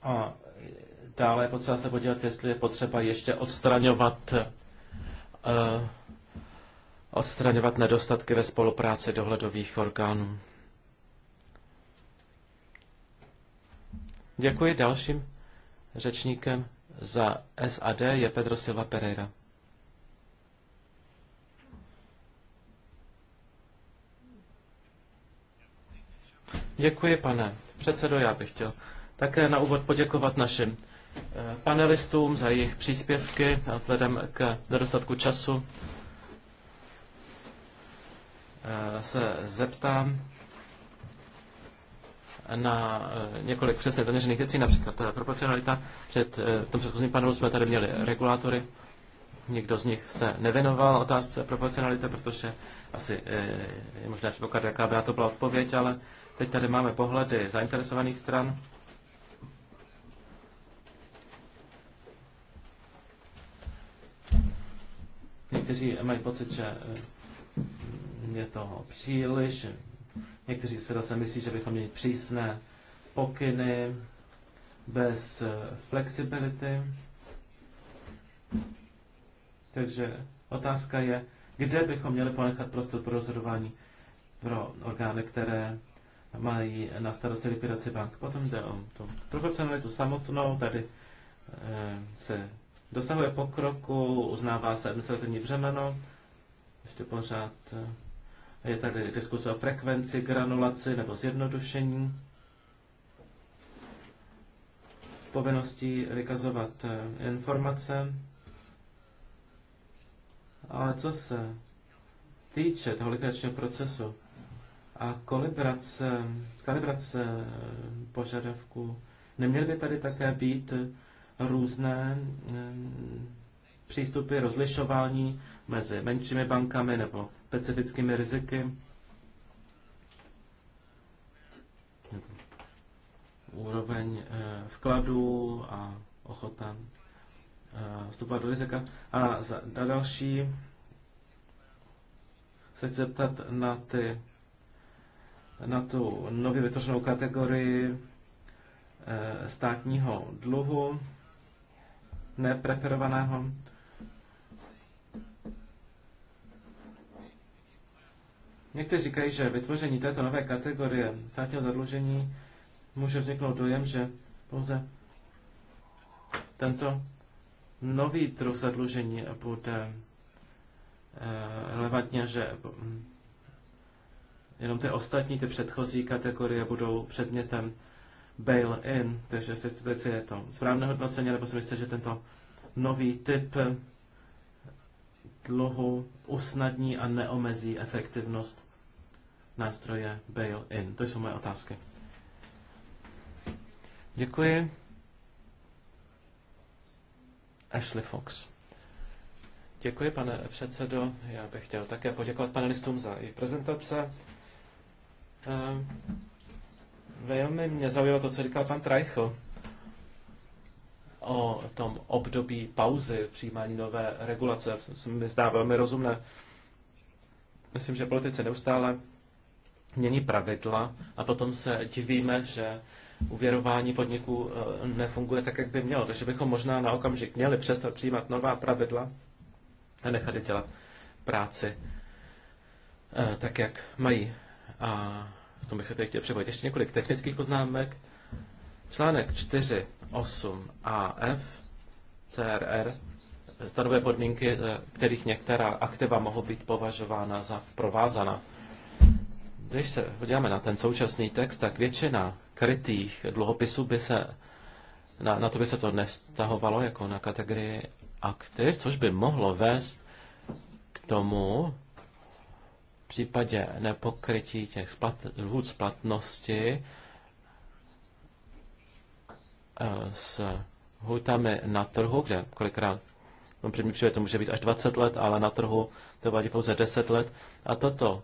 A dále je potřeba se podívat, jestli je potřeba ještě odstraňovat uh, odstraňovat nedostatky ve spolupráci dohledových orgánů. Děkuji dalším řečníkem za SAD je Pedro Silva Pereira. Děkuji, pane předsedo. Já bych chtěl také na úvod poděkovat našim eh, panelistům za jejich příspěvky a vzhledem k nedostatku času Eh, se zeptám na eh, několik přesně zaměřených věcí, například eh, proporcionalita. Před v tom předchozím panelu jsme tady měli regulátory. Nikdo z nich se nevěnoval otázce proporcionality, protože asi je možné předpokládat, jaká by na to byla odpověď, ale teď tady máme pohledy zainteresovaných stran. Někteří mají pocit, že je to příliš. Někteří se zase myslí, že bychom měli přísné pokyny bez eh, flexibility. Takže otázka je, kde bychom měli ponechat prostor pro rozhodování pro orgány, které mají na starosti likvidaci bank. Potom jde o tu proporcionalitu samotnou, tady e, se dosahuje pokroku, uznává se administrativní břemeno, ještě pořád e, je tady diskuse o frekvenci, granulaci nebo zjednodušení. Povinností vykazovat eh, informace. Ale co se týče toho likvidačního procesu a kalibrace, kalibrace eh, požadavků, neměly by tady také být různé eh, přístupy rozlišování mezi menšími bankami nebo specifickými riziky. Úroveň eh, vkladů a ochota eh, vstupovat do rizika. A za, další se chci zeptat na, ty, na tu nově vytvořenou kategorii eh, státního dluhu nepreferovaného. Někteří říkají, že vytvoření této nové kategorie státního zadlužení může vzniknout dojem, že pouze tento nový druh zadlužení bude eh, relevantně, že mm, jenom ty ostatní, ty předchozí kategorie budou předmětem bail-in, takže jestli je to správné hodnocení, nebo si myslíte, že tento nový typ dluhu usnadní a neomezí efektivnost nástroje bail-in? To jsou moje otázky. Děkuji. Ashley Fox. Děkuji, pane předsedo. Já bych chtěl také poděkovat panelistům za jejich prezentace. Eh, velmi mě zaujalo to, co říkal pan Trajcho o tom období pauzy přijímání nové regulace. To se mi zdá velmi rozumné. Myslím, že politici neustále mění pravidla a potom se divíme, že uvěrování podniků e, nefunguje tak, jak by mělo. Takže bychom možná na okamžik měli přestat přijímat nová pravidla a nechat je dělat práci e, tak, jak mají. A v tom bych se tady chtěl připojit. Ještě několik technických poznámek. Článek 4, 8 a F CRR stanovuje podmínky, e, kterých některá aktiva mohou být považována za provázaná. Když se podíváme na ten současný text, tak většina krytých dluhopisů by se, na, na to by se to nestahovalo jako na kategorii aktiv, což by mohlo vést k tomu, v případě nepokrytí těch splat, dluhů splatnosti eh, s hutami na trhu, kde kolikrát no, před to může být až 20 let, ale na trhu to vadí pouze 10 let. A toto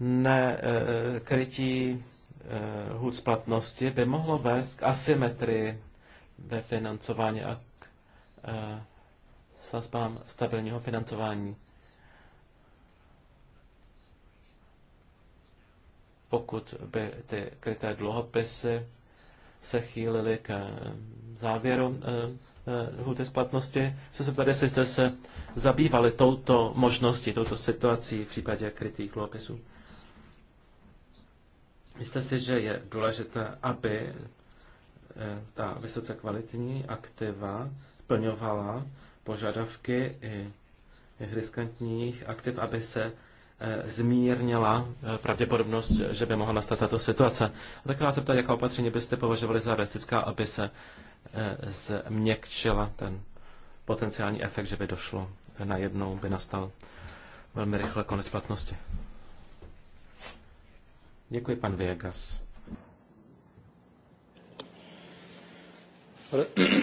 nekrytí eh, eh, eh, hůd splatnosti by mohlo vést k asymetrii ve financování a k sazbám stabilního financování. Pokud by ty kryté dluhopisy se chýlily k závěru hůty splatnosti, co se tady jste se zabývali touto možností, touto situací v případě krytých dluhopisů? Myslíte si, že je důležité, aby eh, ta vysoce kvalitní aktiva splňovala požadavky i riskantních aktiv, aby se eh, zmírnila eh, pravděpodobnost, že by mohla nastat tato situace. A tak vás se ptá, jaká opatření byste považovali za realistická, aby se změkčila ten potenciální efekt, že by došlo najednou, by nastal velmi rychle konec platnosti. Děkuji, pan Viegas.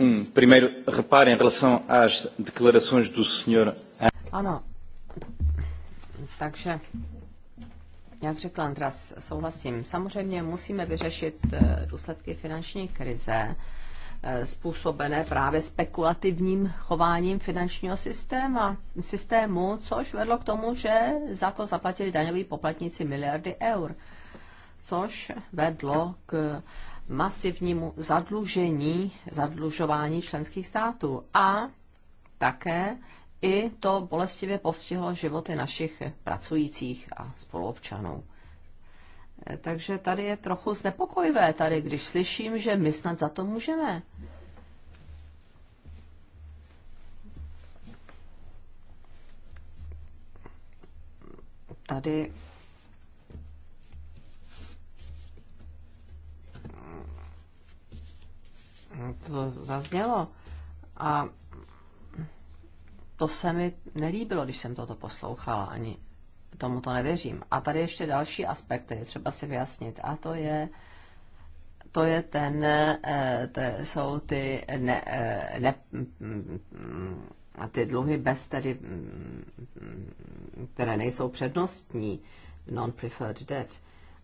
Um, primeiro, repare em relação às declarações do senhor... Ano, takže, jak řekl Andras, souhlasím. Samozřejmě musíme vyřešit eh, důsledky finanční krize Eh, způsobené právě spekulativním chováním finančního systému, systému, což vedlo k tomu, že za to zaplatili daňoví poplatníci miliardy eur, což vedlo k masivnímu zadlužení, zadlužování členských států a také i to bolestivě postihlo životy našich pracujících a spoluobčanů. Takže tady je trochu znepokojivé, tady, když slyším, že my snad za to můžeme. Tady to zaznělo a to se mi nelíbilo, když jsem toto poslouchala ani tomu to nevěřím. A tady ještě další aspekt, který je třeba si vyjasnit, a to je, to je ten, eh, to jsou ty, ne, eh, ne, mm, ty dluhy bez tedy, mm, které nejsou přednostní, non-preferred debt.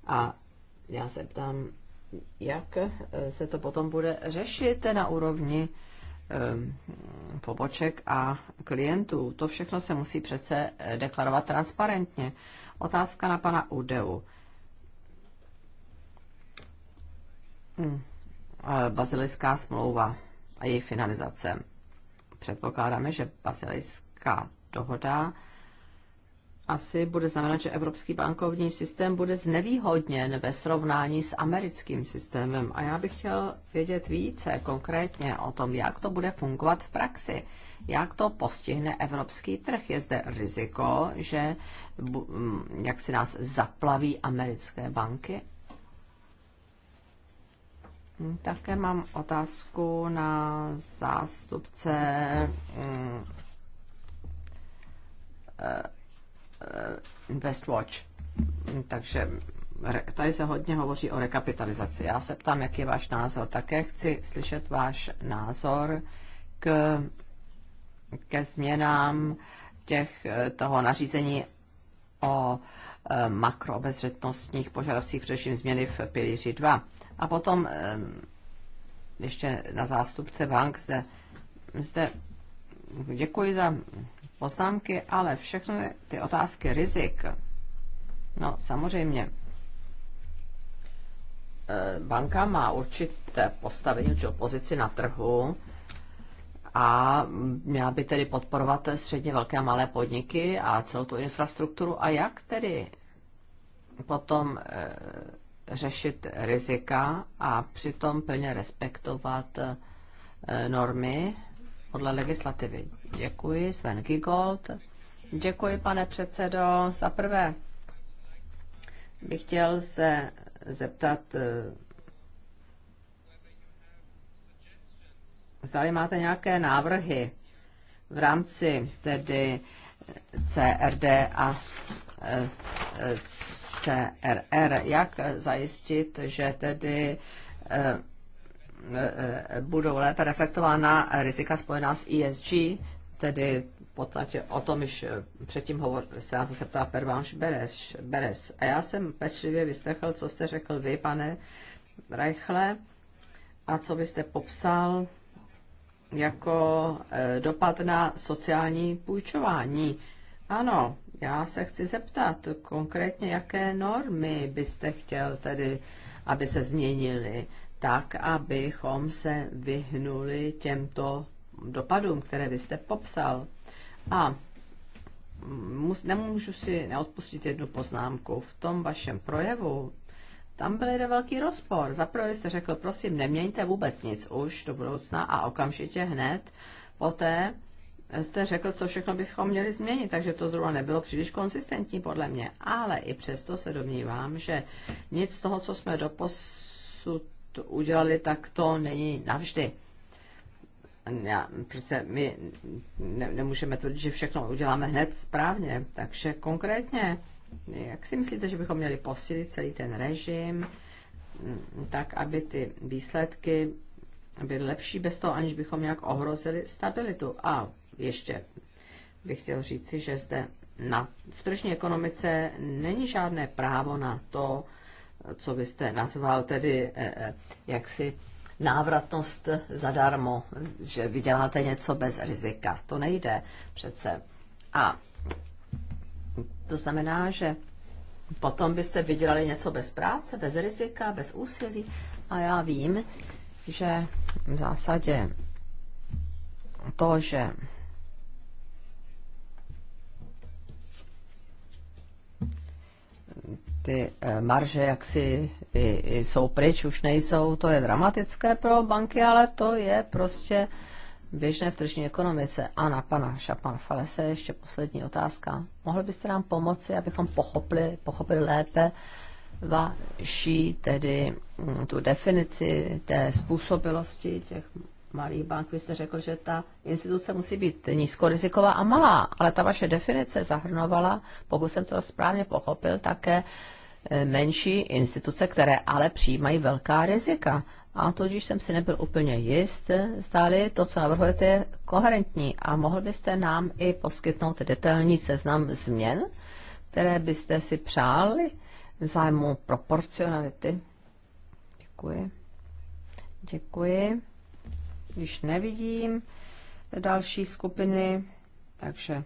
A já se ptám, jak eh, se to potom bude řešit na úrovni Eh, poboček a klientů. To všechno se musí přece eh, deklarovat transparentně. Otázka na pana Udeu. Hmm. Eh, bazilická smlouva a její finalizace. Předpokládáme, že bazilická dohoda asi bude znamenat, že evropský bankovní systém bude znevýhodněn ve srovnání s americkým systémem. A já bych chtěl vědět více konkrétně o tom, jak to bude fungovat v praxi, jak to postihne evropský trh. Je zde riziko, že mm, jak si nás zaplaví americké banky? Hm, také mám otázku na zástupce hm, eh, Investwatch. Eh, Takže tady se hodně hovoří o rekapitalizaci. Já se ptám, jaký je váš názor. Také chci slyšet váš názor k, ke změnám těch, eh, toho nařízení o eh, makroobezřetnostních požadavcích, především změny v pilíři 2. A potom ještě na zástupce bank zde, zde děkuji za poznámky, ale všechny ty otázky rizik, no samozřejmě, e, banka má určité postavení, či pozici na trhu a měla by tedy podporovat středně velké a malé podniky a celou tu infrastrukturu. A jak tedy potom e, řešit rizika a přitom plně respektovat e, normy podle legislativy? Děkuji, Sven Gigold. Děkuji, pane předsedo. Za prvé bych chtěl se zeptat, eh, zdali máte nějaké návrhy v rámci tedy CRD a eh, eh, CRR, jak zajistit, že tedy budou lépe reflektována rizika spojená s ESG tedy v podstatě o tom, již eh, předtím hovor, se na to se ptá Pervanš Beres, Beres. A já jsem pečlivě vyslechl, co jste řekl vy, pane Reichle, a co byste popsal jako eh, dopad na sociální půjčování. Ano, já se chci zeptat konkrétně, jaké normy byste chtěl tedy, aby se změnily, tak abychom se vyhnuli těmto dopadům, které vy jste popsal. A mus, nemůžu si neodpustit jednu poznámku. V tom vašem projevu tam byl jeden velký rozpor. Za prvé jste řekl, prosím, neměňte vůbec nic už do budoucna a okamžitě hned poté jste řekl, co všechno bychom měli změnit, takže to zrovna nebylo příliš konsistentní podle mě. Ale i přesto se domnívám, že nic z toho, co jsme doposud udělali, tak to není navždy já, přece my ne, nemůžeme tvrdit, že všechno uděláme hned správně. Takže konkrétně, jak si myslíte, že bychom měli posílit celý ten režim, mm, tak aby ty výsledky byly lepší bez toho, aniž bychom nějak ohrozili stabilitu. A ještě bych chtěl říci, že zde na, v tržní ekonomice není žádné právo na to, co byste nazval tedy eh, eh si návratnost zadarmo, že vyděláte něco bez rizika. To nejde přece. A to znamená, že potom byste vydělali něco bez práce, bez rizika, bez úsilí. A já vím, že v zásadě to, že ty eh, marže jaksi ty jsou pryč, už nejsou, to je dramatické pro banky, ale to je prostě běžné v tržní ekonomice. A na pana Šapan Falese ještě poslední otázka. Mohli byste nám pomoci, abychom pochopili, pochopili lépe vaší tedy mm, tu definici té způsobilosti těch malých bank. Vy jste řekl, že ta instituce musí být nízkoriziková a malá, ale ta vaše definice zahrnovala, pokud jsem to správně pochopil, také menší instituce, které ale přijímají velká rizika. A tudíž jsem si nebyl úplně jist, stále to, co navrhujete, je koherentní. A mohl byste nám i poskytnout detailní seznam změn, které byste si přáli v zájmu proporcionality? Děkuji. Děkuji. Když nevidím další skupiny, takže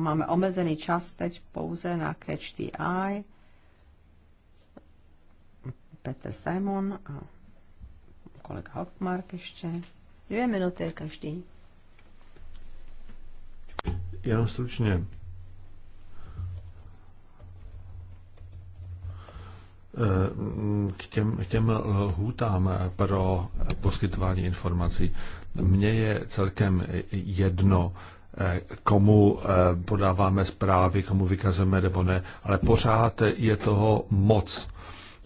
máme omezený čas teď pouze na Catch the Eye. Petr Simon a kolega Hopmark ještě. Dvě minuty každý. Jenom stručně. Eh, k těm, k těm lhůtám pro poskytování informací. Mně je celkem jedno, Eh, komu eh, podáváme zprávy, komu vykazujeme nebo ne, ale pořád je toho moc.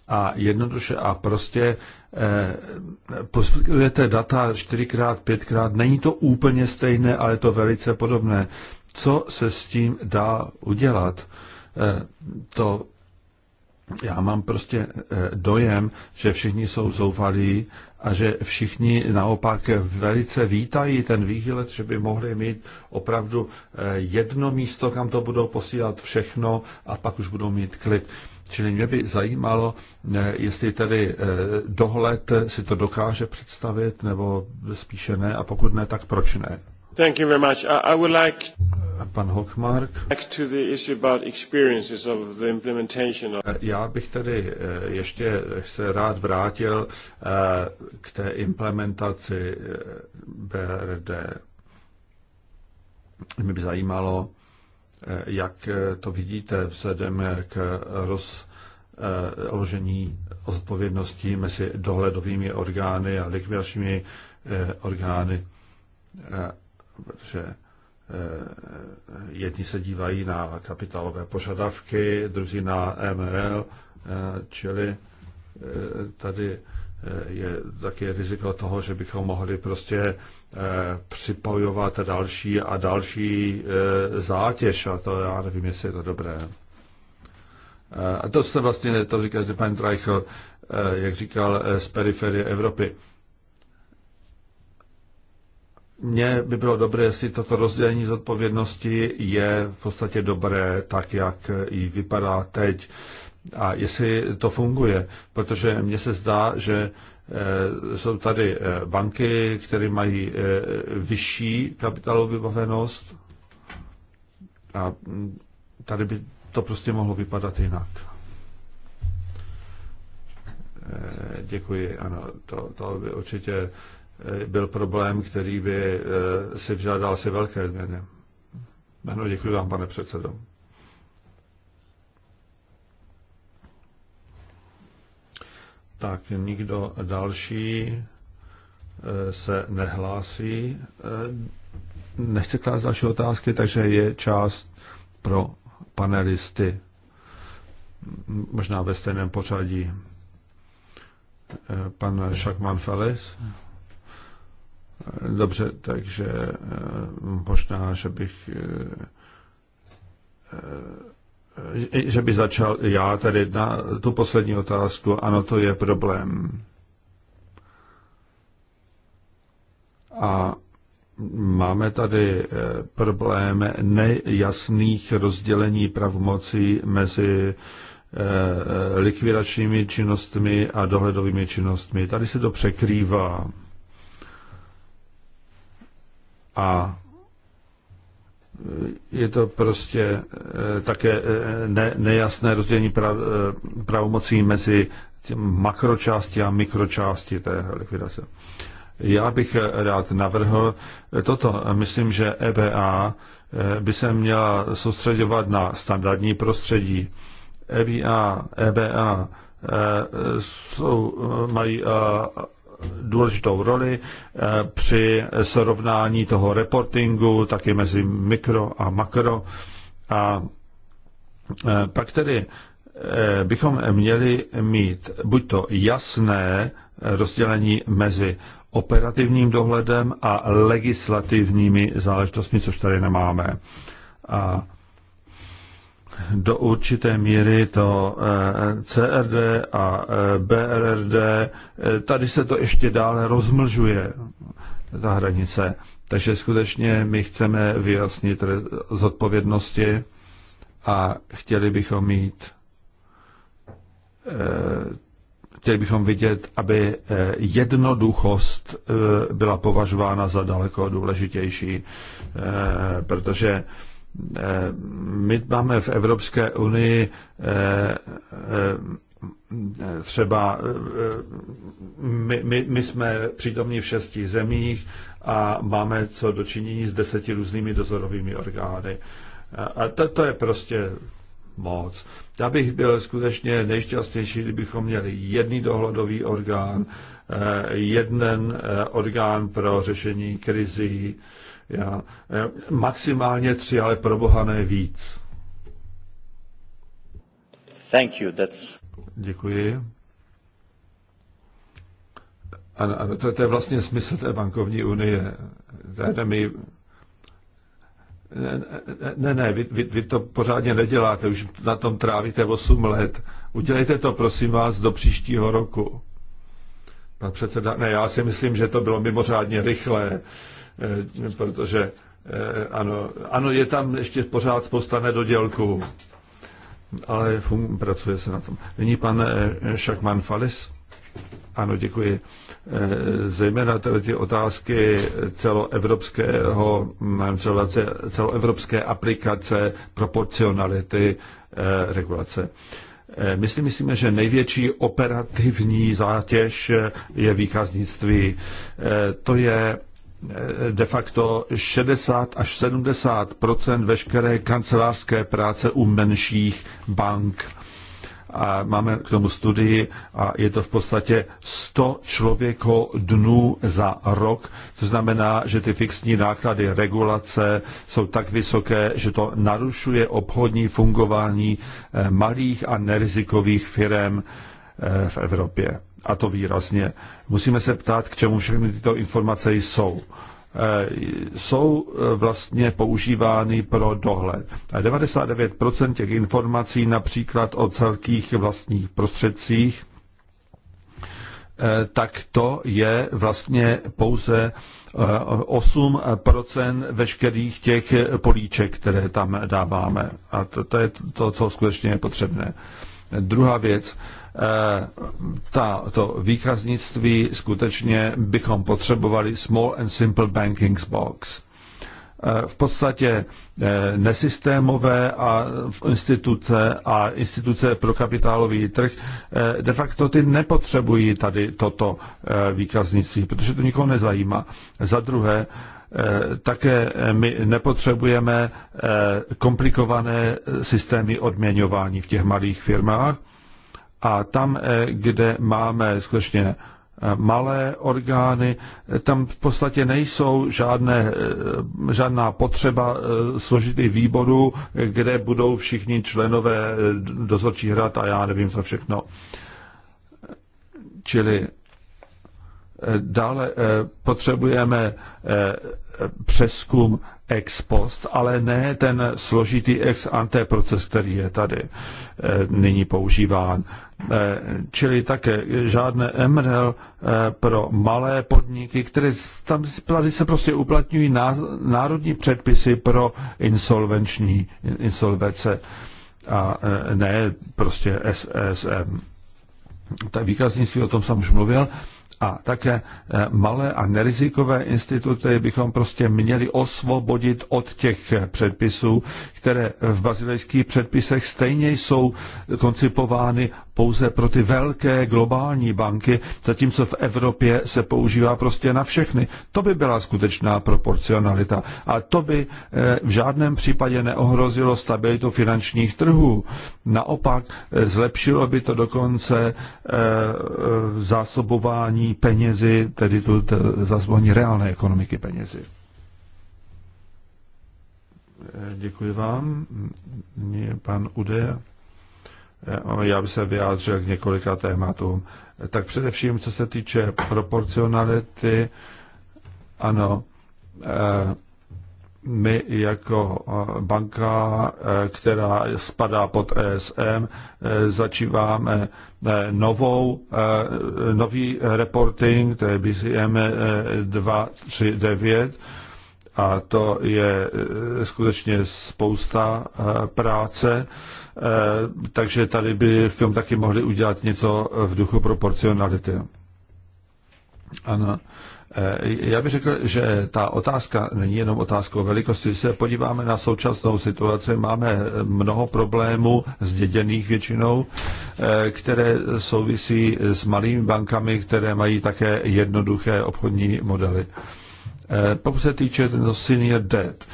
A jednoduše a prostě eh, poskytujete data čtyřikrát, pětkrát. není to úplně stejné, ale je to velice podobné. Co se s tím dá udělat? to já mám prostě dojem, že všichni jsou zoufalí a že všichni naopak velice vítají ten výhled, že by mohli mít opravdu eh, jedno místo, kam to budou posílat všechno a pak už budou mít klid. Čili mě by zajímalo, eh, jestli tedy eh, dohled si to dokáže představit, nebo spíše ne, a pokud ne, tak proč ne? Thank you very much. I, would like pan Hochmark. Já bych tady eh, ještě se rád vrátil eh, k té implementaci eh, BRD. Mě by zajímalo, jak to vidíte vzhledem k rozložení odpovědností mezi dohledovými orgány a likvidačními orgány protože eh, jedni se dívají na kapitálové požadavky, druzí na MRL, eh, čili eh, tady je taky riziko toho, že bychom mohli prostě připojovat další a další zátěž a to já nevím, jestli je to dobré. A to se vlastně, to říká pan Treichel, jak říkal, z periferie Evropy mně by bylo dobré, jestli toto rozdělení zodpovědnosti je v podstatě dobré, tak jak i vypadá teď. A jestli to funguje, protože mně se zdá, že eh, jsou tady eh, banky, které mají eh, vyšší kapitálovou vybavenost a mm, tady by to prostě mohlo vypadat jinak. Děkuji, ano, to, to by určitě Eh, byl problém, který by eh, si vžádal si velké změny. Ano, děkuji vám, pane předsedo. Tak, nikdo další eh, se nehlásí. Nechce klást další otázky, takže je část pro panelisty. Možná ve stejném pořadí. Pan Šakman Felis. Dobře, takže eh, možná, že bych eh, eh, že by začal já tady na tu poslední otázku. Ano, to je problém. A máme tady problém nejasných rozdělení pravomocí mezi likvidačními činnostmi a dohledovými činnostmi. Tady se to překrývá. A je to prostě eh, také eh, ne, nejasné rozdělení prav, eh, pravomocí mezi makročásti a mikročásti té likvidace. Já bych rád navrhl toto. Myslím, že EBA by se měla soustředovat na standardní prostředí. EBA, EBA jsou, mají důležitou roli eh, při srovnání toho reportingu, taky mezi mikro a makro. A eh, pak tedy eh, bychom měli mít buď to jasné rozdělení mezi operativním dohledem a legislativními záležitostmi, což tady nemáme. A do určité míry to eh, CRD a eh, BRRD, eh, tady se to ještě dále rozmlžuje, ta hranice. Takže skutečně my chceme vyjasnit zodpovědnosti a chtěli bychom mít, chtěli bychom vidět, aby jednoduchost byla považována za daleko důležitější, protože Eh, my máme v Evropské unii eh, eh, třeba my, my, my jsme přítomní v šesti zemích a máme co dočinění s deseti různými dozorovými orgány. A to, to je prostě moc. Já bych byl skutečně nejšťastnější, kdybychom měli jedný dohledový orgán, jeden orgán pro řešení krizí, já, maximálně tři, ale pro boha ne víc. Thank you, that's... Děkuji. Ano, ano to, to je vlastně smysl té bankovní unie. Tady mi Ne, ne, ne vy, vy, vy to pořádně neděláte, už na tom trávíte 8 let. Udělejte to, prosím vás, do příštího roku. Pan předseda, ne, já si myslím, že to bylo mimořádně rychlé. Eh, protože eh, ano, ano, je tam ještě pořád spousta nedodělků, ale fun, pracuje se na tom. Nyní pan eh, Šakman Falis. Ano, děkuji. Zejména tedy ty otázky celoevropského, celoevropské aplikace, proporcionality, regulace. My si myslíme, že největší operativní zátěž je výkaznictví. To je de facto 60 až 70 veškeré kancelářské práce u menších bank. A máme k tomu studii a je to v podstatě 100 člověko dnů za rok. To znamená, že ty fixní náklady regulace jsou tak vysoké, že to narušuje obchodní fungování eh, malých a nerizikových firm Eh, v Evropě. A to výrazně. Musíme se ptát, k čemu všechny tyto informace jsou. Eh, jsou eh, vlastně používány pro dohled. 99% těch informací například o celkých vlastních prostředcích, tak to je vlastně pouze 8% veškerých těch políček, které tam dáváme. A to, to je to, co skutečně je potřebné. Druhá věc, Eh, ta, to výkaznictví skutečně bychom potřebovali Small and Simple Banking Box. Eh, v podstatě eh, nesystémové a instituce a instituce pro kapitálový trh de facto ty nepotřebují tady toto výkaznictví, protože to nikoho nezajímá. Za druhé, také my nepotřebujeme komplikované systémy odměňování v těch malých firmách, a tam, eh, kde máme skutečně eh, malé orgány, eh, tam v podstatě nejsou žádné, žádná potřeba složitých výborů, kde budou všichni členové dozorčí hrad a já nevím co všechno. Čili dále potřebujeme přeskum ex post, ale ne ten složitý ex ante proces, který je tady nyní používán. Eh, čili také žádné MRL eh, pro malé podniky, které tam tady se prostě uplatňují národní předpisy pro insolvenční insolvence a eh, ne prostě SSM. Tak výkaznictví o tom jsem už mluvil. A také eh, malé a nerizikové instituty bychom prostě měli osvobodit od těch eh, předpisů, které v bazilejských předpisech stejně jsou koncipovány pouze pro ty velké globální banky, zatímco v Evropě se používá prostě na všechny. To by byla skutečná proporcionalita. A to by eh, v žádném případě neohrozilo stabilitu finančních trhů. Naopak zlepšilo by to dokonce zásobování penězi, tedy tu zazvoní reálné ekonomiky penězi. Děkuji vám. pan Ude. Eh, já bych se vyjádřil k několika tématům. Tak především, co se týče proporcionality, ano, eh, my jako eh, banka, eh, která spadá pod ESM, eh, začíváme novou, nový reporting, to je BCM 239, a to je skutečně spousta práce, takže tady bychom taky mohli udělat něco v duchu proporcionality. Ano. Eh, já bych řekl, že ta otázka není jenom otázkou velikosti. Když se podíváme na současnou situaci, máme mnoho problémů zděděných většinou, eh, které souvisí s malými bankami, které mají také jednoduché obchodní modely. Eh, pokud se týče senior debt,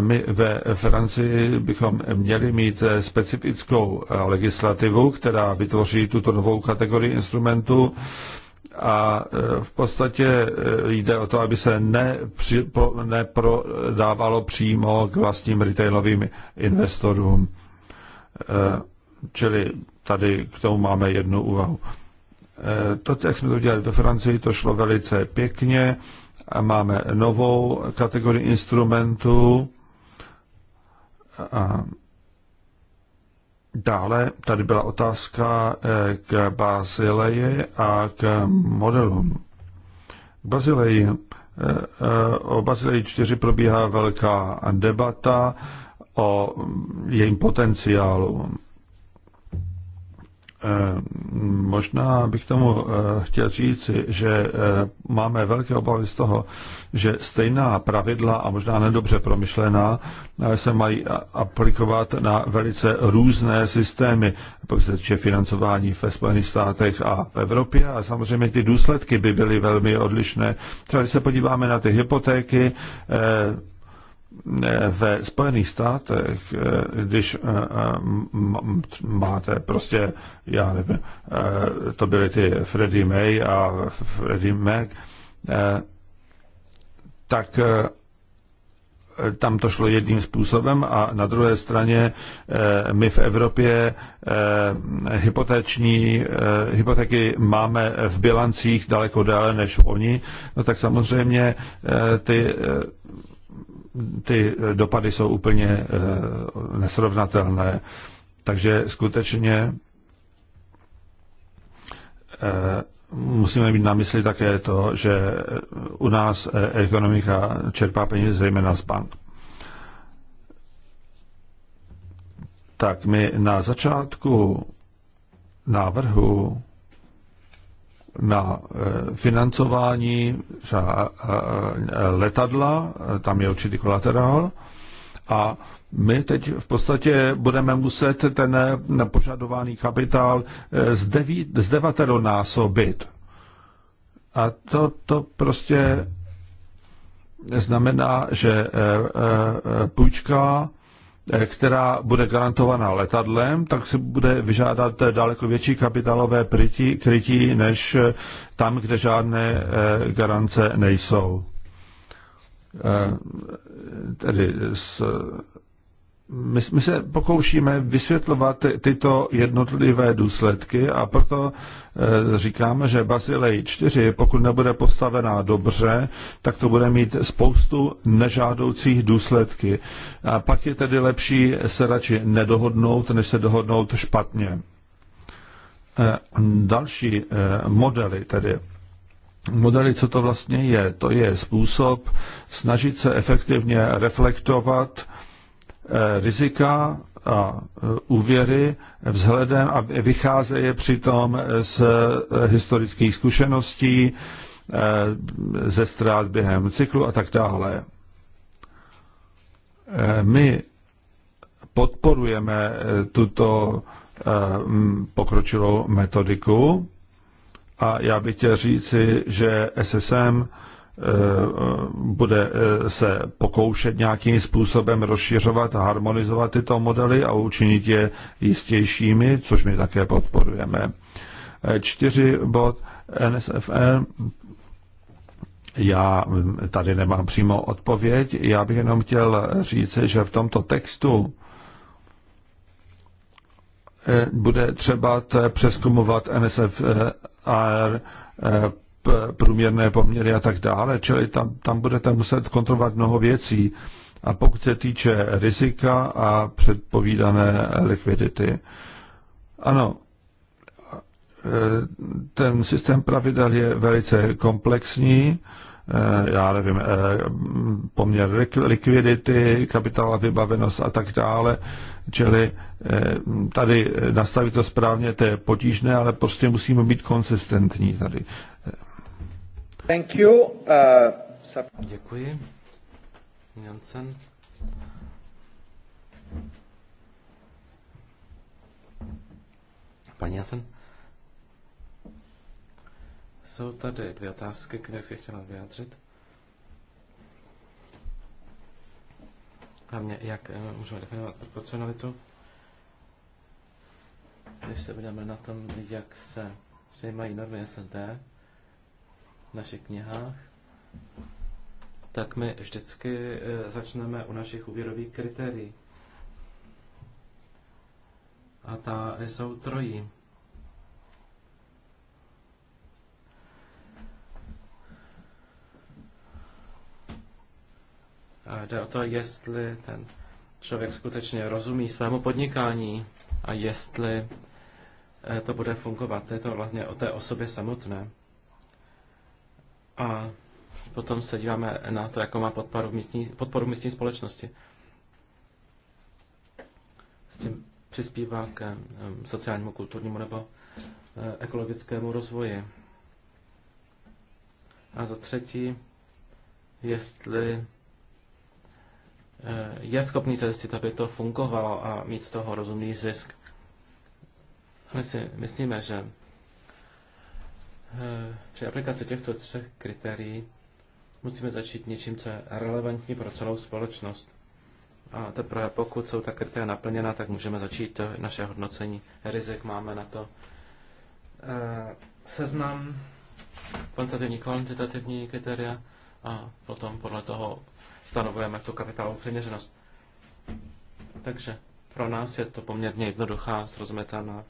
my ve Francii bychom měli mít specifickou legislativu, která vytvoří tuto novou kategorii instrumentů a e, v podstatě e, jde o to, aby se neprodávalo přímo k vlastním retailovým investorům. E, čili tady k tomu máme jednu úvahu. To, jak jsme to dělali ve Francii, to šlo velice pěkně. A máme novou kategorii instrumentů. A Dále tady byla otázka eh, k Bazileji a k modelům. Bazileji, eh, eh, o Bazileji 4 probíhá velká debata o jejím potenciálu. Eh, možná bych tomu eh, chtěl říct, že eh, máme velké obavy z toho, že stejná pravidla a možná nedobře promyšlená se mají aplikovat na velice různé systémy, pokud se týče financování ve Spojených státech a v Evropě. A samozřejmě ty důsledky by byly velmi odlišné. Třeba když se podíváme na ty hypotéky, ve Spojených státech, když eh, eh, máte prostě, já nevím, eh, to byly ty Freddie May a Freddie Mac, tak tam to šlo jedním způsobem a na druhé straně my v Evropě hypotéční, hypotéky máme v bilancích daleko déle než oni, no tak samozřejmě ty ty eh, dopady jsou úplně eh, nesrovnatelné. Takže skutečně eh, musíme mít na mysli také to, že u nás ekonomika čerpá peníze zejména z bank. Tak my na začátku návrhu na eh, financování třeba eh, eh, letadla, tam je určitý kolaterál, a my teď v podstatě budeme muset ten požadovaný kapitál z, deví, z devateronásobit. A to, to prostě znamená, že půjčka Eh, která bude garantovaná letadlem, tak se bude vyžádat daleko větší kapitálové krytí, krytí než eh, tam, kde žádné eh, garance nejsou. Tedy z my, my se pokoušíme vysvětlovat tyto jednotlivé důsledky a proto e, říkáme, že Bazilej 4, pokud nebude postavená dobře, tak to bude mít spoustu nežádoucích důsledky. A pak je tedy lepší se radši nedohodnout, než se dohodnout špatně. E, další e, modely tedy modely, co to vlastně je. To je způsob snažit se efektivně reflektovat Eh, rizika a eh, úvěry vzhledem a vycházeje přitom eh, z historických zkušeností, ze ztrát během cyklu a tak dále. My podporujeme tuto pokročilou metodiku a já bych chtěl říci, že SSM Eh, bude eh, se pokoušet nějakým způsobem rozšiřovat a harmonizovat tyto modely a učinit je jistějšími, což my také podporujeme. Eh, čtyři bod NSFN. Já tady nemám přímo odpověď, já bych jenom chtěl říct, že v tomto textu bude třeba přeskumovat NSFR průměrné poměry a tak dále, čili tam, tam budete muset kontrolovat mnoho věcí. A pokud se týče rizika a předpovídané likvidity. Ano, ten systém pravidel je velice komplexní, eh, já nevím, eh, poměr likvidity, kapitálová vybavenost a tak dále. Čili eh, tady nastavit to správně, to je potížné, ale prostě musíme být konsistentní tady. Thank you. Uh, Děkuji. Jansen. Pani Jansen. Jsou tady dvě otázky, které si chtěla vyjádřit. Hlavně, jak eh, můžeme definovat proporcionalitu, když se budeme na tom, jak se přijímají normy SND, v našich knihách, tak my vždycky eh, začneme u našich úvěrových kritérií. A ta jsou trojí. A jde o to, jestli ten člověk skutečně rozumí svému podnikání a jestli eh, to bude fungovat. Je to vlastně o té osobě samotné. A potom se díváme na to, jakou má podporu místní, podporu místní společnosti. S tím přispívá k sociálnímu, kulturnímu nebo eh, ekologickému rozvoji. A za třetí, jestli eh, je schopný zajistit, aby to fungovalo a mít z toho rozumný zisk. My si myslíme, že Eh, při aplikaci těchto třech kritérií musíme začít něčím, co je relevantní pro celou společnost. A teprve pokud jsou ta kritéria naplněna, tak můžeme začít naše hodnocení rizik. Máme na to eh, seznam kvantitativní, kvantitativní kritéria a potom podle toho stanovujeme tu kapitálovou přiměřenost. Takže pro nás je to poměrně jednoduchá, srozumitelná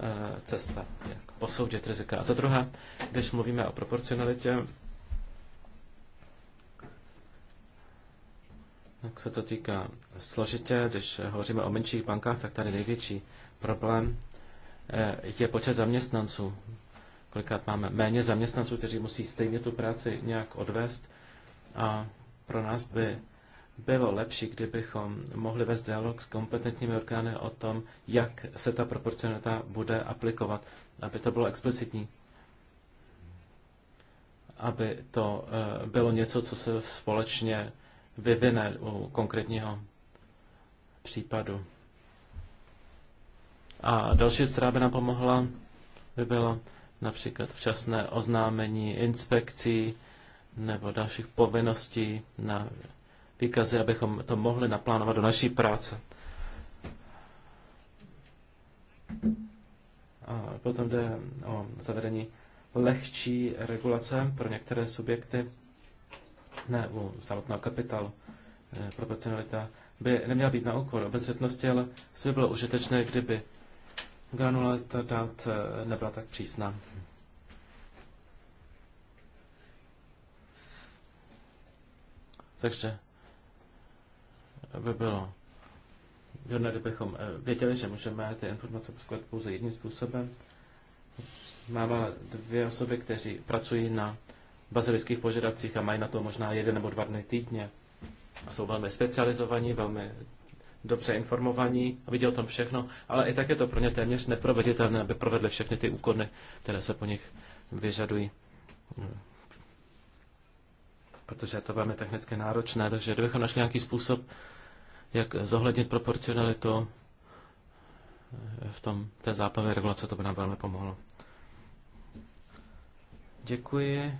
Eh, cesta, jak posoudit rizika. A za druhé, když mluvíme o proporcionalitě, jak se to týká složitě. Když hovoříme o menších bankách, tak tady největší problém eh, je počet zaměstnanců. Kolikrát máme méně zaměstnanců, kteří musí stejně tu práci nějak odvést a pro nás by bylo lepší, kdybychom mohli vést dialog s kompetentními orgány o tom, jak se ta proporcionalita bude aplikovat, aby to bylo explicitní, aby to eh, bylo něco, co se společně vyvine u konkrétního případu. A další věc, která by nám pomohla, by bylo například včasné oznámení inspekcí nebo dalších povinností na výkazy, abychom to mohli naplánovat do naší práce. A potom jde o zavedení lehčí regulace pro některé subjekty, ne u samotného kapitálu, eh, proporcionalita by neměla být na úkor obezřetnosti, ale by bylo užitečné, kdyby granulata dát eh, nebyla tak přísná. Takže by bylo výhodné, kdybychom eh, věděli, že můžeme ty informace poskytovat pouze jedním způsobem. Máme dvě osoby, kteří pracují na bazilických požadavcích a mají na to možná jeden nebo dva dny týdně. A jsou velmi specializovaní, velmi dobře informovaní a vidí o tom všechno, ale i tak je to pro ně téměř neproveditelné, aby provedli všechny ty úkony, které se po nich vyžadují. Protože je to velmi technicky náročné, takže kdybychom našli nějaký způsob, jak zohlednit proporcionalitu v tom, té záplavě regulace, to by nám velmi pomohlo. Děkuji.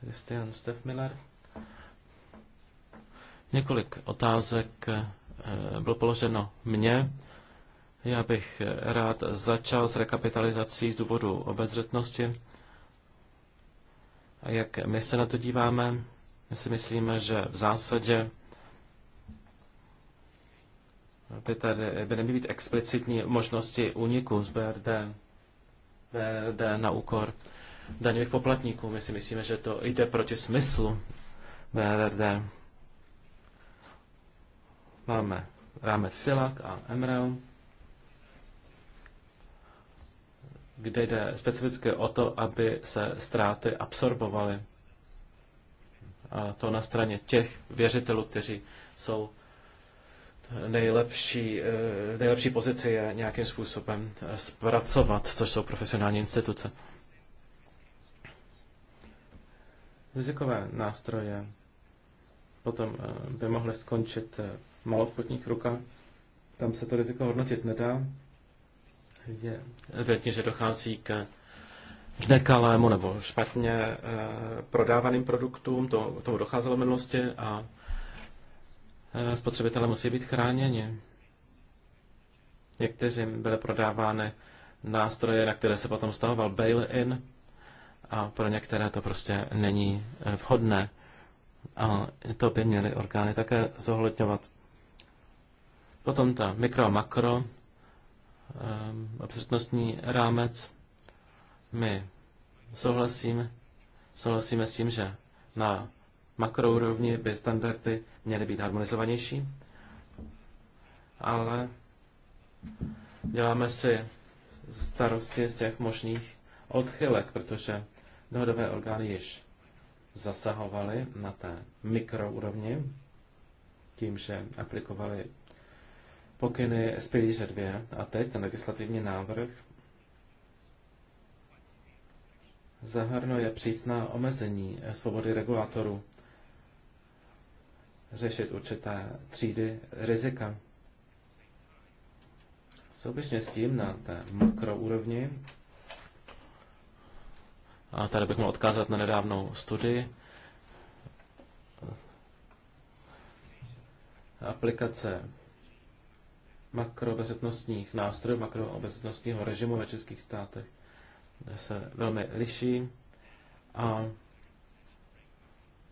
Christian Miller. Několik otázek eh, bylo položeno mně. Já bych rád začal s rekapitalizací z důvodu obezřetnosti. A jak my se na to díváme? My si myslíme, že v zásadě by tady by neměly být explicitní možnosti úniku z BRD, BRD na úkor daňových poplatníků. My si myslíme, že to jde proti smyslu BRD. Máme rámec TILAK a MREL, kde jde specificky o to, aby se ztráty absorbovaly. A to na straně těch věřitelů, kteří jsou nejlepší, eh, nejlepší pozici je nějakým způsobem eh, zpracovat, což jsou profesionální instituce. Rizikové nástroje potom eh, by mohly skončit v malobchodních rukách. Tam se to riziko hodnotit nedá. Je Větně, že dochází k k nekalému nebo špatně prodávaným produktům, to, tomu docházelo v minulosti a Eh, spotřebitele musí být chráněni. Někteřím byly prodávány nástroje, na které se potom stavoval bail-in a pro některé to prostě není eh, vhodné. A to by měly orgány také zohledňovat. Potom ta mikro a makro obřetnostní eh, rámec. My souhlasíme, souhlasíme s tím, že na makrourovni by standardy měly být harmonizovanější, ale děláme si starosti z těch možných odchylek, protože dohodové orgány již zasahovaly na té mikroúrovni tím, že aplikovali pokyny z pilíře 2 a teď ten legislativní návrh zahrnuje přísná omezení svobody regulatorů řešit určité třídy rizika. Souběžně s tím na té makroúrovni, a tady bych mohl odkázat na nedávnou studii, aplikace makroobezřetnostních nástrojů, makroobezřetnostního režimu ve českých státech se velmi liší a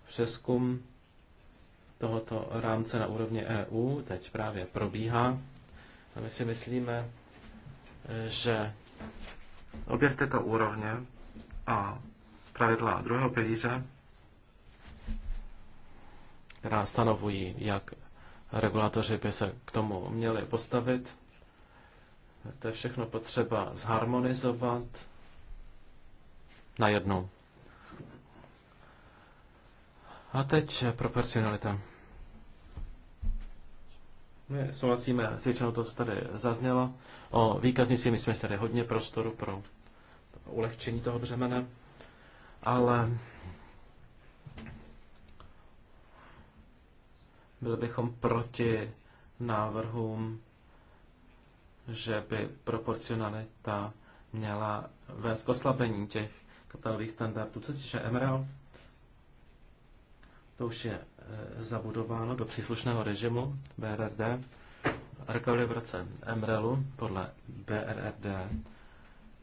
přeskum tohoto rámce na úrovni EU teď právě probíhá. A my si myslíme, že obě této úrovně a pravidla druhého pilíře, která stanovují, jak regulatoři by se k tomu měli postavit, to je všechno potřeba zharmonizovat na jednu. A teď proporcionalita. My souhlasíme s většinou to, co tady zaznělo. O výkaznictví myslím, že tady hodně prostoru pro ulehčení toho břemene, ale byli bychom proti návrhům, že by proporcionalita měla vést k oslabení těch kapitálových standardů. Co se týče MRL, to už je Eh, zabudováno do příslušného režimu v roce MRELu podle BRRD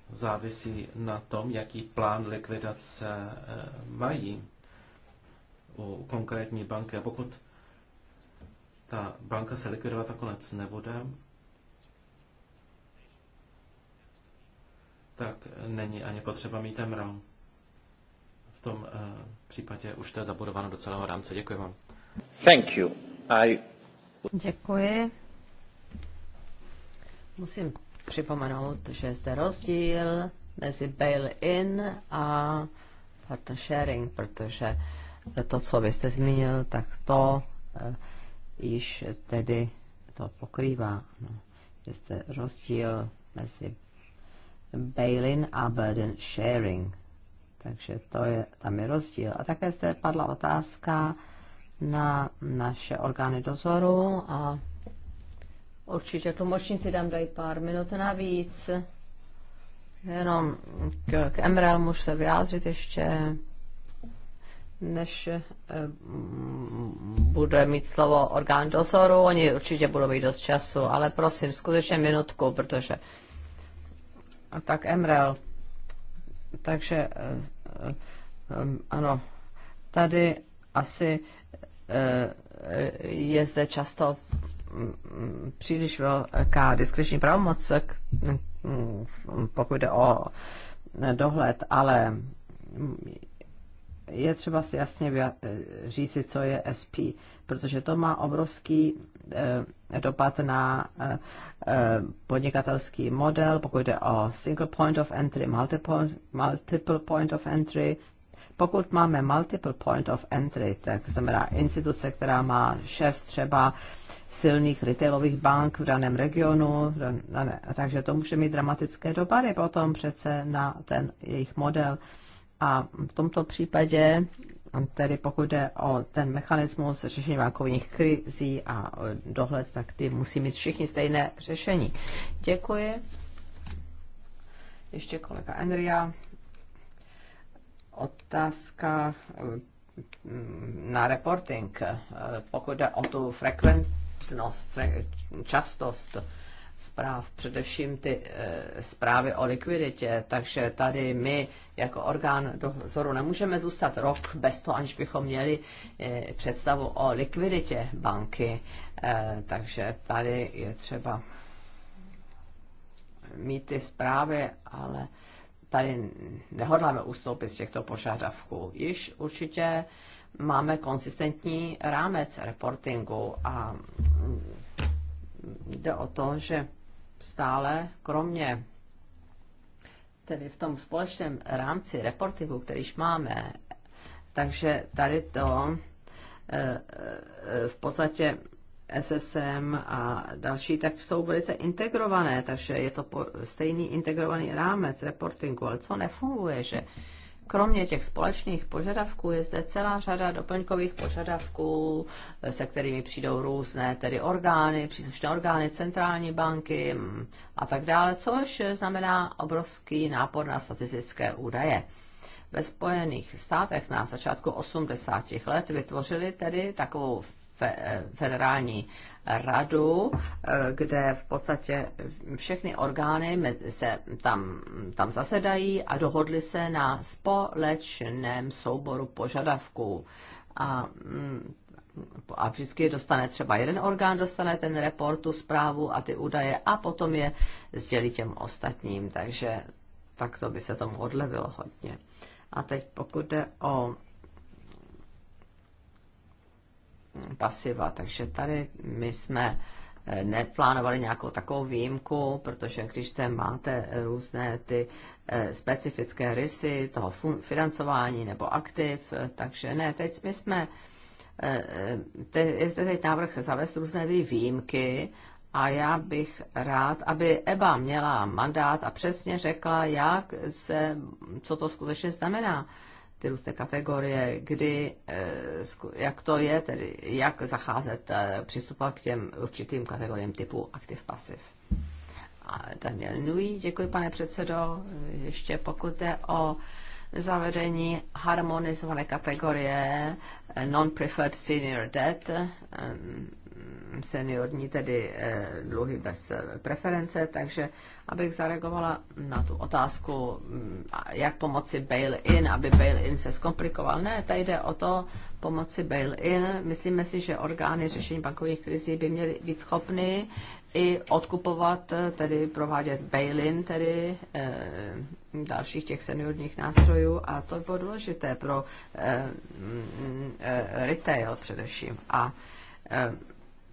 závisí na tom, jaký plán likvidace eh, mají u konkrétní banky. A pokud ta banka se likvidovat nakonec nebude, tak není ani potřeba mít MREL tom eh, případě už to je zabudováno do celého rámce. Děkuji vám. Thank you. I... Děkuji. Musím připomenout, že je zde rozdíl mezi bail-in a partner sharing, protože to, co vy jste zmínil, tak to uh, již tedy to pokrývá. No. Je zde rozdíl mezi bail-in a burden sharing. Takže to je, tam je rozdíl. A také zde padla otázka na naše orgány dozoru a určitě tlumočníci dám dají pár minut navíc. Jenom k, k MRL můžu se vyjádřit ještě, než e, bude mít slovo orgán dozoru. Oni určitě budou mít dost času, ale prosím, skutečně minutku, protože a tak MRL. Takže eh, Ehm, ano, tady asi eh, je zde často mm, příliš velká diskreční pravomoc, mm, mm, pokud jde o eh, dohled, ale je třeba si jasně eh, říci, co je SP, protože to má obrovský eh, dopad na eh, podnikatelský model, pokud jde o single point of entry, multiple, multiple point of entry. Pokud máme multiple point of entry, tak znamená instituce, která má šest třeba silných retailových bank v daném regionu, takže to může mít dramatické dopady potom přece na ten jejich model. A v tomto případě, tedy pokud jde o ten mechanismus řešení bankovních krizí a dohled, tak ty musí mít všichni stejné řešení. Děkuji. Ještě kolega Enria. Otázka mm, na reporting, eh, pokud jde o tu frekventnost, častost, zpráv, především ty e, zprávy o likviditě. Takže tady my jako orgán dozoru nemůžeme zůstat rok bez toho, aniž bychom měli e, představu o likviditě banky. E, takže tady je třeba mít ty zprávy, ale tady nehodláme ustoupit z těchto požadavků. Již určitě máme konsistentní rámec reportingu a jde o to, že stále kromě tedy v tom společném rámci reportingu, kterýž máme, takže tady to eh, eh, v podstatě SSM a další, tak jsou velice integrované, takže je to stejný integrovaný rámec reportingu, ale co nefunguje, že Kromě těch společných požadavků je zde celá řada doplňkových požadavků, se kterými přijdou různé tedy orgány, příslušné orgány, centrální banky mm, a tak dále, což znamená obrovský nápor na statistické údaje. Ve Spojených státech na začátku 80. let vytvořili tedy takovou federální radu, eh, kde v podstatě všechny orgány se tam, tam zasedají a dohodli se na společném souboru požadavků. A, mm, a vždycky dostane třeba jeden orgán, dostane ten report, tu zprávu a ty údaje a potom je sdělí těm ostatním. Takže tak to by se tomu odlevilo hodně. A teď pokud jde o pasiva. Takže tady my jsme eh, neplánovali nějakou takovou výjimku, protože když tam máte různé ty eh, specifické rysy toho financování nebo aktiv, eh, takže ne, teď my jsme, je zde teď návrh zavést různé výjimky a já bych rád, aby EBA měla mandát a přesně řekla, jak se, co to skutečně znamená ty různé kategorie, kdy, eh, jak to je, tedy jak zacházet, eh, přistupovat k těm určitým kategoriím typu aktiv pasiv. A Daniel Nui, děkuji pane předsedo, ještě pokud je o zavedení harmonizované kategorie eh, non-preferred senior debt, seniorní tedy eh, dluhy bez eh, preference, takže abych zareagovala na tu otázku, mm, jak pomoci bail-in, aby bail-in se zkomplikoval. Ne, tady jde o to pomoci bail-in. Myslíme si, že orgány řešení bankovních krizí by měly být schopny i odkupovat, eh, tedy provádět bail-in, tedy e, dalších těch seniorních nástrojů a to bylo důležité pro e, e, retail především. A e,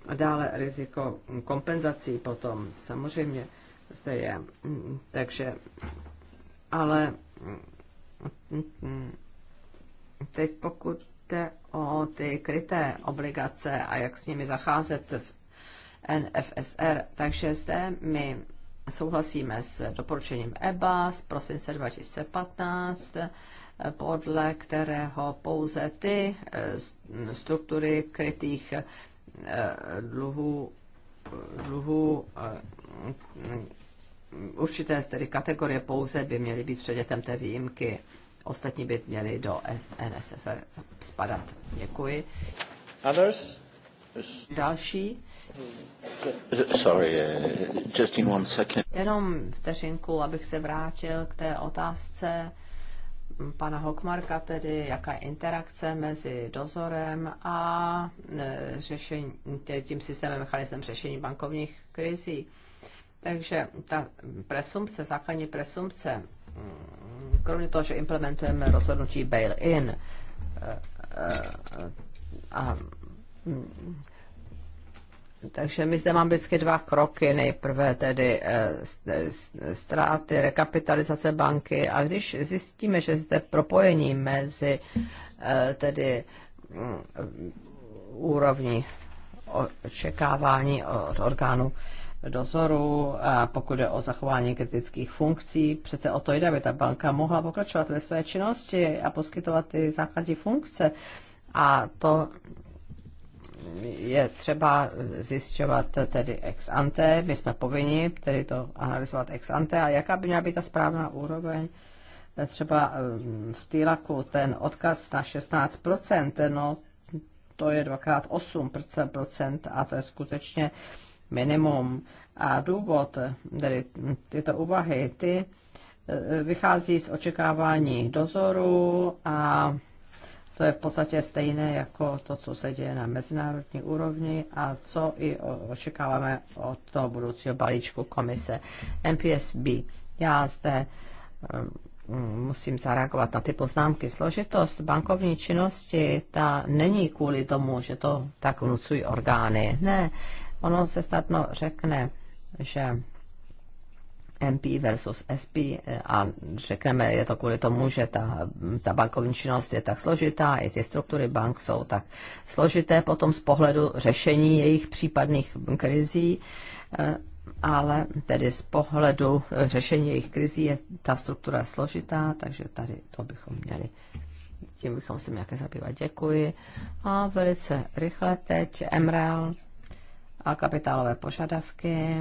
a dále riziko kompenzací potom, samozřejmě, zde je. Takže, ale teď pokud jde o ty kryté obligace a jak s nimi zacházet v NFSR, takže zde my souhlasíme s doporučením EBA z prosince 2015, podle kterého pouze ty eh, struktury krytých dluhů, eh, dluhů eh, určité tedy kategorie pouze by měly být předětem té výjimky. Ostatní by měly do NSFR spadat. Děkuji. Others? Další? Sorry, eh, just in one second. Jenom vteřinku, abych se vrátil k té otázce pana Hokmarka, tedy jaká je interakce mezi dozorem a e, řešení, tím systémem mechanismem řešení bankovních krizí. Takže ta presumpce, základní presumpce, mm, kromě toho, že implementujeme rozhodnutí bail-in e, e, a mm, takže my zde máme vždycky dva kroky. Nejprve tedy eh, eh, ztráty, rekapitalizace banky. A když zjistíme, že zde propojení mezi eh, tedy mm, úrovní očekávání od orgánu dozoru, a pokud jde o zachování kritických funkcí. Přece o to jde, aby ta banka mohla pokračovat ve své činnosti a poskytovat ty základní funkce. A to je třeba zjišťovat tedy ex ante, my jsme povinni tedy to analyzovat ex ante a jaká by měla být ta správná úroveň, třeba eh, v Týlaku ten odkaz na 16%, no to je dvakrát 8% a to je skutečně minimum. A důvod, tedy tyto úvahy, ty eh, vychází z očekávání dozoru a to je v podstatě stejné jako to, co se děje na mezinárodní úrovni a co i očekáváme od toho budoucího balíčku komise MPSB. Já zde um, musím zareagovat na ty poznámky. Složitost bankovní činnosti, ta není kvůli tomu, že to tak vnucují orgány. Ne, ono se snadno řekne, že MP versus SP eh, a řekneme, je to kvůli tomu, že ta, ta bankovní činnost je tak složitá, i ty struktury bank jsou tak složité potom z pohledu řešení jejich případných krizí, eh, ale tedy z pohledu eh, řešení jejich krizí je ta struktura složitá, takže tady to bychom měli tím bychom se nějaké zabývat. Děkuji. A velice rychle teď MREL a kapitálové požadavky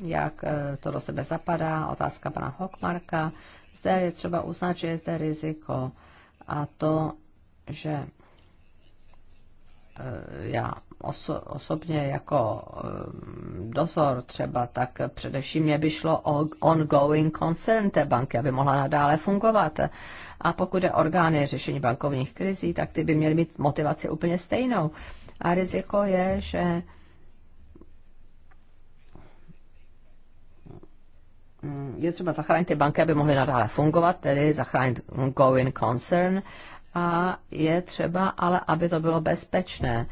jak eh, to do sebe zapadá, otázka pana Hockmarka. Zde je třeba uznat, že je zde riziko a to, že eh, já oso- osobně jako eh, dozor třeba, tak především mě by šlo o ongoing concern té banky, aby mohla nadále fungovat. A pokud je orgány řešení bankovních krizí, tak ty by měly mít motivaci úplně stejnou. A riziko je, že je třeba zachránit ty banky, aby mohly nadále fungovat, tedy zachránit going concern a je třeba ale, aby to bylo bezpečné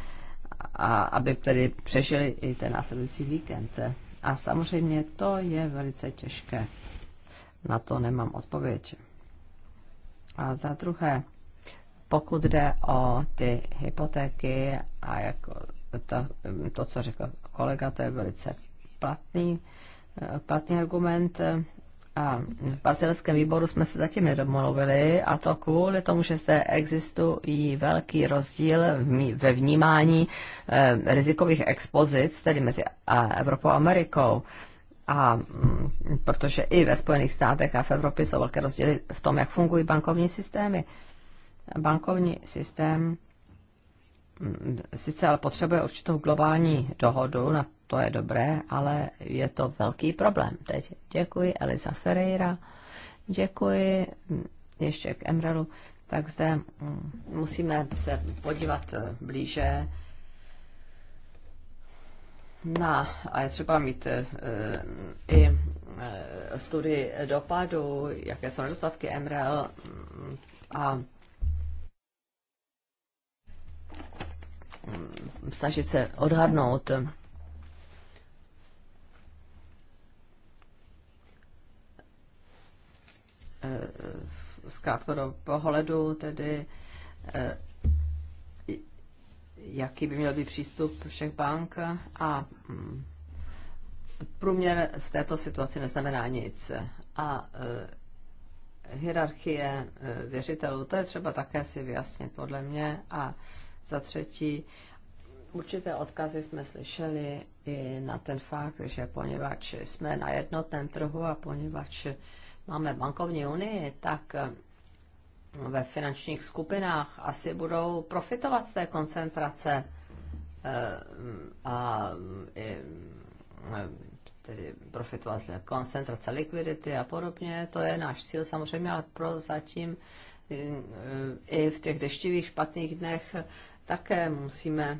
a aby tedy přežili i ten následující víkend. A samozřejmě to je velice těžké. Na to nemám odpověď. A za druhé, pokud jde o ty hypotéky a jako to, to co řekl kolega, to je velice platný platný argument a v bazilském výboru jsme se zatím nedomluvili a to kvůli tomu, že zde existují velký rozdíl ve vnímání eh, rizikových expozic, tedy mezi Evropou a Amerikou. A mm, protože i ve Spojených státech a v Evropě jsou velké rozdíly v tom, jak fungují bankovní systémy. Bankovní systém mm, sice ale potřebuje určitou globální dohodu na to je dobré, ale je to velký problém teď. Děkuji, Elisa Ferreira. Děkuji hm, ještě k Emrelu. Tak zde hm, musíme se podívat eh, blíže na, a je třeba mít e, i e, studii dopadu, jaké jsou nedostatky MRL hm, a snažit se odhadnout z krátkodobého pohledu tedy eh, jaký by měl být přístup všech bank a mm, průměr v této situaci neznamená nic. A eh, hierarchie eh, věřitelů, to je třeba také si vyjasnit podle mě. A za třetí, určité odkazy jsme slyšeli i na ten fakt, že poněvadž jsme na jednotném trhu a poněvadž máme bankovní unii, tak eh, ve finančních skupinách asi budou profitovat z té koncentrace eh, mm, a mm, mm, tedy profitovat z koncentrace likvidity a podobně. To je náš cíl samozřejmě, ale pro zatím eh, i v těch deštivých špatných dnech také musíme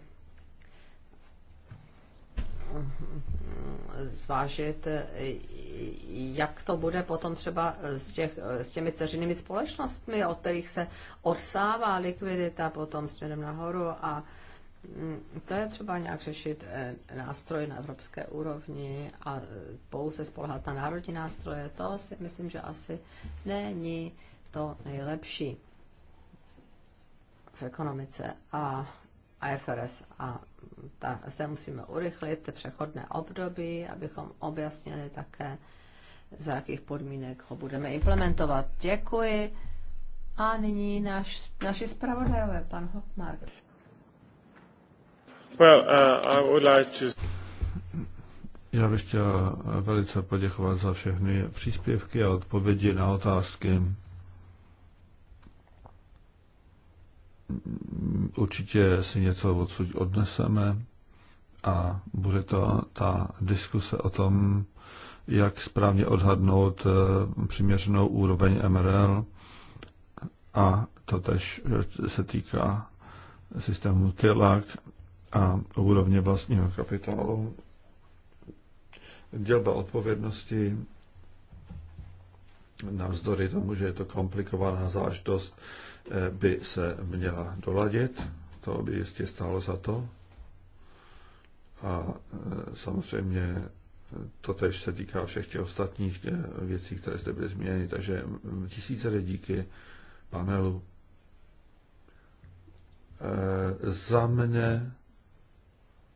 zvážit, jak to bude potom třeba s, eh, těch, eh, s těmi ceřinými společnostmi, od kterých se odsává likvidita potom směrem nahoru a mm, to je třeba nějak řešit eh, nástroj na evropské úrovni a pouze spolehat na národní nástroje. To si myslím, že asi není to nejlepší v ekonomice. A IFRS a ta, zde musíme urychlit přechodné období, abychom objasnili také, za jakých podmínek ho budeme implementovat. Děkuji. A nyní náš, naši zpravodajové, pan Hochmark. Well, uh, I would like to... Já bych chtěl velice poděkovat za všechny příspěvky a odpovědi na otázky. určitě si něco odsud odneseme a bude to ta diskuse o tom, jak správně odhadnout eh, přiměřenou úroveň MRL a to tež eh, se týká systému TILAC a úrovně vlastního kapitálu. Dělba odpovědnosti navzdory tomu, že je to komplikovaná zážitost, by se měla doladit, to by jistě stálo za to. A e, samozřejmě e, to tež se týká všech těch ostatních e, věcí, které zde byly změněny. Takže tisíce díky panelu. E, za mne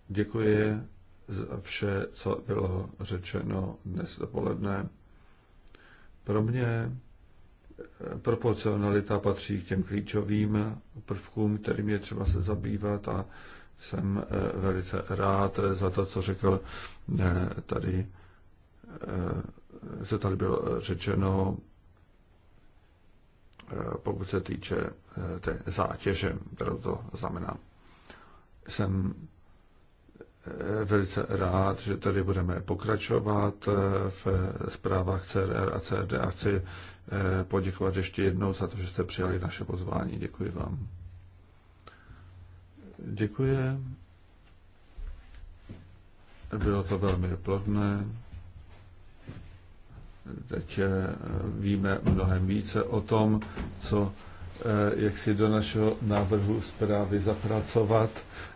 děkuji za vše, co bylo řečeno dnes dopoledne. Pro mě proporcionalita patří k těm klíčovým prvkům, kterým je třeba se zabývat a jsem eh, velice rád za to, co řekl eh, tady, eh, co tady bylo řečeno, pokud se týče té zátěže, kterou to znamená. Jsem Eh, velice rád, že tady budeme pokračovat eh, v zprávách CRR a CRD a chci eh, poděkovat ještě jednou za to, že jste přijali naše pozvání. Děkuji vám. Děkuji. Bylo to velmi plodné. Teď víme mnohem více o tom, co jak si do našeho návrhu zprávy zapracovat.